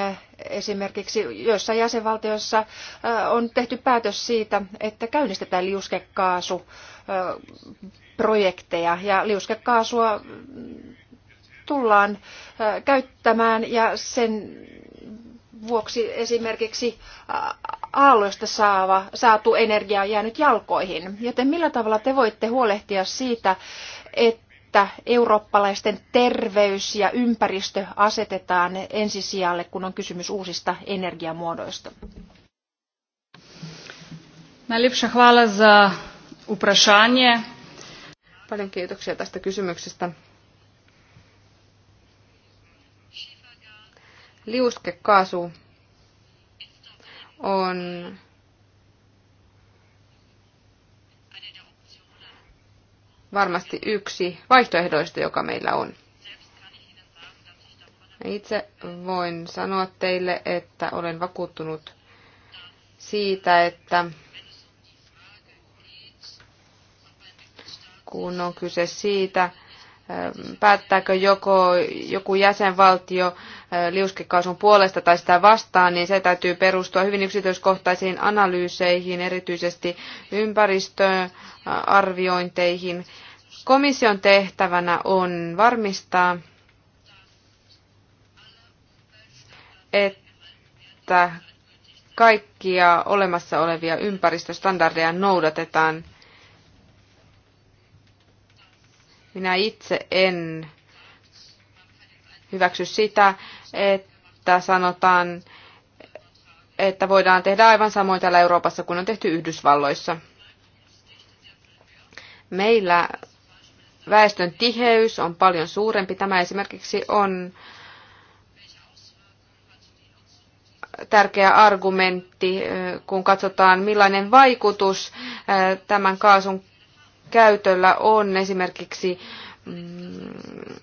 esimerkiksi joissain jäsenvaltioissa on tehty päätös siitä, että käynnistetään liuskekaasuprojekteja ja liuskekaasua tullaan käyttämään ja sen vuoksi esimerkiksi aalloista saava, saatu energia on jäänyt jalkoihin. Joten millä tavalla te voitte huolehtia siitä, että että eurooppalaisten terveys ja ympäristö asetetaan ensisijalle, kun on kysymys uusista energiamuodoista? Najlepša hvala za uprašanje. Paljon kiitoksia tästä kysymyksestä. Liuskekaasu on varmasti yksi vaihtoehdoista, joka meillä on. Itse voin sanoa teille, että olen vakuuttunut siitä, että kun on kyse siitä, päättääkö joko joku jäsenvaltio liuskekaasun puolesta tai sitä vastaan, niin se täytyy perustua hyvin yksityiskohtaisiin analyyseihin, erityisesti ympäristöarviointeihin. Komission tehtävänä on varmistaa, että kaikkia olemassa olevia ympäristöstandardeja noudatetaan – Minä itse en hyväksy sitä, että sanotaan, että voidaan tehdä aivan samoin täällä Euroopassa kuin on tehty Yhdysvalloissa. Meillä väestön tiheys on paljon suurempi. Tämä esimerkiksi on tärkeä argumentti, kun katsotaan millainen vaikutus tämän kaasun käytöllä on esimerkiksi mm,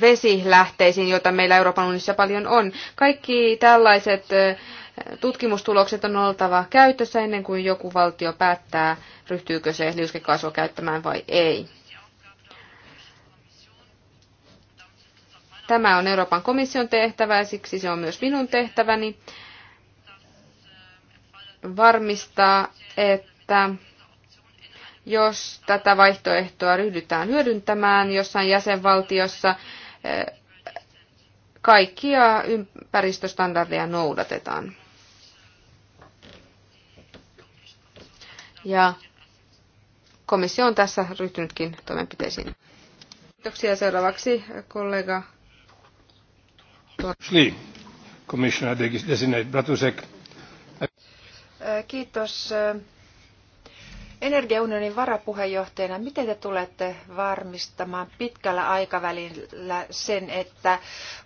vesilähteisiin, joita meillä Euroopan unionissa paljon on. Kaikki tällaiset tutkimustulokset on oltava käytössä ennen kuin joku valtio päättää, ryhtyykö se liuskekaasua käyttämään vai ei. Tämä on Euroopan komission tehtävä ja siksi se on myös minun tehtäväni varmistaa, että että jos tätä vaihtoehtoa ryhdytään hyödyntämään jossain jäsenvaltiossa, eh, kaikkia ympäristöstandardeja noudatetaan. Ja komissio on tässä ryhtynytkin toimenpiteisiin. Kiitoksia seuraavaksi kollega Commissioner Designate Bratusek. Kiitos eh, Energiaunionin varapuheenjohtajana, miten te tulette varmistamaan pitkällä aikavälillä sen, että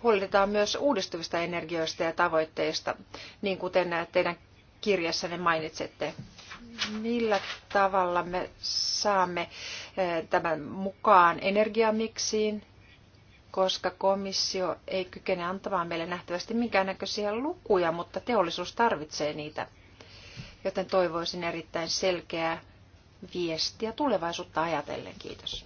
huolehditaan myös uudistuvista energioista ja tavoitteista, niin kuten teidän kirjassanne mainitsette? Millä tavalla me saamme eh, tämän mukaan energiamiksiin, koska komissio ei kykene antamaan meille nähtävästi minkäännäköisiä lukuja, mutta teollisuus tarvitsee niitä. Joten toivoisin erittäin selkeää viestiä tulevaisuutta ajatellen. Kiitos.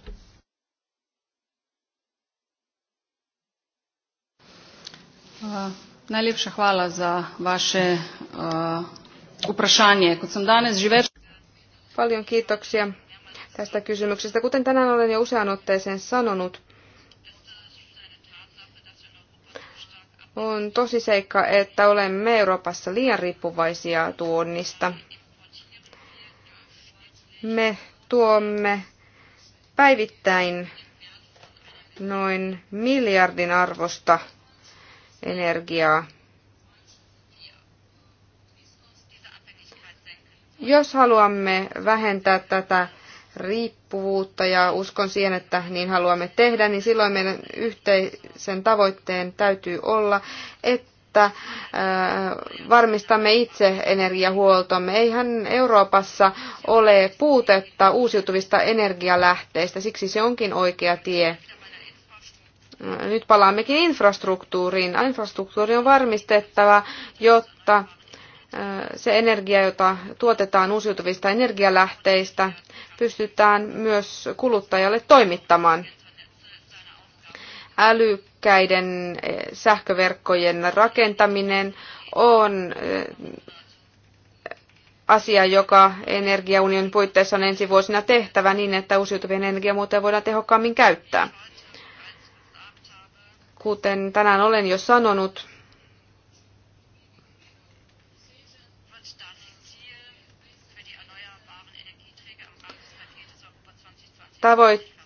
Najlepša hvala za vaše uprašanje. Uh, Kot sem danes Paljon kiitoksia tästä kysymyksestä. Kuten tänään olen jo usean otteeseen sanonut, on tosi seikka, että olemme Euroopassa liian riippuvaisia tuonnista me tuomme päivittäin noin miljardin arvosta energiaa. Jos haluamme vähentää tätä riippuvuutta ja uskon siihen, että niin haluamme tehdä, niin silloin meidän yhteisen tavoitteen täytyy olla, että että äh, varmistamme itse energiahuoltomme. Eihän Euroopassa ole puutetta uusiutuvista energialähteistä, siksi se onkin oikea tie. Äh, nyt palaammekin infrastruktuuriin. Infrastruktuuri on varmistettava, jotta äh, se energia, jota tuotetaan uusiutuvista energialähteistä, pystytään myös kuluttajalle toimittamaan. Äly älykkäiden eh, sähköverkkojen rakentaminen on eh, asia, joka Energiaunion puitteissa on ensi vuosina tehtävä niin, että uusiutuvien energiamuotoja voidaan tehokkaammin käyttää. Kuten tänään olen jo sanonut, tavoitteet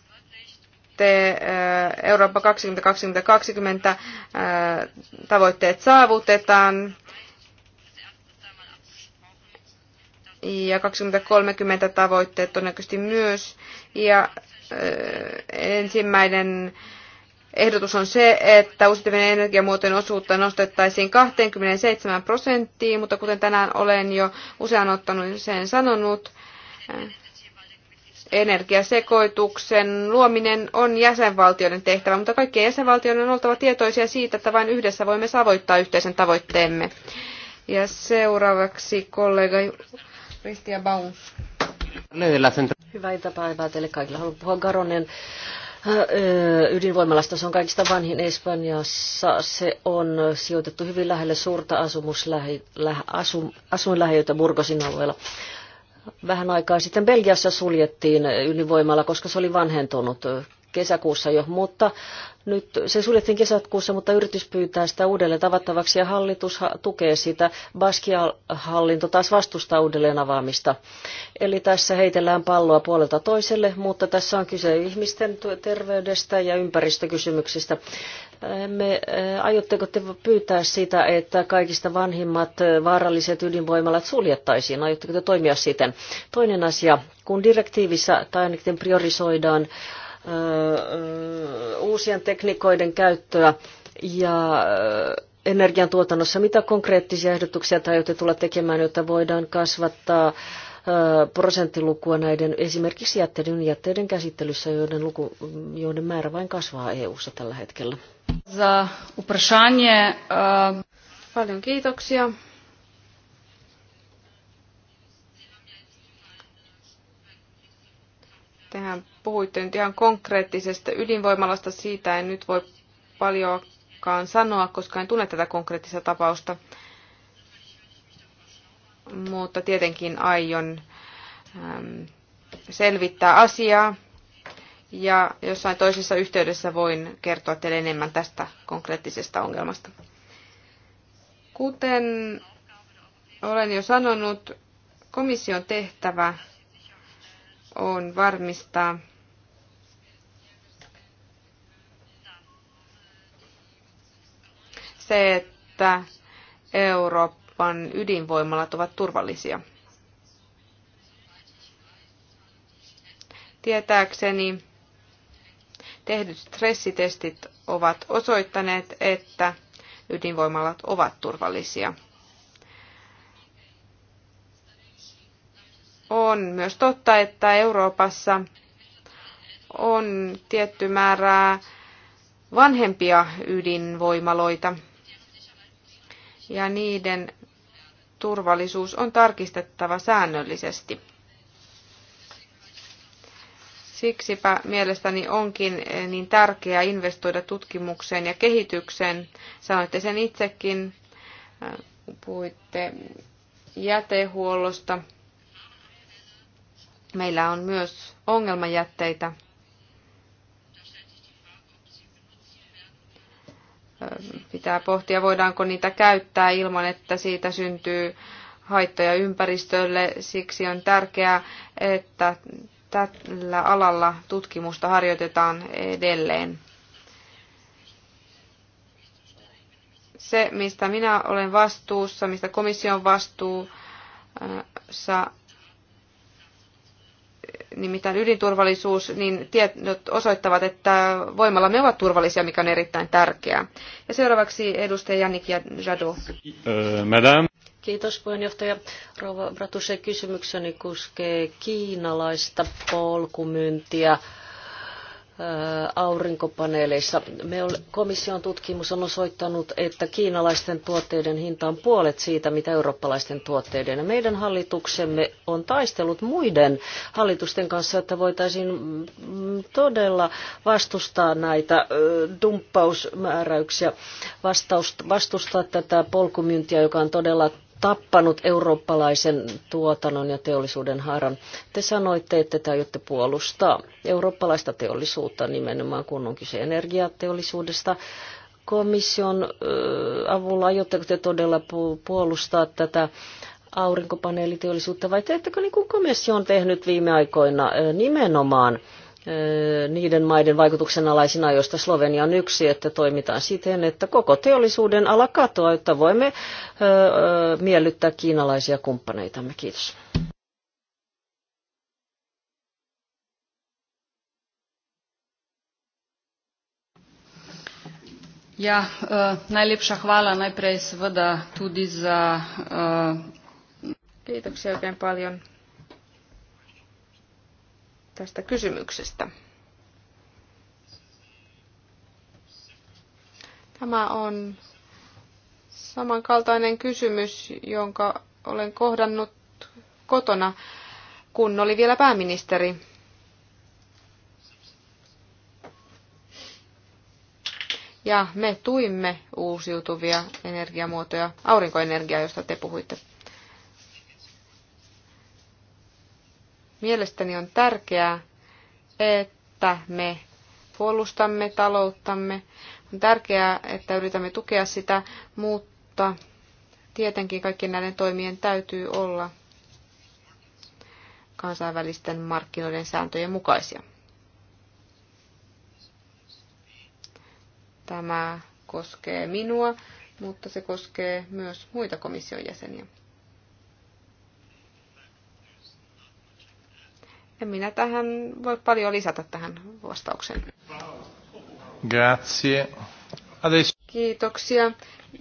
Eh, Eurooppa 2020 eh, tavoitteet saavutetaan ja 2030 tavoitteet todennäköisesti myös. Ja eh, ensimmäinen ehdotus on se, että uusiutuvien energiamuotojen osuutta nostettaisiin 27 prosenttiin, mutta kuten tänään olen jo usean ottanut sen sanonut, energiasekoituksen luominen on jäsenvaltioiden tehtävä, mutta kaikkien jäsenvaltioiden on oltava tietoisia siitä, että vain yhdessä voimme savoittaa yhteisen tavoitteemme. Ja seuraavaksi kollega Ristia Baun. Hyvää iltapäivää teille kaikille. Haluan puhua Garonen äh, ydinvoimalasta. Se on kaikista vanhin Espanjassa. Se on sijoitettu hyvin lähelle suurta asumuslähi, lä, asuinlähiötä Burgosin alueella. Vähän aikaa sitten Belgiassa suljettiin ydinvoimalla, koska se oli vanhentunut kesäkuussa jo, mutta nyt se suljettiin kesäkuussa, mutta yritys pyytää sitä uudelleen tavattavaksi ja hallitus tukee sitä. Baskian hallinto taas vastustaa uudelleen avaamista. Eli tässä heitellään palloa puolelta toiselle, mutta tässä on kyse ihmisten terveydestä ja ympäristökysymyksistä. Me, eh, aiotteko te pyytää sitä, että kaikista vanhimmat eh, vaaralliset ydinvoimalat suljettaisiin? Aiotteko te toimia siten? Toinen asia, kun direktiivissä tai ainakin priorisoidaan uusien tekniikoiden käyttöä ja energiantuotannossa. Mitä konkreettisia ehdotuksia tai aiotte tulla tekemään, jotta voidaan kasvattaa prosenttilukua näiden esimerkiksi jätteiden, jätteiden käsittelyssä, joiden, luku, joiden määrä vain kasvaa EU-ssa tällä hetkellä? Paljon kiitoksia Tehän puhuitte nyt ihan konkreettisesta ydinvoimalasta. Siitä en nyt voi paljoakaan sanoa, koska en tunne tätä konkreettista tapausta. Mutta tietenkin aion äm, selvittää asiaa. Ja jossain toisessa yhteydessä voin kertoa teille enemmän tästä konkreettisesta ongelmasta. Kuten olen jo sanonut, komission tehtävä on varmistaa se, että Euroopan ydinvoimalat ovat turvallisia. Tietääkseni tehdyt stressitestit ovat osoittaneet, että ydinvoimalat ovat turvallisia. On myös totta, että Euroopassa on tietty määrä vanhempia ydinvoimaloita ja niiden turvallisuus on tarkistettava säännöllisesti. Siksipä mielestäni onkin eh, niin tärkeää investoida tutkimukseen ja kehitykseen. Sanoitte sen itsekin, eh, puhuitte jätehuollosta. Meillä on myös ongelmajätteitä. Pitää pohtia, voidaanko niitä käyttää ilman, että siitä syntyy haittoja ympäristölle. Siksi on tärkeää, että tällä alalla tutkimusta harjoitetaan edelleen. Se, mistä minä olen vastuussa, mistä komission vastuussa nimittäin ydinturvallisuus, niin tiedot osoittavat, että voimalla me ovat turvallisia, mikä on erittäin tärkeää. Ja seuraavaksi edustaja Jannik Jadu. Madame. Kiitos puheenjohtaja. Rouva Bratuse kysymykseni koskee kiinalaista polkumyyntiä aurinkopaneeleissa. Me komission tutkimus on osoittanut, että kiinalaisten tuotteiden hinta on puolet siitä, mitä eurooppalaisten tuotteiden. Ja meidän hallituksemme on taistellut muiden hallitusten kanssa, että voitaisiin mm, todella vastustaa näitä dumppausmääräyksiä, vastustaa tätä polkumyyntiä, joka on todella tappanut eurooppalaisen tuotannon ja teollisuuden haaran. Te sanoitte, että te aiotte puolustaa eurooppalaista teollisuutta nimenomaan, kun on kyse energiateollisuudesta. Komission avulla aiotteko te todella puolustaa tätä aurinkopaneeliteollisuutta vai teettekö niin kuin komissio on tehnyt viime aikoina nimenomaan – niiden maiden vaikutuksen alaisina, joista Slovenia on yksi, että toimitaan siten, että koko teollisuuden ala katoaa, että voimme miellyttää kiinalaisia kumppaneitamme. Kiitos. Ja, uh, najlepša hvala najprej seveda tudi za... Uh... Kiitoksia oikein paljon tästä kysymyksestä. Tämä on samankaltainen kysymys, jonka olen kohdannut kotona, kun oli vielä pääministeri. Ja me tuimme uusiutuvia energiamuotoja, aurinkoenergiaa, josta te puhuitte Mielestäni on tärkeää, että me puolustamme talouttamme. On tärkeää, että yritämme tukea sitä, mutta tietenkin kaikkien näiden toimien täytyy olla kansainvälisten markkinoiden sääntöjen mukaisia. Tämä koskee minua, mutta se koskee myös muita komission jäseniä. En minä tähän voi paljon lisätä tähän vastaukseen. Grazie. Adesso... Kiitoksia.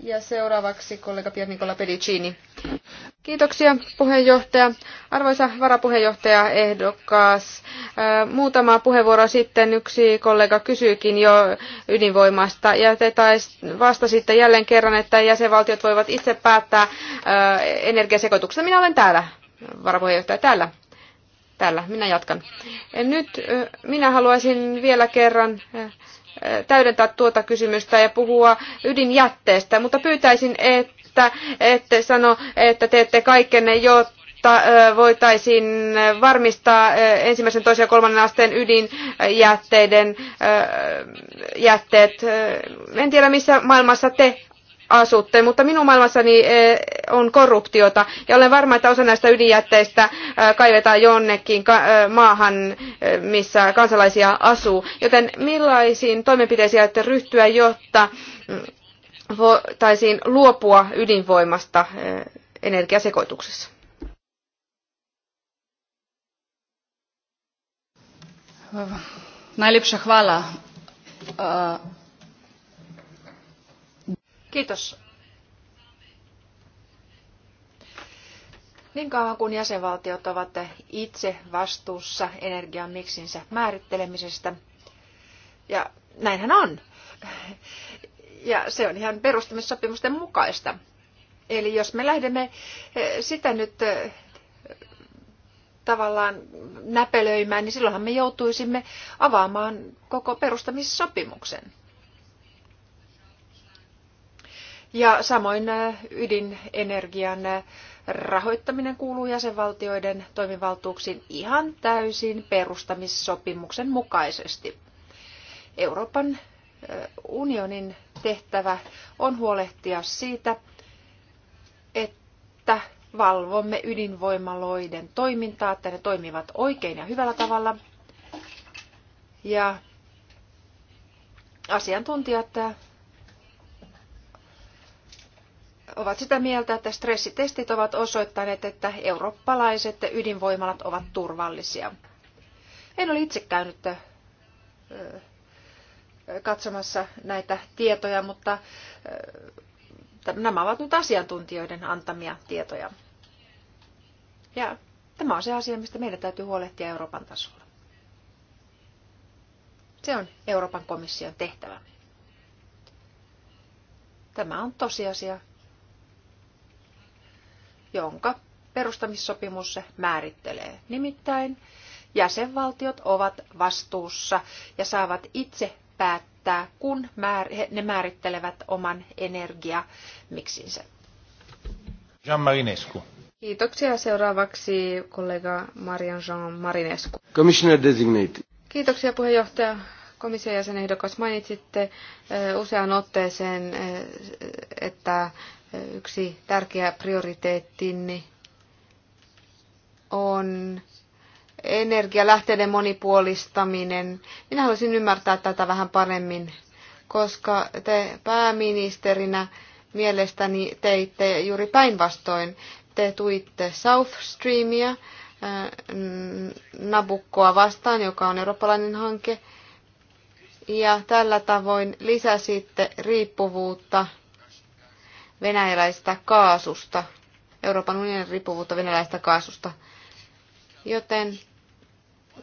Ja seuraavaksi kollega Piernikola Pedicini. Kiitoksia puheenjohtaja. Arvoisa varapuheenjohtaja ehdokas, äh, muutama puheenvuoro sitten yksi kollega kysyykin jo ydinvoimasta ja te tais vastasitte jälleen kerran, että jäsenvaltiot voivat itse päättää äh, energiasekoituksesta. Minä olen täällä, varapuheenjohtaja, täällä. Täällä, minä jatkan. Nyt minä haluaisin vielä kerran täydentää tuota kysymystä ja puhua ydinjätteestä, mutta pyytäisin, että ette sano, että teette kaikkenne, jotta jotta voitaisiin varmistaa ensimmäisen, toisen ja kolmannen asteen ydinjätteiden jätteet. En tiedä, missä maailmassa te asutte, mutta minun maailmassani eh, on korruptiota ja olen varma, että osa näistä ydinjätteistä eh, kaivetaan jonnekin eh, maahan, missä kansalaisia asuu. Joten millaisiin toimenpiteisiin ajatte ryhtyä, jotta mm, voitaisiin luopua ydinvoimasta energiasekoituksessa? Najlepša hvala. Kiitos. Niin kauan kuin jäsenvaltiot ovat itse vastuussa energian miksinsä määrittelemisestä, ja näinhän on, ja se on ihan perustamissopimusten mukaista. Eli jos me lähdemme eh, sitä nyt eh, tavallaan näpelöimään, niin silloinhan me joutuisimme avaamaan koko perustamissopimuksen. Ja samoin äh, ydinenergian äh, rahoittaminen kuuluu jäsenvaltioiden toimivaltuuksiin ihan täysin perustamissopimuksen mukaisesti. Euroopan äh, unionin tehtävä on huolehtia siitä, että valvomme ydinvoimaloiden toimintaa, että ne toimivat oikein ja hyvällä tavalla. Ja asiantuntijat ovat sitä mieltä, että stressitestit ovat osoittaneet, että eurooppalaiset ydinvoimalat ovat turvallisia. En ole itse käynyt katsomassa näitä tietoja, mutta nämä ovat nyt asiantuntijoiden antamia tietoja. Ja tämä on se asia, mistä meidän täytyy huolehtia Euroopan tasolla. Se on Euroopan komission tehtävä. Tämä on tosiasia, jonka perustamissopimus määrittelee. Nimittäin jäsenvaltiot ovat vastuussa ja saavat itse päättää, kun ne määrittelevät oman energiamiksinsä. Jean Marinescu. Kiitoksia. Seuraavaksi kollega Marian Jean Marinescu. Commissioner designate. Kiitoksia puheenjohtaja. Komission jäsenehdokas mainitsitte eh, useaan otteeseen, eh, että Yksi tärkeä prioriteettini on energialähteiden monipuolistaminen. Minä haluaisin ymmärtää tätä vähän paremmin, koska te pääministerinä mielestäni teitte juuri päinvastoin. Te tuitte South Streamia, äh, Nabukkoa vastaan, joka on eurooppalainen hanke, ja tällä tavoin lisäsitte riippuvuutta venäläistä kaasusta, Euroopan unionin riippuvuutta venäläistä kaasusta. Joten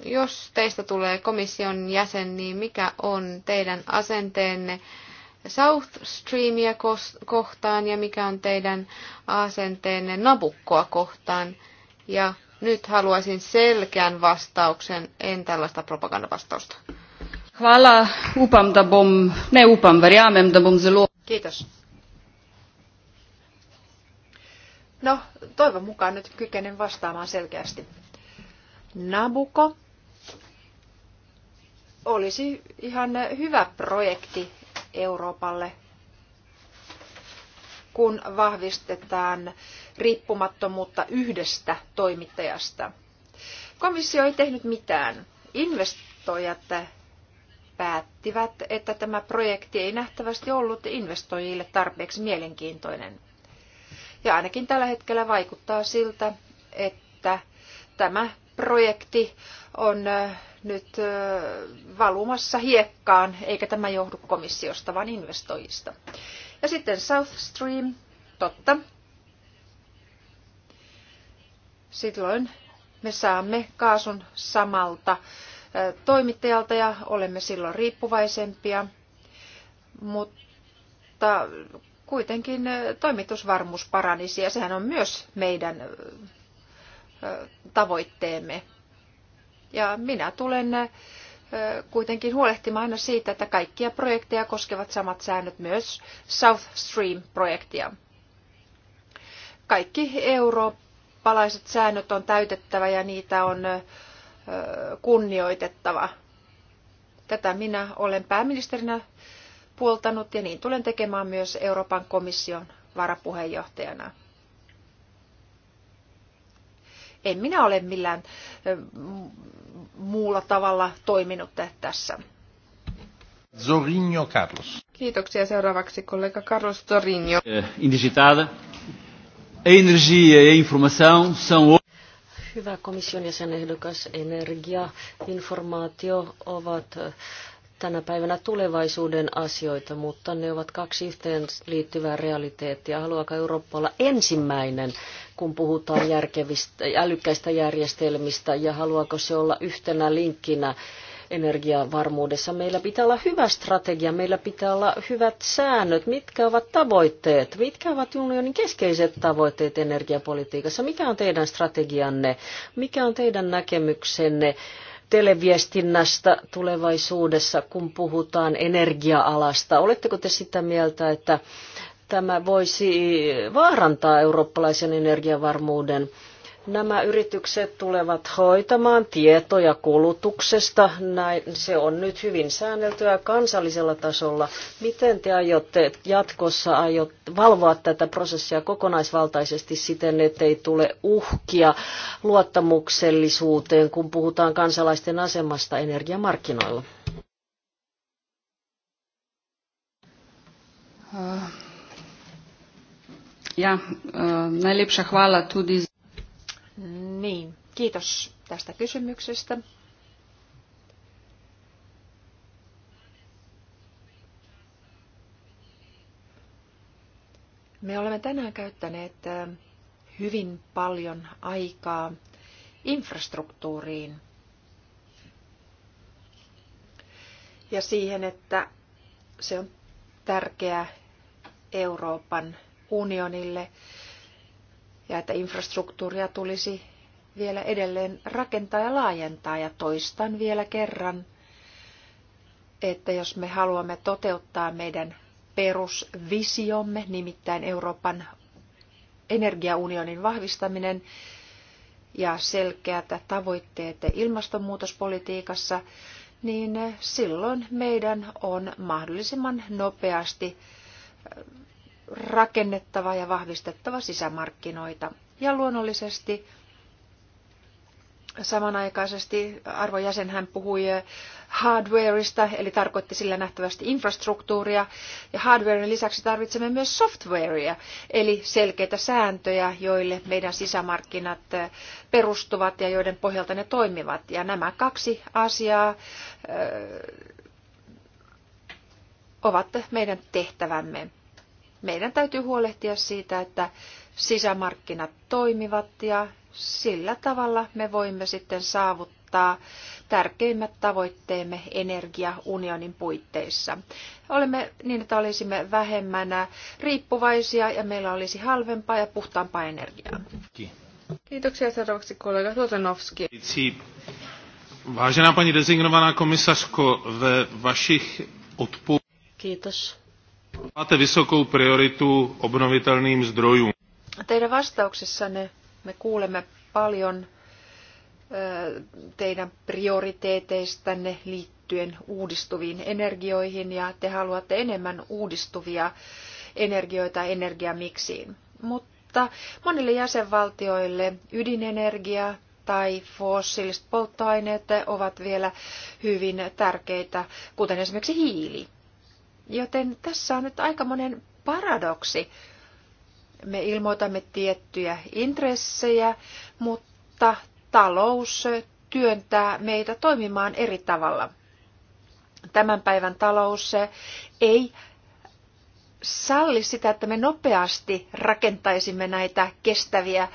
jos teistä tulee komission jäsen, niin mikä on teidän asenteenne South Streamia kohtaan ja mikä on teidän asenteenne Nabukkoa kohtaan? Ja nyt haluaisin selkeän vastauksen, en tällaista propagandavastausta. Kiitos. No, toivon mukaan nyt kykenen vastaamaan selkeästi. Nabuko olisi ihan hyvä projekti Euroopalle, kun vahvistetaan riippumattomuutta yhdestä toimittajasta. Komissio ei tehnyt mitään. Investoijat päättivät, että tämä projekti ei nähtävästi ollut investoijille tarpeeksi mielenkiintoinen. Ja ainakin tällä hetkellä vaikuttaa siltä, että tämä projekti on nyt valumassa hiekkaan, eikä tämä johdu komissiosta, vaan investoijista. Ja sitten South Stream, totta. Silloin me saamme kaasun samalta toimittajalta ja olemme silloin riippuvaisempia, mutta kuitenkin toimitusvarmuus paranisi ja sehän on myös meidän tavoitteemme. Ja minä tulen kuitenkin huolehtimaan aina siitä, että kaikkia projekteja koskevat samat säännöt myös South Stream-projektia. Kaikki eurooppalaiset säännöt on täytettävä ja niitä on kunnioitettava. Tätä minä olen pääministerinä puoltanut ja niin tulen tekemään myös Euroopan komission varapuheenjohtajana. En minä ole millään muulla tavalla toiminut tässä. Zorinho Carlos. Kiitoksia seuraavaksi kollega Carlos Zorinho. Eh, Indigitada. Energia ja e informação são Hyvä komission jäsenehdokas, energia, informaatio ovat tänä päivänä tulevaisuuden asioita, mutta ne ovat kaksi yhteen liittyvää realiteettia. Haluaako Eurooppa olla ensimmäinen, kun puhutaan järkevistä, älykkäistä järjestelmistä ja haluaako se olla yhtenä linkkinä energiavarmuudessa? Meillä pitää olla hyvä strategia, meillä pitää olla hyvät säännöt, mitkä ovat tavoitteet, mitkä ovat unionin keskeiset tavoitteet energiapolitiikassa, mikä on teidän strategianne, mikä on teidän näkemyksenne televiestinnästä tulevaisuudessa, kun puhutaan energia-alasta. Oletteko te sitä mieltä, että tämä voisi vaarantaa eurooppalaisen energiavarmuuden? Nämä yritykset tulevat hoitamaan tietoja kulutuksesta. Näin, se on nyt hyvin säänneltyä kansallisella tasolla. Miten te aiotte jatkossa aiot valvoa tätä prosessia kokonaisvaltaisesti siten, ettei tule uhkia luottamuksellisuuteen, kun puhutaan kansalaisten asemasta energiamarkkinoilla? Ja, e, najlepša hvala tudi niin, kiitos tästä kysymyksestä. Me olemme tänään käyttäneet hyvin paljon aikaa infrastruktuuriin ja siihen, että se on tärkeä Euroopan unionille ja että infrastruktuuria tulisi vielä edelleen rakentaa ja laajentaa. Ja toistan vielä kerran, että jos me haluamme toteuttaa meidän perusvisiomme, nimittäin Euroopan energiaunionin vahvistaminen ja selkeät tavoitteet ilmastonmuutospolitiikassa, niin silloin meidän on mahdollisimman nopeasti rakennettava ja vahvistettava sisämarkkinoita. Ja luonnollisesti samanaikaisesti arvon jäsen hän puhui hardwareista, eli tarkoitti sillä nähtävästi infrastruktuuria. Ja hardwaren lisäksi tarvitsemme myös softwarea, eli selkeitä sääntöjä, joille meidän sisämarkkinat perustuvat ja joiden pohjalta ne toimivat. Ja nämä kaksi asiaa ovat meidän tehtävämme meidän täytyy huolehtia siitä, että sisämarkkinat toimivat ja sillä tavalla me voimme sitten saavuttaa tärkeimmät tavoitteemme energiaunionin puitteissa. Olemme niin, että olisimme vähemmän riippuvaisia ja meillä olisi halvempaa ja puhtaampaa energiaa. Kiitoksia seuraavaksi kollega Tuotanovski. Vážená Kiitos Máte vysokou prioritu obnovitelným zdrojům. Teidän vastauksessanne me kuulemme paljon teidän prioriteeteistanne liittyen uudistuviin energioihin ja te haluatte enemmän uudistuvia energioita energiamiksiin. Mutta monille jäsenvaltioille ydinenergia tai fossiiliset polttoaineet ovat vielä hyvin tärkeitä, kuten esimerkiksi hiili. Joten tässä on nyt aikamoinen paradoksi. Me ilmoitamme tiettyjä intressejä, mutta talous työntää meitä toimimaan eri tavalla. Tämän päivän talous ei salli sitä, että me nopeasti rakentaisimme näitä kestäviä äh,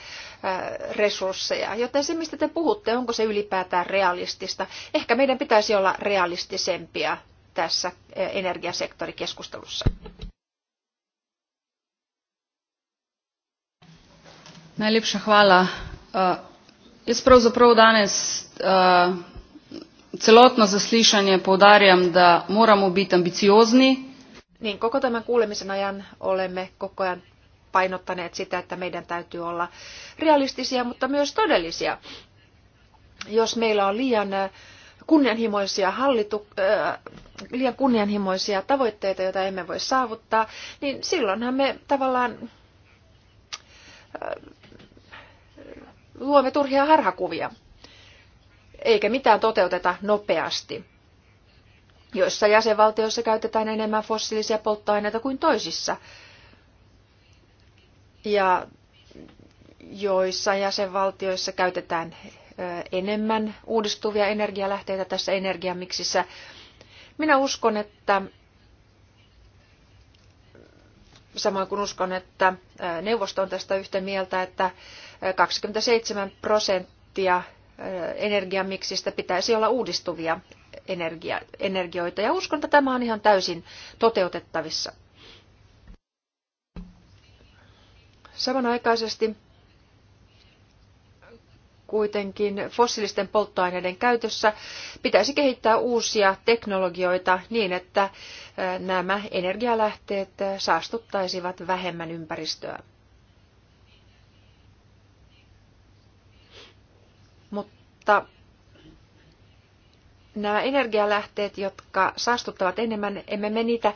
resursseja. Joten se, mistä te puhutte, onko se ylipäätään realistista? Ehkä meidän pitäisi olla realistisempia tässä eh, energiasektorikeskustelussa. Najlepša hvala. Eh, jaz pravzaprav danes eh, celotno zaslišanje poudarjam, da moramo biti ambiciozni. Niin koko tämän kuulemisen ajan olemme koko ajan painottaneet sitä, että meidän täytyy olla realistisia, mutta myös todellisia. Jos meillä on liian kunnianhimoisia hallitu, äh, liian kunnianhimoisia tavoitteita, joita emme voi saavuttaa, niin silloinhan me tavallaan äh, luomme turhia harhakuvia, eikä mitään toteuteta nopeasti. Joissa jäsenvaltioissa käytetään enemmän fossiilisia polttoaineita kuin toisissa. Ja joissa jäsenvaltioissa käytetään enemmän uudistuvia energialähteitä tässä energiamiksissä. Minä uskon, että samoin kuin uskon, että neuvosto on tästä yhtä mieltä, että 27 prosenttia energiamiksistä pitäisi olla uudistuvia energia, energioita. Ja uskon, että tämä on ihan täysin toteutettavissa. Samanaikaisesti kuitenkin fossiilisten polttoaineiden käytössä, pitäisi kehittää uusia teknologioita niin, että nämä energialähteet saastuttaisivat vähemmän ympäristöä. Mutta nämä energialähteet, jotka saastuttavat enemmän, emme me niitä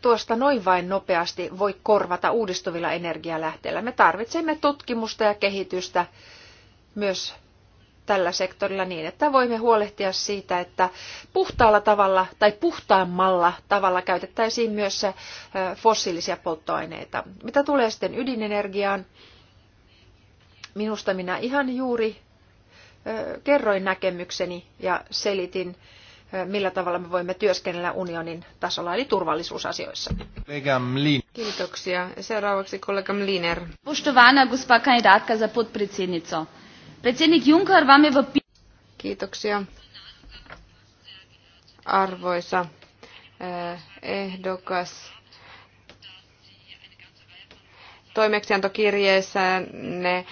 tuosta noin vain nopeasti voi korvata uudistuvilla energialähteillä. Me tarvitsemme tutkimusta ja kehitystä myös tällä sektorilla niin, että voimme huolehtia siitä, että puhtaalla tavalla tai puhtaammalla tavalla käytettäisiin myös fossiilisia polttoaineita. Mitä tulee sitten ydinenergiaan, minusta minä ihan juuri kerroin näkemykseni ja selitin, millä tavalla me voimme työskennellä unionin tasolla, eli turvallisuusasioissa. Kiitoksia. Seuraavaksi kollega Mliner. Poštovana gospa kandidatka za podpredsjednico. Predsednik Juncker, vam je v... Kiitoksia. Arvoisa eh, ehdokas toimeksiantokirjeessään ne eh,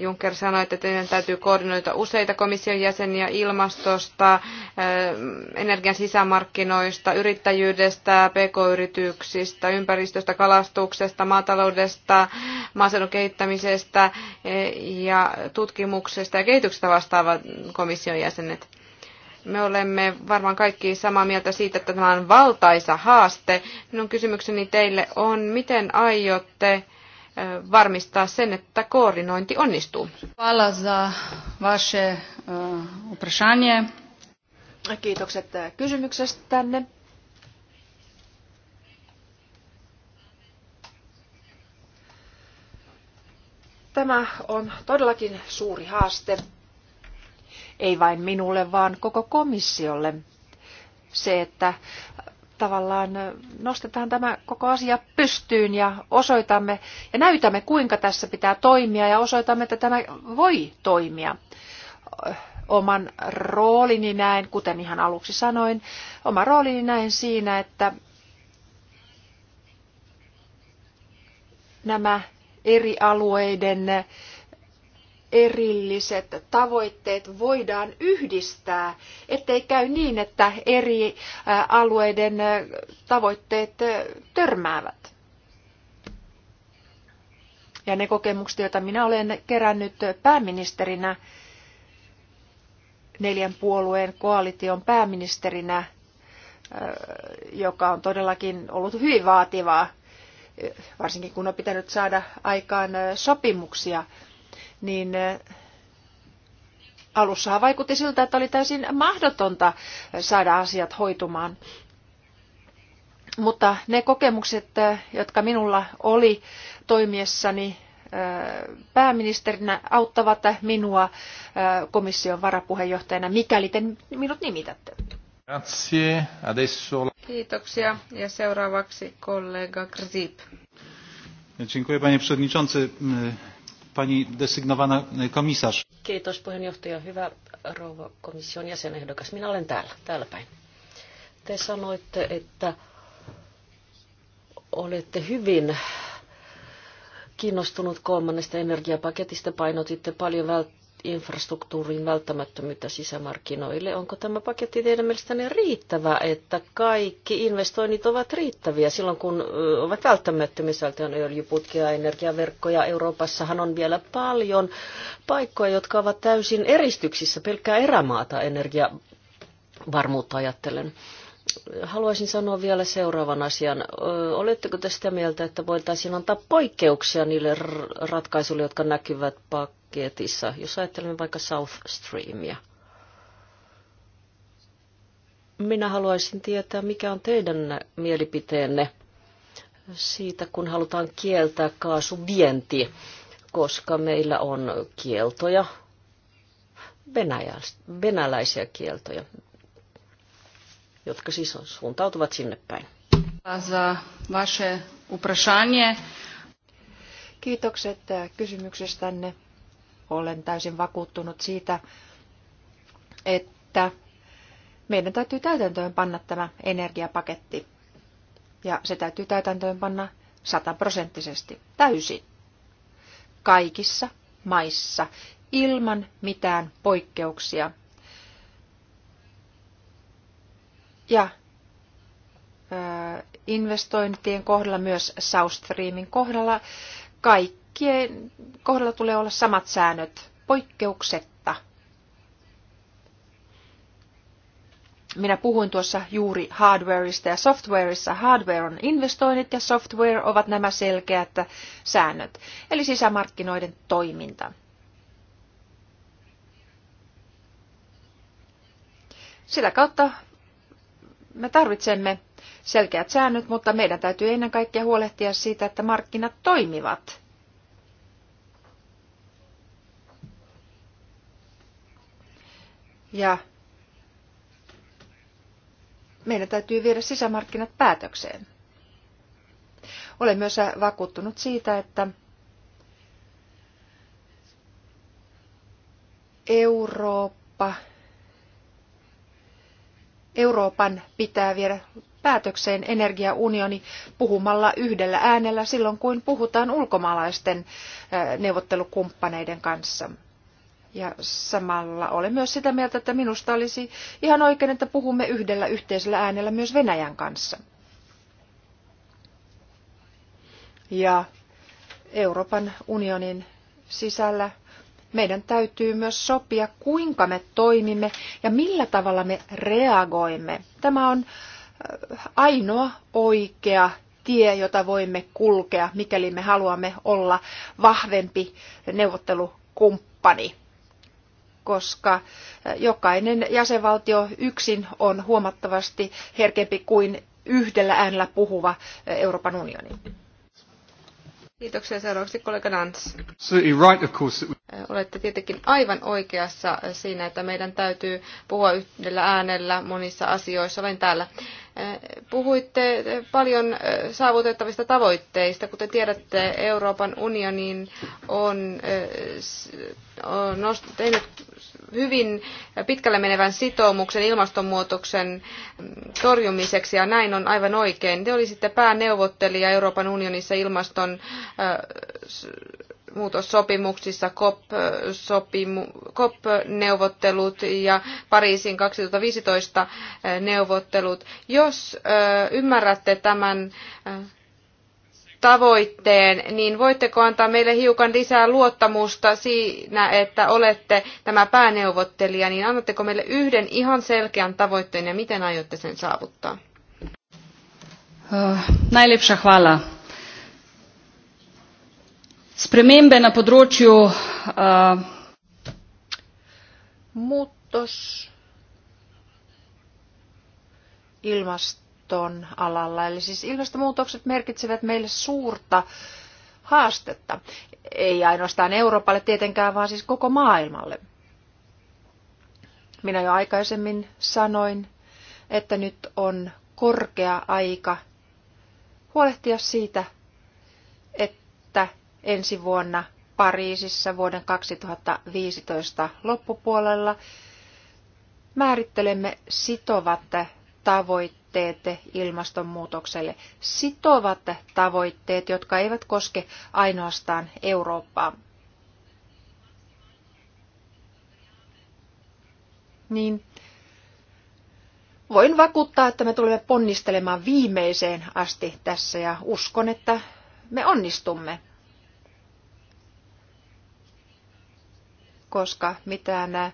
Juncker sanoi, että teidän täytyy koordinoida useita komission jäseniä ilmastosta, eh, energian sisämarkkinoista, yrittäjyydestä, pk-yrityksistä, ympäristöstä, kalastuksesta, maataloudesta, maaseudun kehittämisestä eh, ja tutkimuksesta ja kehityksestä vastaavat komission jäsenet me olemme varmaan kaikki samaa mieltä siitä, että tämä on valtaisa haaste. Minun kysymykseni teille on, miten aiotte varmistaa sen, että koordinointi onnistuu. Hvala za vaše uprašanje. Kiitokset tänne. Tämä on todellakin suuri haaste ei vain minulle, vaan koko komissiolle. Se, että tavallaan nostetaan tämä koko asia pystyyn ja osoitamme ja näytämme, kuinka tässä pitää toimia ja osoitamme, että tämä voi toimia. Oman roolini näen, kuten ihan aluksi sanoin, oma roolini näen siinä, että nämä eri alueiden erilliset tavoitteet voidaan yhdistää, ettei käy niin, että eri alueiden tavoitteet törmäävät. Ja ne kokemukset, joita minä olen kerännyt pääministerinä, neljän puolueen koalition pääministerinä, joka on todellakin ollut hyvin vaativaa, varsinkin kun on pitänyt saada aikaan sopimuksia niin alussa vaikutti siltä, että oli täysin mahdotonta saada asiat hoitumaan. Mutta ne kokemukset, jotka minulla oli toimiessani pääministerinä, auttavat minua komission varapuheenjohtajana, mikäli te minut nimitätte. Kiitoksia. Ja seuraavaksi kollega Grzib. Dziękuję panie przewodniczący pani e, komisarz. Kiitos puheenjohtaja. Hyvä rouva komission jäsenehdokas. Minä olen täällä, täällä päin. Te sanoitte, että olette hyvin kiinnostunut kolmannesta energiapaketista, painotitte paljon vält- infrastruktuurin välttämättömyyttä sisämarkkinoille. Onko tämä paketti teidän mielestänne riittävä, että kaikki investoinnit ovat riittäviä silloin, kun ovat välttämättömiä? Sieltä on öljyputkia, energiaverkkoja. Euroopassahan on vielä paljon paikkoja, jotka ovat täysin eristyksissä pelkkää erämaata energiavarmuutta ajattelen haluaisin sanoa vielä seuraavan asian. Oletteko te sitä mieltä, että voitaisiin antaa poikkeuksia niille ratkaisuille, jotka näkyvät paketissa, jos ajattelemme vaikka South Streamia? Minä haluaisin tietää, mikä on teidän mielipiteenne siitä, kun halutaan kieltää kaasuvienti, koska meillä on kieltoja, venäläisiä kieltoja jotka siis suuntautuvat sinne päin. Kiitokset äh, kysymyksestänne. Olen täysin vakuuttunut siitä, että meidän täytyy täytäntöön panna tämä energiapaketti. Ja se täytyy täytäntöön panna sataprosenttisesti, täysin. Kaikissa maissa, ilman mitään poikkeuksia Ja investointien kohdalla, myös South Streamin kohdalla, kaikkien kohdalla tulee olla samat säännöt poikkeuksetta. Minä puhuin tuossa juuri hardwareista ja softwareissa. Hardware on investoinnit ja software ovat nämä selkeät säännöt, eli sisämarkkinoiden toiminta. Sitä kautta me tarvitsemme selkeät säännöt, mutta meidän täytyy ennen kaikkea huolehtia siitä, että markkinat toimivat. Ja meidän täytyy viedä sisämarkkinat päätökseen. Olen myös vakuuttunut siitä, että Eurooppa Euroopan pitää viedä päätökseen energiaunioni puhumalla yhdellä äänellä silloin, kun puhutaan ulkomaalaisten neuvottelukumppaneiden kanssa. Ja samalla olen myös sitä mieltä, että minusta olisi ihan oikein, että puhumme yhdellä yhteisellä äänellä myös Venäjän kanssa. Ja Euroopan unionin sisällä meidän täytyy myös sopia, kuinka me toimimme ja millä tavalla me reagoimme. Tämä on äh, ainoa oikea tie, jota voimme kulkea, mikäli me haluamme olla vahvempi neuvottelukumppani koska äh, jokainen jäsenvaltio yksin on huomattavasti herkempi kuin yhdellä äänellä puhuva äh, Euroopan unioni. Kiitoksia seuraavaksi kollega Nans. Olette tietenkin aivan oikeassa siinä, että meidän täytyy puhua yhdellä äänellä monissa asioissa. Olen täällä. Puhuitte paljon saavutettavista tavoitteista. Kuten tiedätte, Euroopan unionin on tehnyt hyvin pitkälle menevän sitoumuksen ilmastonmuutoksen mm, torjumiseksi, ja näin on aivan oikein. Te olisitte pääneuvottelija Euroopan unionissa ilmaston ilmastonmuutossopimuksissa, COP-neuvottelut ja Pariisin 2015 äh, neuvottelut. Jos äh, ymmärrätte tämän äh, tavoitteen, niin voitteko antaa meille hiukan lisää luottamusta siinä, että olette tämä pääneuvottelija, niin annatteko meille yhden ihan selkeän tavoitteen ja miten aiotte sen saavuttaa? Uh, najlepša hvala. Spremembe na področju... Muutos ilmaston alalla. Eli siis ilmastonmuutokset merkitsevät meille suurta haastetta. Ei ainoastaan Euroopalle tietenkään, vaan siis koko maailmalle. Minä jo aikaisemmin sanoin, että nyt on korkea aika huolehtia siitä, että ensi vuonna Pariisissa vuoden 2015 loppupuolella määrittelemme sitovat tavoitteet ilmastonmuutokselle. Sitovat tavoitteet, jotka eivät koske ainoastaan Eurooppaa. Niin voin vakuuttaa, että me tulemme ponnistelemaan viimeiseen asti tässä ja uskon, että me onnistumme. koska mitään äh,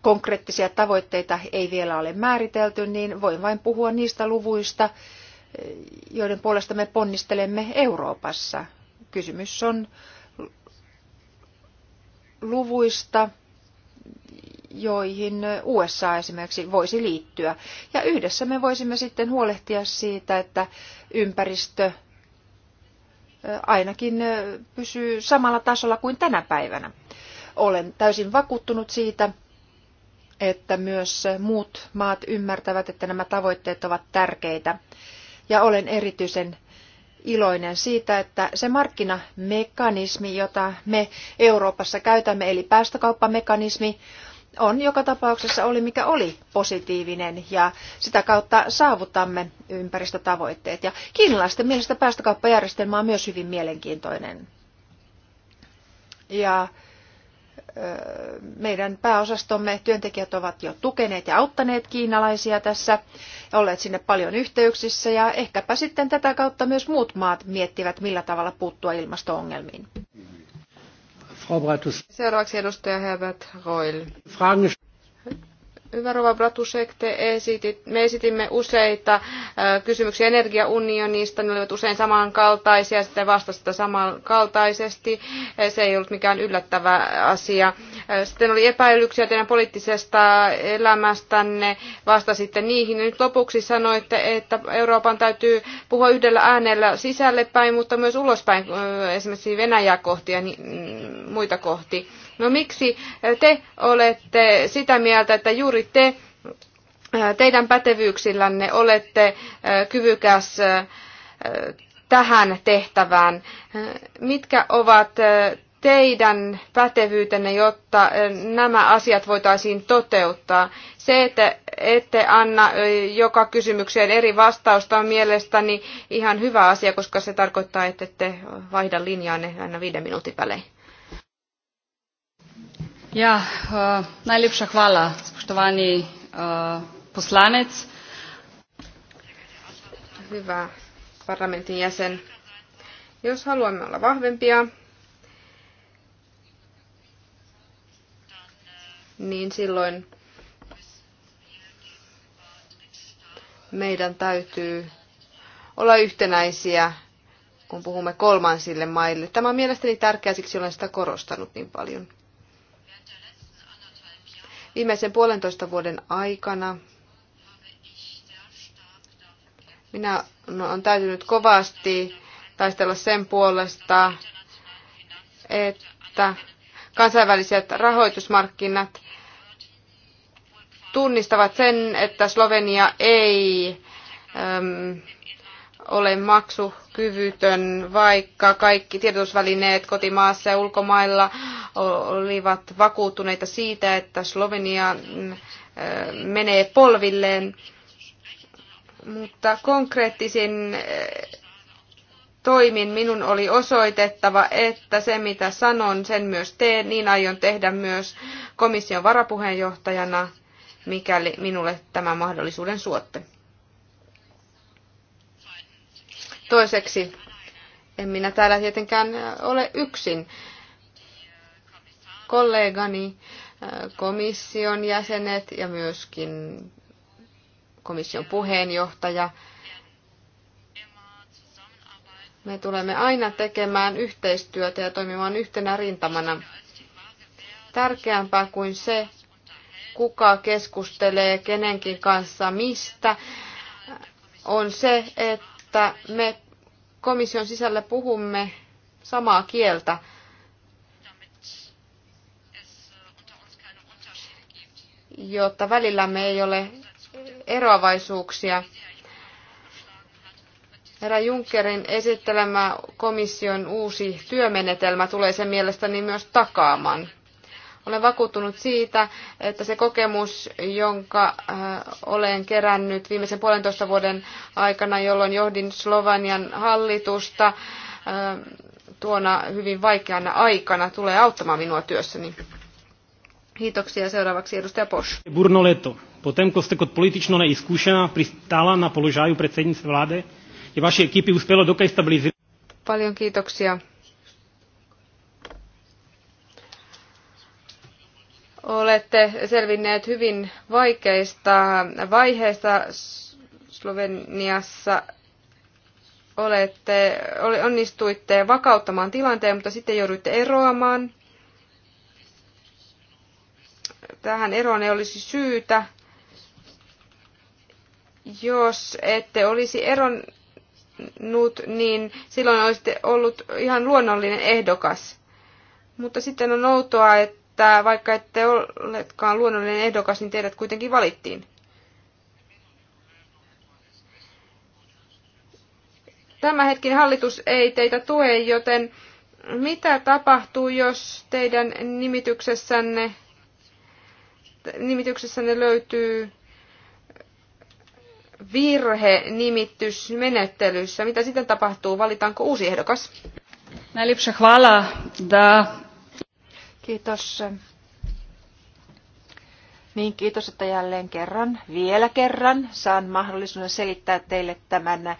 konkreettisia tavoitteita ei vielä ole määritelty, niin voin vain puhua niistä luvuista, äh, joiden puolesta me ponnistelemme Euroopassa. Kysymys on luvuista, joihin USA esimerkiksi voisi liittyä. Ja yhdessä me voisimme sitten huolehtia siitä, että ympäristö äh, ainakin pysyy samalla tasolla kuin tänä päivänä. Olen täysin vakuuttunut siitä, että myös muut maat ymmärtävät, että nämä tavoitteet ovat tärkeitä. Ja olen erityisen iloinen siitä, että se markkinamekanismi, jota me Euroopassa käytämme, eli päästökauppamekanismi, on joka tapauksessa oli mikä oli positiivinen ja sitä kautta saavutamme ympäristötavoitteet. Ja kiinalaisten mielestä päästökauppajärjestelmä on myös hyvin mielenkiintoinen. Ja meidän pääosastomme työntekijät ovat jo tukeneet ja auttaneet kiinalaisia tässä, olleet sinne paljon yhteyksissä ja ehkäpä sitten tätä kautta myös muut maat miettivät, millä tavalla puuttua ilmasto-ongelmiin. Seuraavaksi edustaja Herbert Hyvä Rova Bratusek, te esitit, me esitimme useita kysymyksiä energiaunionista, ne olivat usein samankaltaisia, sitten vastasitte samankaltaisesti, e, se ei ollut mikään yllättävä asia. E, sitten oli epäilyksiä teidän poliittisesta elämästänne, vastasitte niihin, nyt lopuksi sanoitte, että Euroopan täytyy puhua yhdellä äänellä päin, mutta myös ulospäin, esimerkiksi Venäjää kohti ja muita kohti No miksi te olette sitä mieltä, että juuri te äh, teidän pätevyyksillänne olette äh, kyvykäs äh, tähän tehtävään? Mitkä ovat teidän pätevyytenne, jotta nämä asiat voitaisiin toteuttaa? Se, että ette anna joka kysymykseen eri vastausta on mielestäni ihan hyvä asia, koska se tarkoittaa, että ette vaihda linjaanne aina viiden minuutin välein. Ja, uh, najlepša hvala, spoštovani uh, poslanec. Hyvä parlamentin jäsen. Jos haluamme olla vahvempia, niin silloin meidän täytyy olla yhtenäisiä, kun puhumme kolmansille maille. Tämä on mielestäni tärkeää, siksi olen sitä korostanut niin paljon viimeisen puolentoista vuoden aikana minä no, on täytynyt kovasti taistella sen puolesta, että kansainväliset rahoitusmarkkinat tunnistavat sen, että Slovenia ei äm, ole maksukyvytön, vaikka kaikki tiedotusvälineet kotimaassa ja ulkomailla olivat vakuuttuneita siitä, että Slovenia mm, menee polvilleen. Mutta konkreettisin toimin minun oli osoitettava, että se mitä sanon, sen myös teen, niin aion tehdä myös komission varapuheenjohtajana, mikäli minulle tämän mahdollisuuden suotte. Toiseksi, en minä täällä tietenkään ole yksin. Kollegani, äh, komission jäsenet ja myöskin komission puheenjohtaja. Me tulemme aina tekemään yhteistyötä ja toimimaan yhtenä rintamana. Tärkeämpää kuin se, kuka keskustelee kenenkin kanssa mistä, on se, että että me komission sisällä puhumme samaa kieltä. jotta välillämme ei ole eroavaisuuksia. Herra Junckerin esittelemä komission uusi työmenetelmä tulee sen mielestäni myös takaamaan. Olen vakuuttunut siitä, että se kokemus, jonka äh, olen kerännyt viimeisen puolentoista vuoden aikana, jolloin johdin Slovenian hallitusta, äh, tuona hyvin vaikeana aikana tulee auttamaan minua työssäni. Kiitoksia. Seuraavaksi edustaja Poš. Burno leto. Potem, ko ste kot politično neiskušena pristala na položaju predsednice vlade, je vaše ekipi uspelo dokaj stabilizirati. Paljon kiitoksia. Olette selvinneet hyvin vaikeista vaiheista Sloveniassa. Olette, onnistuitte vakauttamaan tilanteen, mutta sitten jouduitte eroamaan. Tähän eroon ei olisi syytä. Jos ette olisi eronnut, niin silloin olisitte ollut ihan luonnollinen ehdokas. Mutta sitten on outoa, että että vaikka ette olekaan luonnollinen ehdokas, niin teidät kuitenkin valittiin. Tämä hetkin hallitus ei teitä tue, joten mitä tapahtuu, jos teidän nimityksessänne, nimityksessänne löytyy virhe nimitysmenettelyssä? Mitä sitten tapahtuu? Valitaanko uusi ehdokas? Najlepša hvala, da Kiitos. Niin, kiitos, että jälleen kerran, vielä kerran, saan mahdollisuuden selittää teille tämän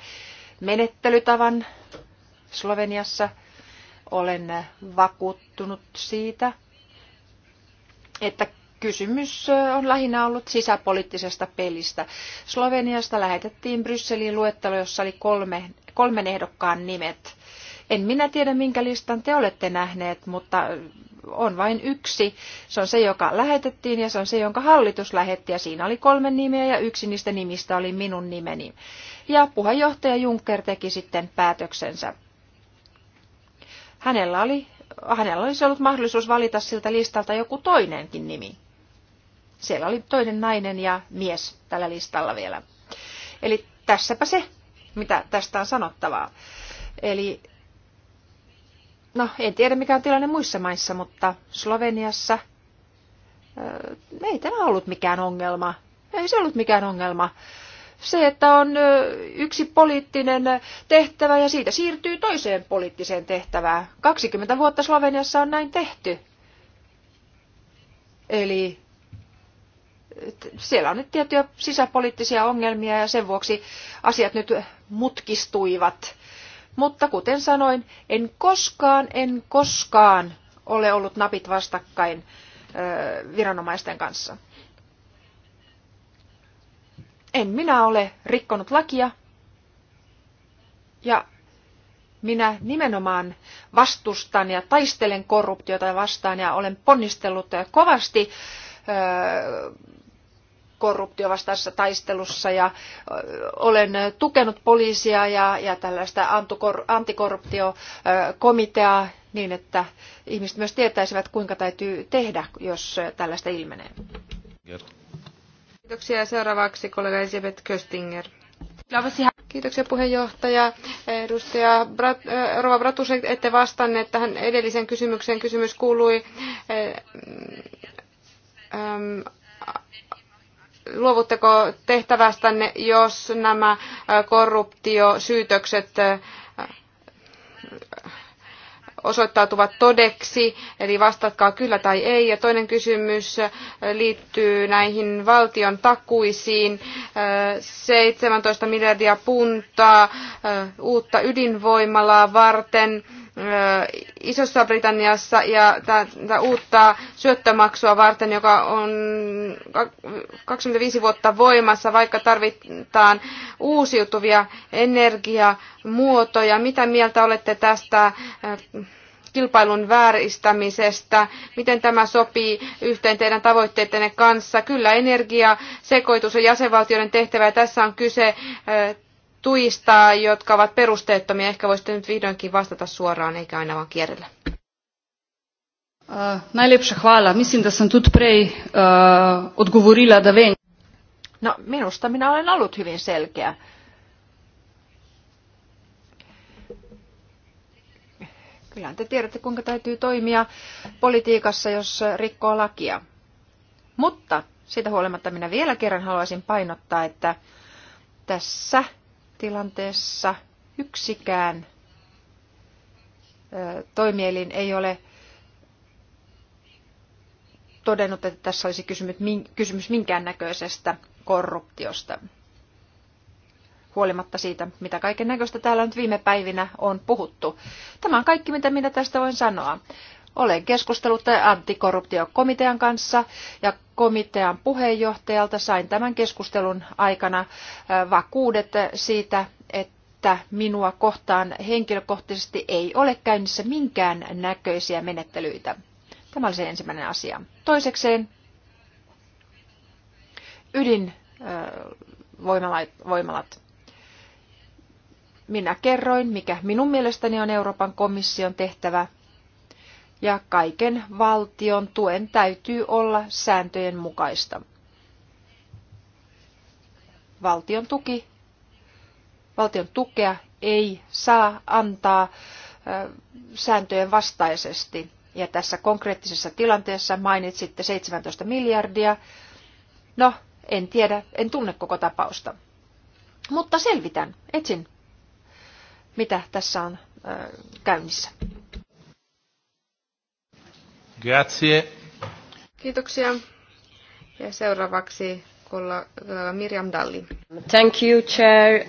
menettelytavan Sloveniassa. Olen vakuuttunut siitä, että kysymys on lähinnä ollut sisäpoliittisesta pelistä. Sloveniasta lähetettiin Brysseliin luettelo, jossa oli kolme, kolmen ehdokkaan nimet. En minä tiedä, minkä listan te olette nähneet, mutta on vain yksi. Se on se, joka lähetettiin ja se on se, jonka hallitus lähetti ja siinä oli kolme nimeä ja yksi niistä nimistä oli minun nimeni. Ja puheenjohtaja Juncker teki sitten päätöksensä. Hänellä oli hänellä olisi ollut mahdollisuus valita siltä listalta joku toinenkin nimi. Siellä oli toinen nainen ja mies tällä listalla vielä. Eli tässäpä se, mitä tästä on sanottavaa. Eli No, en tiedä mikä on tilanne muissa maissa, mutta Sloveniassa ö, ei tämä ollut mikään ongelma. Ei se ollut mikään ongelma. Se, että on yksi poliittinen tehtävä ja siitä siirtyy toiseen poliittiseen tehtävään. 20 vuotta Sloveniassa on näin tehty. Eli siellä on nyt tiettyjä sisäpoliittisia ongelmia ja sen vuoksi asiat nyt mutkistuivat mutta kuten sanoin, en koskaan, en koskaan ole ollut napit vastakkain viranomaisten kanssa. En minä ole rikkonut lakia ja minä nimenomaan vastustan ja taistelen korruptiota vastaan ja olen ponnistellut kovasti korruptiovastaisessa taistelussa ja olen tukenut poliisia ja, ja tällaista antikorruptiokomiteaa niin, että ihmiset myös tietäisivät, kuinka täytyy tehdä, jos tällaista ilmenee. Kiitoksia. Seuraavaksi kollega Elisabeth Köstinger. Kiitoksia puheenjohtaja. Edustaja Brat, Rova Bratus, ette vastanneet tähän edelliseen kysymykseen. Kysymys kuului luovutteko tehtävästänne, jos nämä korruptiosyytökset osoittautuvat todeksi, eli vastatkaa kyllä tai ei. Ja toinen kysymys liittyy näihin valtion takuisiin. 17 miljardia puntaa uutta ydinvoimalaa varten Isossa Britanniassa ja tätä uutta syöttömaksua varten, joka on 25 vuotta voimassa, vaikka tarvitaan uusiutuvia energiamuotoja. Mitä mieltä olette tästä kilpailun vääristämisestä. Miten tämä sopii yhteen teidän tavoitteidenne kanssa? Kyllä energiasekoitus on jäsenvaltioiden tehtävä ja tässä on kyse tuista, jotka ovat perusteettomia. Ehkä voisitte nyt vihdoinkin vastata suoraan, eikä aina vaan kierrellä. Uh, najlepša hvala. Mislim, da sem tudi prej uh, odgovorila, da vem. No, minusta minä olen ollut hyvin selkeä. Kyllä te tiedätte, kuinka täytyy toimia politiikassa, jos rikkoo lakia. Mutta siitä huolimatta minä vielä kerran haluaisin painottaa, että tässä tilanteessa yksikään toimielin ei ole todennut, että tässä olisi kysymys minkäännäköisestä korruptiosta. Huolimatta siitä, mitä kaiken näköistä täällä nyt viime päivinä on puhuttu. Tämä on kaikki, mitä minä tästä voin sanoa. Olen keskustellut antikorruptiokomitean kanssa ja komitean puheenjohtajalta sain tämän keskustelun aikana vakuudet siitä, että minua kohtaan henkilökohtaisesti ei ole käynnissä minkään näköisiä menettelyitä. Tämä oli se ensimmäinen asia. Toisekseen ydinvoimalat. Minä kerroin, mikä minun mielestäni on Euroopan komission tehtävä ja kaiken valtion tuen täytyy olla sääntöjen mukaista. Valtion, tuki, valtion tukea ei saa antaa sääntöjen vastaisesti. Ja tässä konkreettisessa tilanteessa mainitsitte 17 miljardia. No, en tiedä, en tunne koko tapausta. Mutta selvitän, etsin, mitä tässä on käynnissä. Grazie. Kiitoksia. Ja seuraavaksi kolla Mirjam Dalli. Thank you, Chair.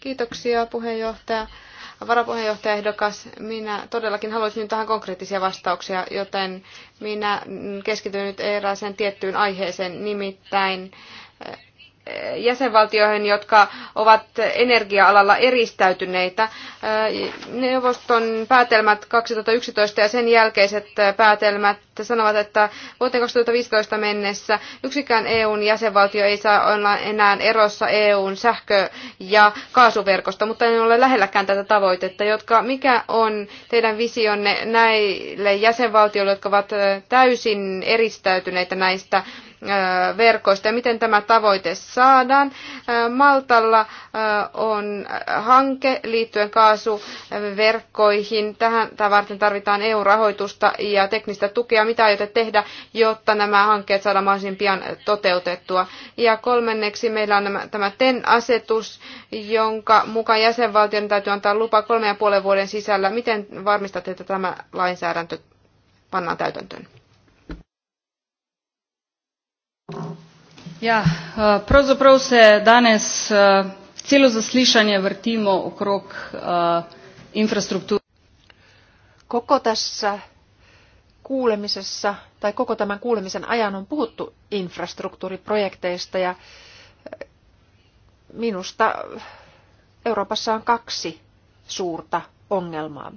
Kiitoksia puheenjohtaja. Varapuheenjohtaja ehdokas, minä todellakin haluaisin nyt tähän konkreettisia vastauksia, joten minä keskityn nyt erääseen tiettyyn aiheeseen, nimittäin äh, jäsenvaltioihin, jotka ovat energia-alalla eristäytyneitä. Neuvoston päätelmät 2011 ja sen jälkeiset päätelmät sanovat, että vuoteen 2015 mennessä yksikään EUn jäsenvaltio ei saa olla enää erossa EUn sähkö- ja kaasuverkosta, mutta en ole lähelläkään tätä tavoitetta, jotka mikä on teidän visionne näille jäsenvaltioille, jotka ovat täysin eristäytyneitä näistä Äh, verkoista ja miten tämä tavoite saadaan. Äh, Maltalla äh, on hanke liittyen kaasuverkkoihin. Tähän varten tarvitaan EU-rahoitusta ja teknistä tukea. Mitä aiotte tehdä, jotta nämä hankkeet saadaan mahdollisimman pian toteutettua? Ja kolmanneksi meillä on tämä TEN-asetus, jonka mukaan jäsenvaltion täytyy antaa lupa kolme ja puolen vuoden sisällä. Miten varmistatte, että tämä lainsäädäntö pannaan täytäntöön? Ja, eh, pravzaprav se danes eh, celo zaslišanje vrtimo okrog eh, infrastruktuuri. Koko tässä kuulemisessa tai koko tämän kuulemisen ajan on puhuttu infrastruktuuriprojekteista ja minusta Euroopassa on kaksi suurta ongelmaa.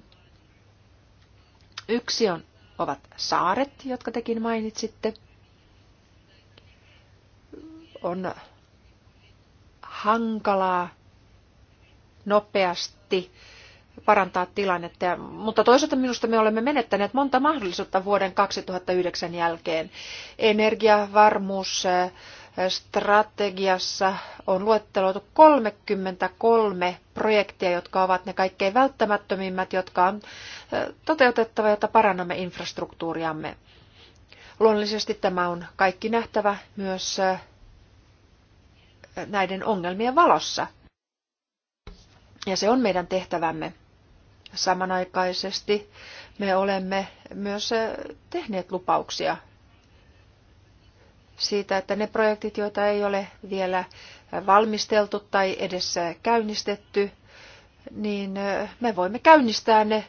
Yksi on, ovat saaret, jotka tekin mainitsitte – on hankalaa nopeasti parantaa tilannetta. Ja, mutta toisaalta minusta me olemme menettäneet monta mahdollisuutta vuoden 2009 jälkeen. Energiavarmuus strategiassa on luetteloitu 33 projektia, jotka ovat ne kaikkein välttämättömimmät, jotka on toteutettava, jotta parannamme infrastruktuuriamme. Luonnollisesti tämä on kaikki nähtävä myös näiden ongelmien valossa. Ja se on meidän tehtävämme. Samanaikaisesti me olemme myös tehneet lupauksia siitä, että ne projektit, joita ei ole vielä valmisteltu tai edes käynnistetty, niin me voimme käynnistää ne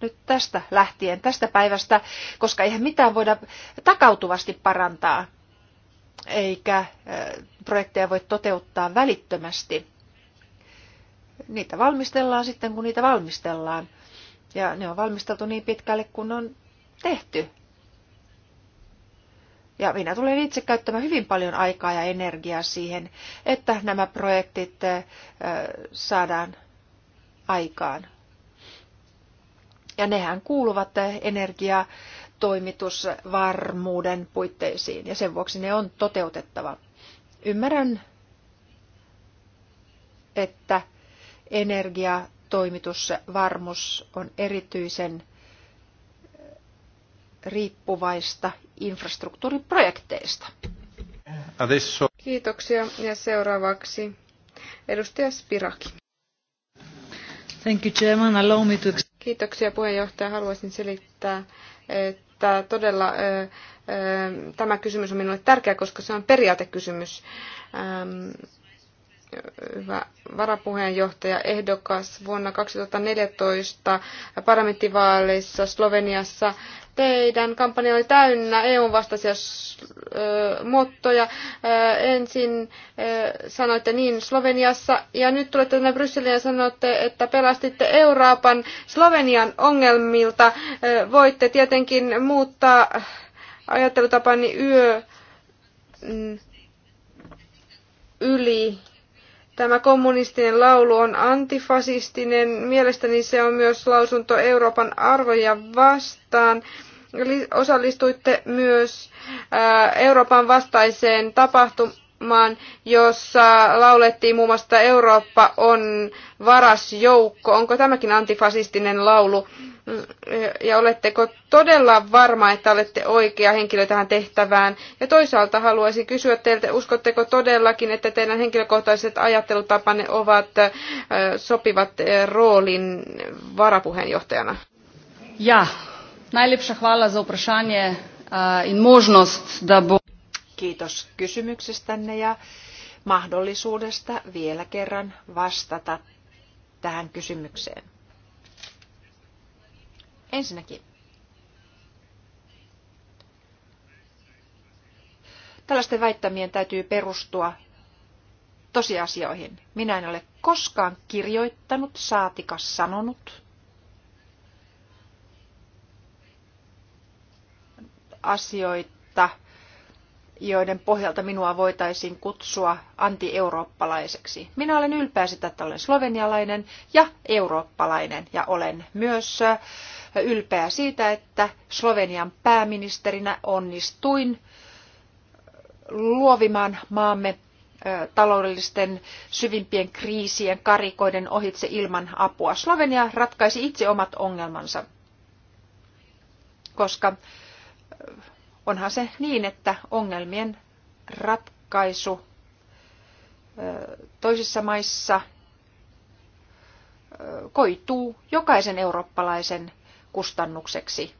nyt tästä lähtien, tästä päivästä, koska eihän mitään voida takautuvasti parantaa eikä projekteja voi toteuttaa välittömästi. Niitä valmistellaan sitten, kun niitä valmistellaan. Ja ne on valmisteltu niin pitkälle, kun on tehty. Ja minä tulen itse käyttämään hyvin paljon aikaa ja energiaa siihen, että nämä projektit saadaan aikaan. Ja nehän kuuluvat energiaa toimitusvarmuuden puitteisiin ja sen vuoksi ne on toteutettava. Ymmärrän, että energiatoimitusvarmuus on erityisen eh, riippuvaista infrastruktuuriprojekteista. Kiitoksia ja seuraavaksi edustaja Spiraki. Thank you, Chairman. Allow me to... Kiitoksia puheenjohtaja. Haluaisin selittää, että että todella tämä kysymys on minulle tärkeä, koska se on periaatekysymys. Ähm, hyvä varapuheenjohtaja ehdokas vuonna 2014 parlamenttivaaleissa Sloveniassa. Teidän kampanja oli täynnä EUn vastaisia mottoja. Ensin sanoitte niin Sloveniassa ja nyt tulette tänne Brysseliin ja sanotte, että pelastitte Euroopan Slovenian ongelmilta. Voitte tietenkin muuttaa ajattelutapani yö mm, yli Tämä kommunistinen laulu on antifasistinen. Mielestäni se on myös lausunto Euroopan arvoja vastaan. Osallistuitte myös äh, Euroopan vastaiseen tapahtumaan, jossa laulettiin muun muassa Eurooppa on varas joukko. Onko tämäkin antifasistinen laulu? ja oletteko todella varma, että olette oikea henkilö tähän tehtävään? Ja toisaalta haluaisin kysyä teiltä, uskotteko todellakin, että teidän henkilökohtaiset ajattelutapanne ovat sopivat roolin varapuheenjohtajana? Ja, najljepša hvala za uprašanje e, in možnost da bo... Kiitos kysymyksestänne ja mahdollisuudesta vielä kerran vastata tähän kysymykseen. Ensinnäkin, tällaisten väittämien täytyy perustua tosiasioihin. Minä en ole koskaan kirjoittanut, saatika sanonut asioita, joiden pohjalta minua voitaisiin kutsua anti-eurooppalaiseksi. Minä olen ylpeä sitä, että olen slovenialainen ja eurooppalainen ja olen myös ylpeä siitä, että Slovenian pääministerinä onnistuin luovimaan maamme taloudellisten syvimpien kriisien karikoiden ohitse ilman apua. Slovenia ratkaisi itse omat ongelmansa, koska onhan se niin, että ongelmien ratkaisu toisissa maissa koituu jokaisen eurooppalaisen kustannukseksi.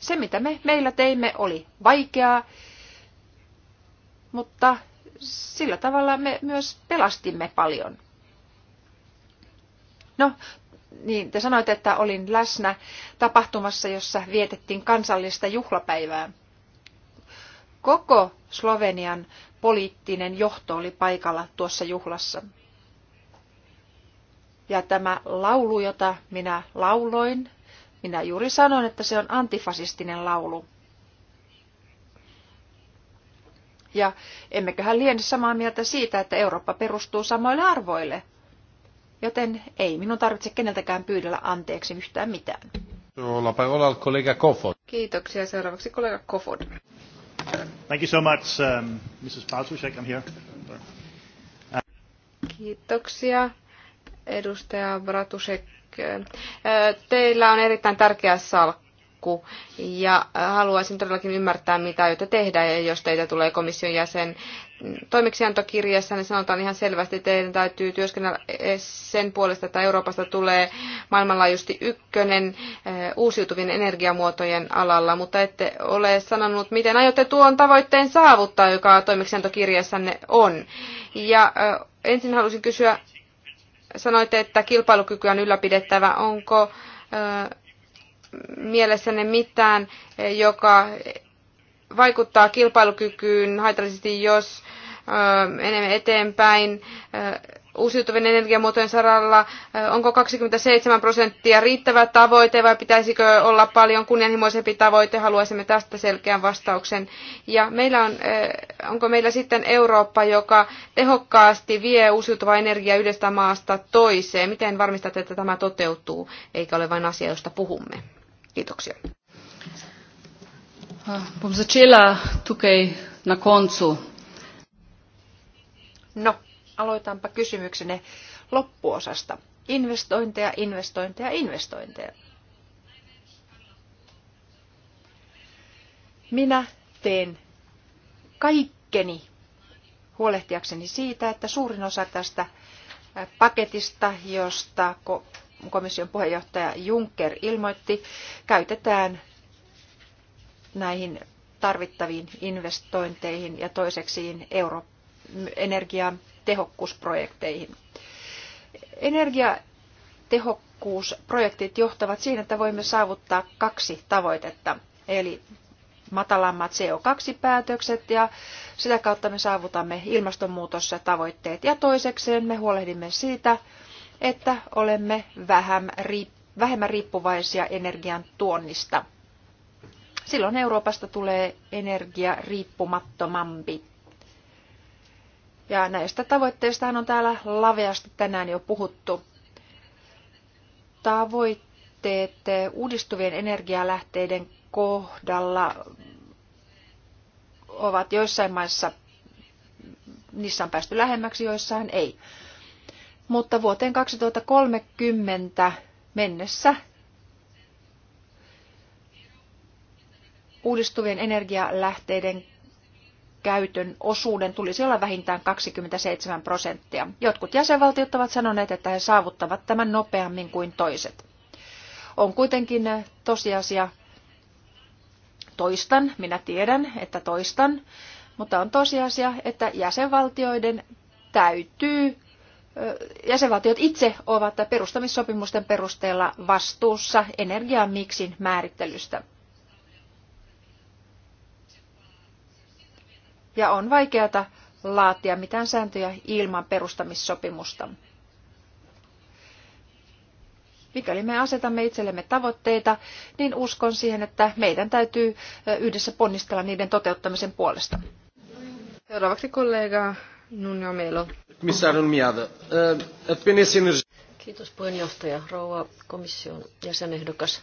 Se, mitä me meillä teimme, oli vaikeaa, mutta sillä tavalla me myös pelastimme paljon. No, niin te sanoitte, että olin läsnä tapahtumassa, jossa vietettiin kansallista juhlapäivää. Koko Slovenian poliittinen johto oli paikalla tuossa juhlassa. Ja tämä laulu, jota minä lauloin, minä juuri sanoin, että se on antifasistinen laulu. Ja emmeköhän liene samaa mieltä siitä, että Eurooppa perustuu samoille arvoille. Joten ei minun tarvitse keneltäkään pyydellä anteeksi yhtään mitään. Kiitoksia. Seuraavaksi kollega Kofod. Thank you so much, um, Mrs. Paltusek. I'm here. Kiitoksia. Edustaja Bratusek yksikköön. Teillä on erittäin tärkeä salkku ja haluaisin todellakin ymmärtää, mitä aiotte tehdä, ja jos teitä tulee komission jäsen. Toimeksiantokirjassa niin sanotaan ihan selvästi, että teidän täytyy työskennellä sen puolesta, että Euroopasta tulee maailmanlaajuisesti ykkönen uusiutuvien energiamuotojen alalla, mutta ette ole sanonut, miten aiotte tuon tavoitteen saavuttaa, joka toimeksiantokirjassanne on. Ja ensin haluaisin kysyä, sanoitte, että kilpailukyky on ylläpidettävä. Onko mielessänne mitään, e, joka vaikuttaa kilpailukykyyn haitallisesti, jos menemme eteenpäin uusiutuvien energiamuotojen saralla, onko 27 prosenttia riittävä tavoite vai pitäisikö olla paljon kunnianhimoisempi tavoite, haluaisimme tästä selkeän vastauksen. Ja meillä on, onko meillä sitten Eurooppa, joka tehokkaasti vie uusiutuvaa energiaa yhdestä maasta toiseen? Miten varmistatte, että tämä toteutuu, eikä ole vain asia, josta puhumme? Kiitoksia. Ah, bom začela tukaj na koncu. No, aloitanpa kysymyksenne loppuosasta. Investointeja, investointeja, investointeja. Minä teen kaikkeni huolehtiakseni siitä, että suurin osa tästä paketista, josta komission puheenjohtaja Juncker ilmoitti, käytetään näihin tarvittaviin investointeihin ja toiseksiin Eurooppaan energiatehokkuusprojekteihin. Energiatehokkuusprojektit johtavat siihen, että voimme saavuttaa kaksi tavoitetta, eli matalammat CO2-päätökset ja sitä kautta me saavutamme ilmastonmuutossa tavoitteet. Ja toisekseen me huolehdimme siitä, että olemme vähemmän riippuvaisia energian tuonnista. Silloin Euroopasta tulee energia riippumattomampi. Ja näistä tavoitteista on täällä laveasti tänään jo puhuttu. Tavoitteet uudistuvien energialähteiden kohdalla ovat joissain maissa, niissä on päästy lähemmäksi, joissain ei. Mutta vuoteen 2030 mennessä uudistuvien energialähteiden käytön osuuden tulisi olla vähintään 27 prosenttia. Jotkut jäsenvaltiot ovat sanoneet, että he saavuttavat tämän nopeammin kuin toiset. On kuitenkin eh, tosiasia, toistan, minä tiedän, että toistan, mutta on tosiasia, että jäsenvaltioiden täytyy eh, jäsenvaltiot itse ovat perustamissopimusten perusteella vastuussa energiamiksin määrittelystä. ja on vaikeata laatia mitään sääntöjä ilman perustamissopimusta. Mikäli me asetamme itsellemme tavoitteita, niin uskon siihen, että meidän täytyy yhdessä ponnistella niiden toteuttamisen puolesta. Seuraavaksi kollega Nuno Melo. Kiitos puheenjohtaja, rouva komission jäsenehdokas.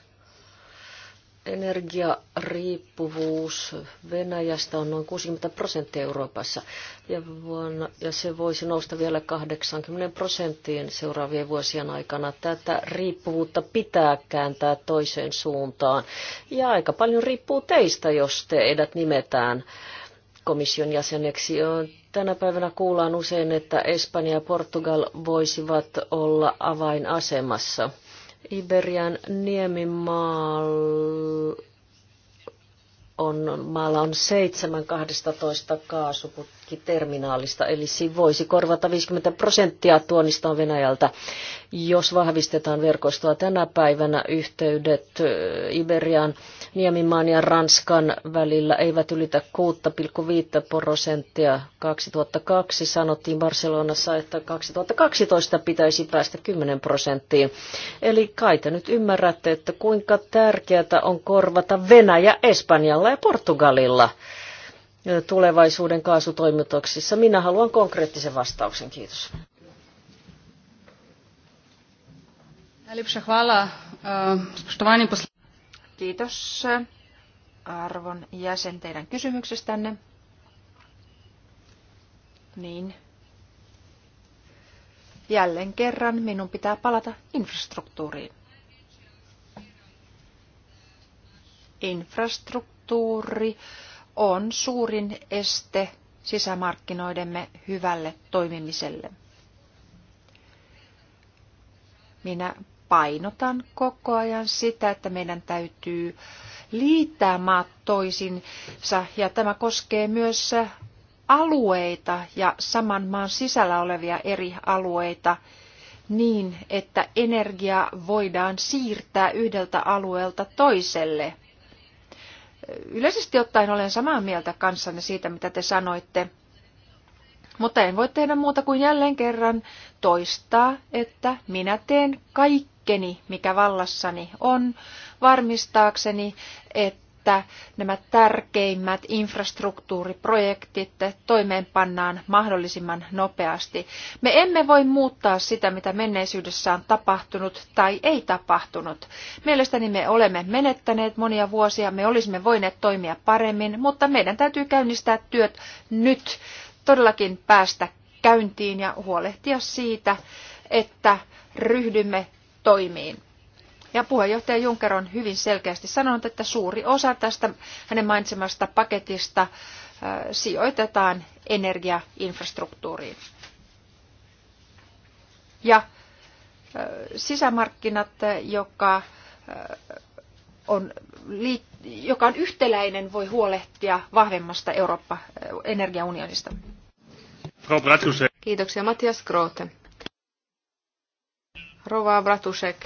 Energiariippuvuus Venäjästä on noin 60 prosenttia Euroopassa ja, vuonna, ja se voisi nousta vielä 80 prosenttiin seuraavien vuosien aikana. Tätä riippuvuutta pitää kääntää toiseen suuntaan ja aika paljon riippuu teistä, jos teidät nimetään komission jäseneksi. Tänä päivänä kuullaan usein, että Espanja ja Portugal voisivat olla avainasemassa – Iberian niemimaalla on, maalla on 7 12 kaasuput terminaalista, eli se voisi korvata 50 prosenttia tuonnistaan Venäjältä. Jos vahvistetaan verkostoa tänä päivänä, yhteydet Iberian, Niemimaan ja Ranskan välillä eivät ylitä 6,5 prosenttia. 2002 sanottiin Barcelonassa, että 2012 pitäisi päästä 10 prosenttiin. Eli kai te nyt ymmärrätte, että kuinka tärkeää on korvata Venäjä Espanjalla ja Portugalilla tulevaisuuden kaasutoimituksissa? Minä haluan konkreettisen vastauksen. Kiitos. Eh, Kiitos arvon jäsen teidän kysymyksestänne. Niin. Jälleen kerran minun pitää palata infrastruktuuriin. Infrastruktuuri on suurin este sisämarkkinoidemme hyvälle toimimiselle. Minä painotan koko ajan sitä, että meidän täytyy liittää maat toisinsa ja tämä koskee myös alueita ja saman maan sisällä olevia eri alueita niin, että energia voidaan siirtää yhdeltä alueelta toiselle – Yleisesti ottaen olen samaa mieltä kanssanne siitä, mitä te sanoitte, mutta en voi tehdä muuta kuin jälleen kerran toistaa, että minä teen kaikkeni, mikä vallassani on, varmistaakseni, että että nämä tärkeimmät infrastruktuuriprojektit toimeenpannaan mahdollisimman nopeasti. Me emme voi muuttaa sitä, mitä menneisyydessä on tapahtunut tai ei tapahtunut. Mielestäni me olemme menettäneet monia vuosia, me olisimme voineet toimia paremmin, mutta meidän täytyy käynnistää työt nyt, todellakin päästä käyntiin ja huolehtia siitä, että ryhdymme toimiin. Ja puheenjohtaja Juncker on hyvin selkeästi sanonut, että suuri osa tästä hänen mainitsemasta paketista äh, sijoitetaan energiainfrastruktuuriin. Ja äh, sisämarkkinat, joka äh, on, joka on yhtäläinen, voi huolehtia vahvemmasta Eurooppa-energiaunionista. Kiitoksia Matias Grote. Rova Bratusek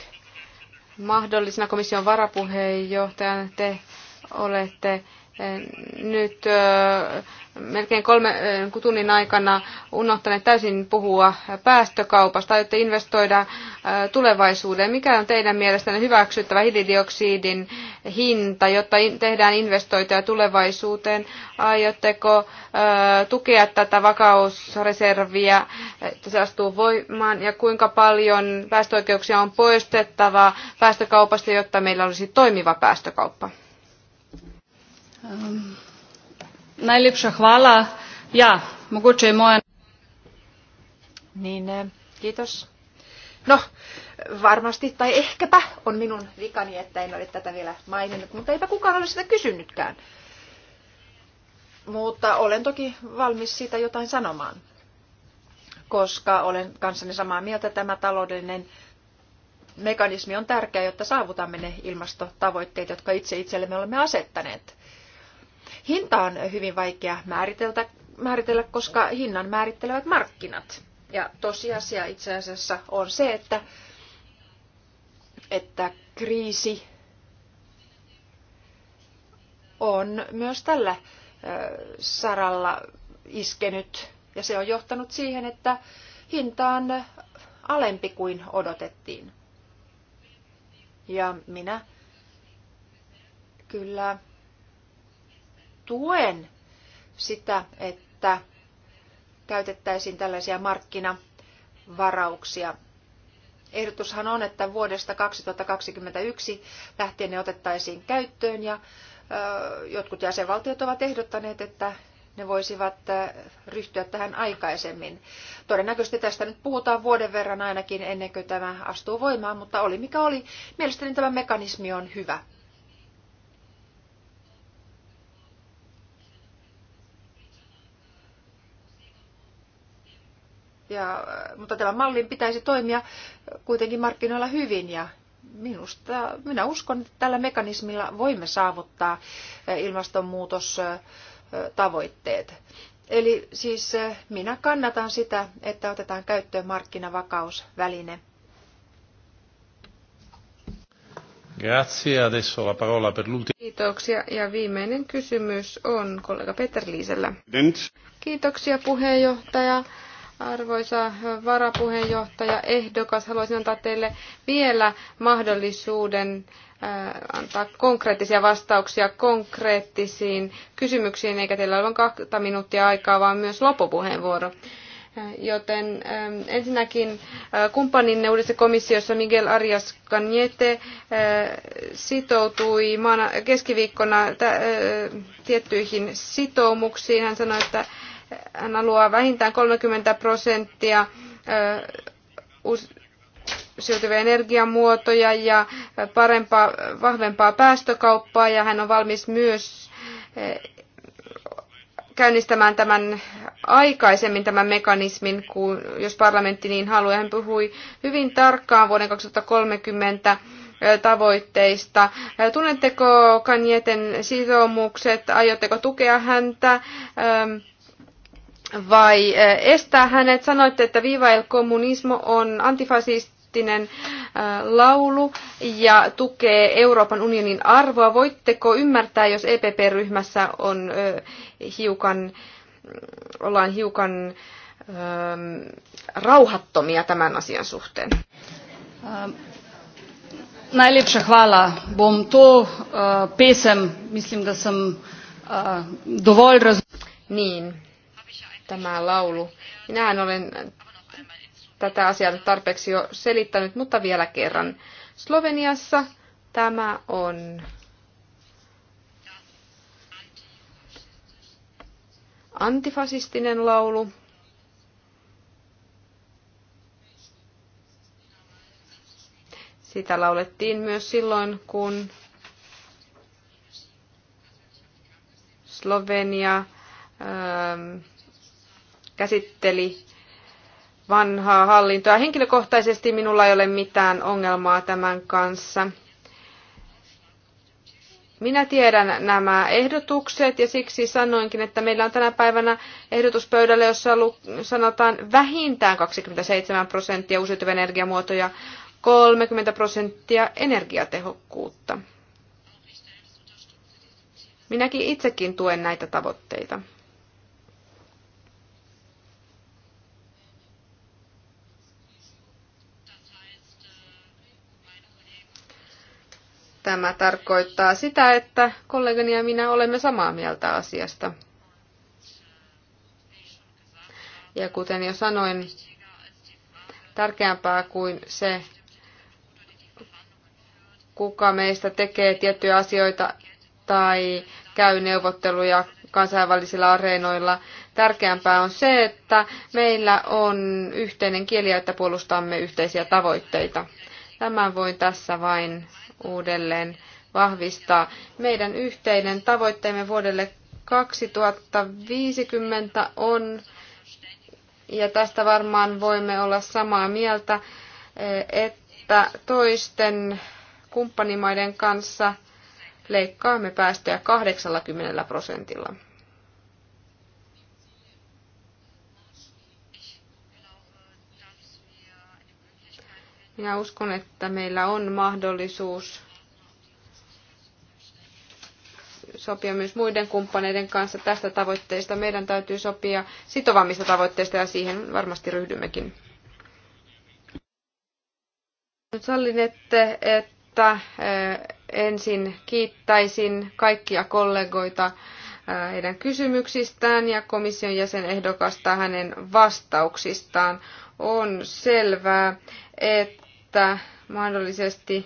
mahdollisena komission varapuheenjohtajana te olette nyt melkein kolme tunnin aikana unohtaneet täysin puhua päästökaupasta, jotta investoida tulevaisuuteen. Mikä on teidän mielestänne hyväksyttävä hiilidioksidin hinta, jotta tehdään investointeja tulevaisuuteen? Aiotteko tukea tätä vakausreserviä, että se astuu voimaan, ja kuinka paljon päästöoikeuksia on poistettava päästökaupasta, jotta meillä olisi toimiva päästökauppa? Um, najlepša hvala. Ja, mogoče je moja. Niin, eh, kiitos. No, varmasti tai ehkäpä on minun vikani, että en ole tätä vielä maininnut, mutta eipä kukaan ole sitä kysynytkään. Mutta olen toki valmis siitä jotain sanomaan, koska olen kanssani samaa mieltä, tämä taloudellinen mekanismi on tärkeä, jotta saavutamme ne ilmastotavoitteet, jotka itse itsellemme olemme asettaneet. Hinta on hyvin vaikea määritellä, määritellä koska hinnan määrittelevät markkinat. Ja tosiasia itse asiassa on se, että, että kriisi on myös tällä saralla iskenyt ja se on johtanut siihen, että hinta on alempi kuin odotettiin. Ja minä kyllä tuen sitä, että käytettäisiin tällaisia markkinavarauksia. Ehdotushan on, että vuodesta 2021 lähtien ne otettaisiin käyttöön ja jotkut jäsenvaltiot ovat ehdottaneet, että ne voisivat ryhtyä tähän aikaisemmin. Todennäköisesti tästä nyt puhutaan vuoden verran ainakin ennen kuin tämä astuu voimaan, mutta oli mikä oli. Mielestäni tämä mekanismi on hyvä. Ja, mutta tämän mallin pitäisi toimia kuitenkin markkinoilla hyvin ja minusta, minä uskon, että tällä mekanismilla voimme saavuttaa eh, ilmastonmuutostavoitteet. Eli siis eh, minä kannatan sitä, että otetaan käyttöön markkinavakausväline. Grazie. Adesso la parola per l'ultima. Kiitoksia. Ja viimeinen kysymys on kollega Peter Liisellä. Kiitoksia puheenjohtaja. Arvoisa varapuheenjohtaja ehdokas, haluaisin antaa teille vielä mahdollisuuden äh, antaa konkreettisia vastauksia konkreettisiin kysymyksiin, eikä teillä ole vain kahta minuuttia aikaa, vaan myös loppupuheenvuoro. Äh, joten äh, ensinnäkin kumppaninne uudessa komissiossa Miguel Arias Cañete sitoutui keskiviikkona tiettyihin sitoumuksiin. Hän sanoi, että hän haluaa vähintään 30 prosenttia uusiutuvia energiamuotoja ja parempaa, vahvempaa päästökauppaa ja hän on valmis myös käynnistämään tämän aikaisemmin tämän mekanismin, kun, jos parlamentti niin haluaa. Hän puhui hyvin tarkkaan vuoden 2030 tavoitteista. Tunnetteko Kanjeten sitoumukset? Aiotteko tukea häntä? vai eh, estää hänet. Sanoitte, että Viva el Comunismo on antifasistinen eh, laulu ja tukee Euroopan unionin arvoa. Voitteko ymmärtää, jos EPP-ryhmässä on eh, hiukan, mm, ollaan hiukan ehm, rauhattomia tämän asian suhteen? Ehm, najlepša hvala. Bom to uh, pesem, mislim, da sem uh, dovolj razumela. Niin, tämä laulu. Minähän olen tätä asiaa tarpeeksi jo selittänyt, mutta vielä kerran. Sloveniassa tämä on antifasistinen laulu. Sitä laulettiin myös silloin, kun Slovenia ähm, käsitteli vanhaa hallintoa. Henkilökohtaisesti minulla ei ole mitään ongelmaa tämän kanssa. Minä tiedän nämä ehdotukset ja siksi sanoinkin, että meillä on tänä päivänä ehdotuspöydällä, jossa sanotaan vähintään 27 prosenttia uusiutuvia energiamuotoja, 30 prosenttia energiatehokkuutta. Minäkin itsekin tuen näitä tavoitteita. Tämä tarkoittaa sitä, että kollegani ja minä olemme samaa mieltä asiasta. Ja kuten jo sanoin, tärkeämpää kuin se, kuka meistä tekee tiettyjä asioita tai käy neuvotteluja kansainvälisillä areenoilla. Tärkeämpää on se, että meillä on yhteinen kieli että puolustamme yhteisiä tavoitteita. Tämän voin tässä vain uudelleen vahvistaa. Meidän yhteinen tavoitteemme vuodelle 2050 on, ja tästä varmaan voimme olla samaa mieltä, että toisten kumppanimaiden kanssa leikkaamme päästöjä 80 prosentilla. Minä uskon, että meillä on mahdollisuus sopia myös muiden kumppaneiden kanssa tästä tavoitteesta. Meidän täytyy sopia sitovammista tavoitteista ja siihen varmasti ryhdymmekin. Nyt että, että eh, ensin kiittäisin kaikkia kollegoita eh, heidän kysymyksistään ja komission jäsenehdokasta hänen vastauksistaan. On selvää, että että mahdollisesti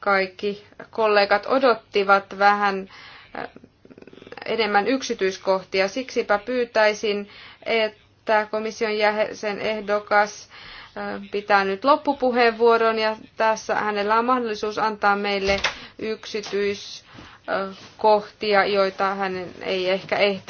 kaikki kollegat odottivat vähän äh, enemmän yksityiskohtia. Siksipä pyytäisin, että komission jäsen ehdokas äh, pitää nyt loppupuheenvuoron ja tässä hänellä on mahdollisuus antaa meille yksityiskohtia, joita hän ei ehkä ehti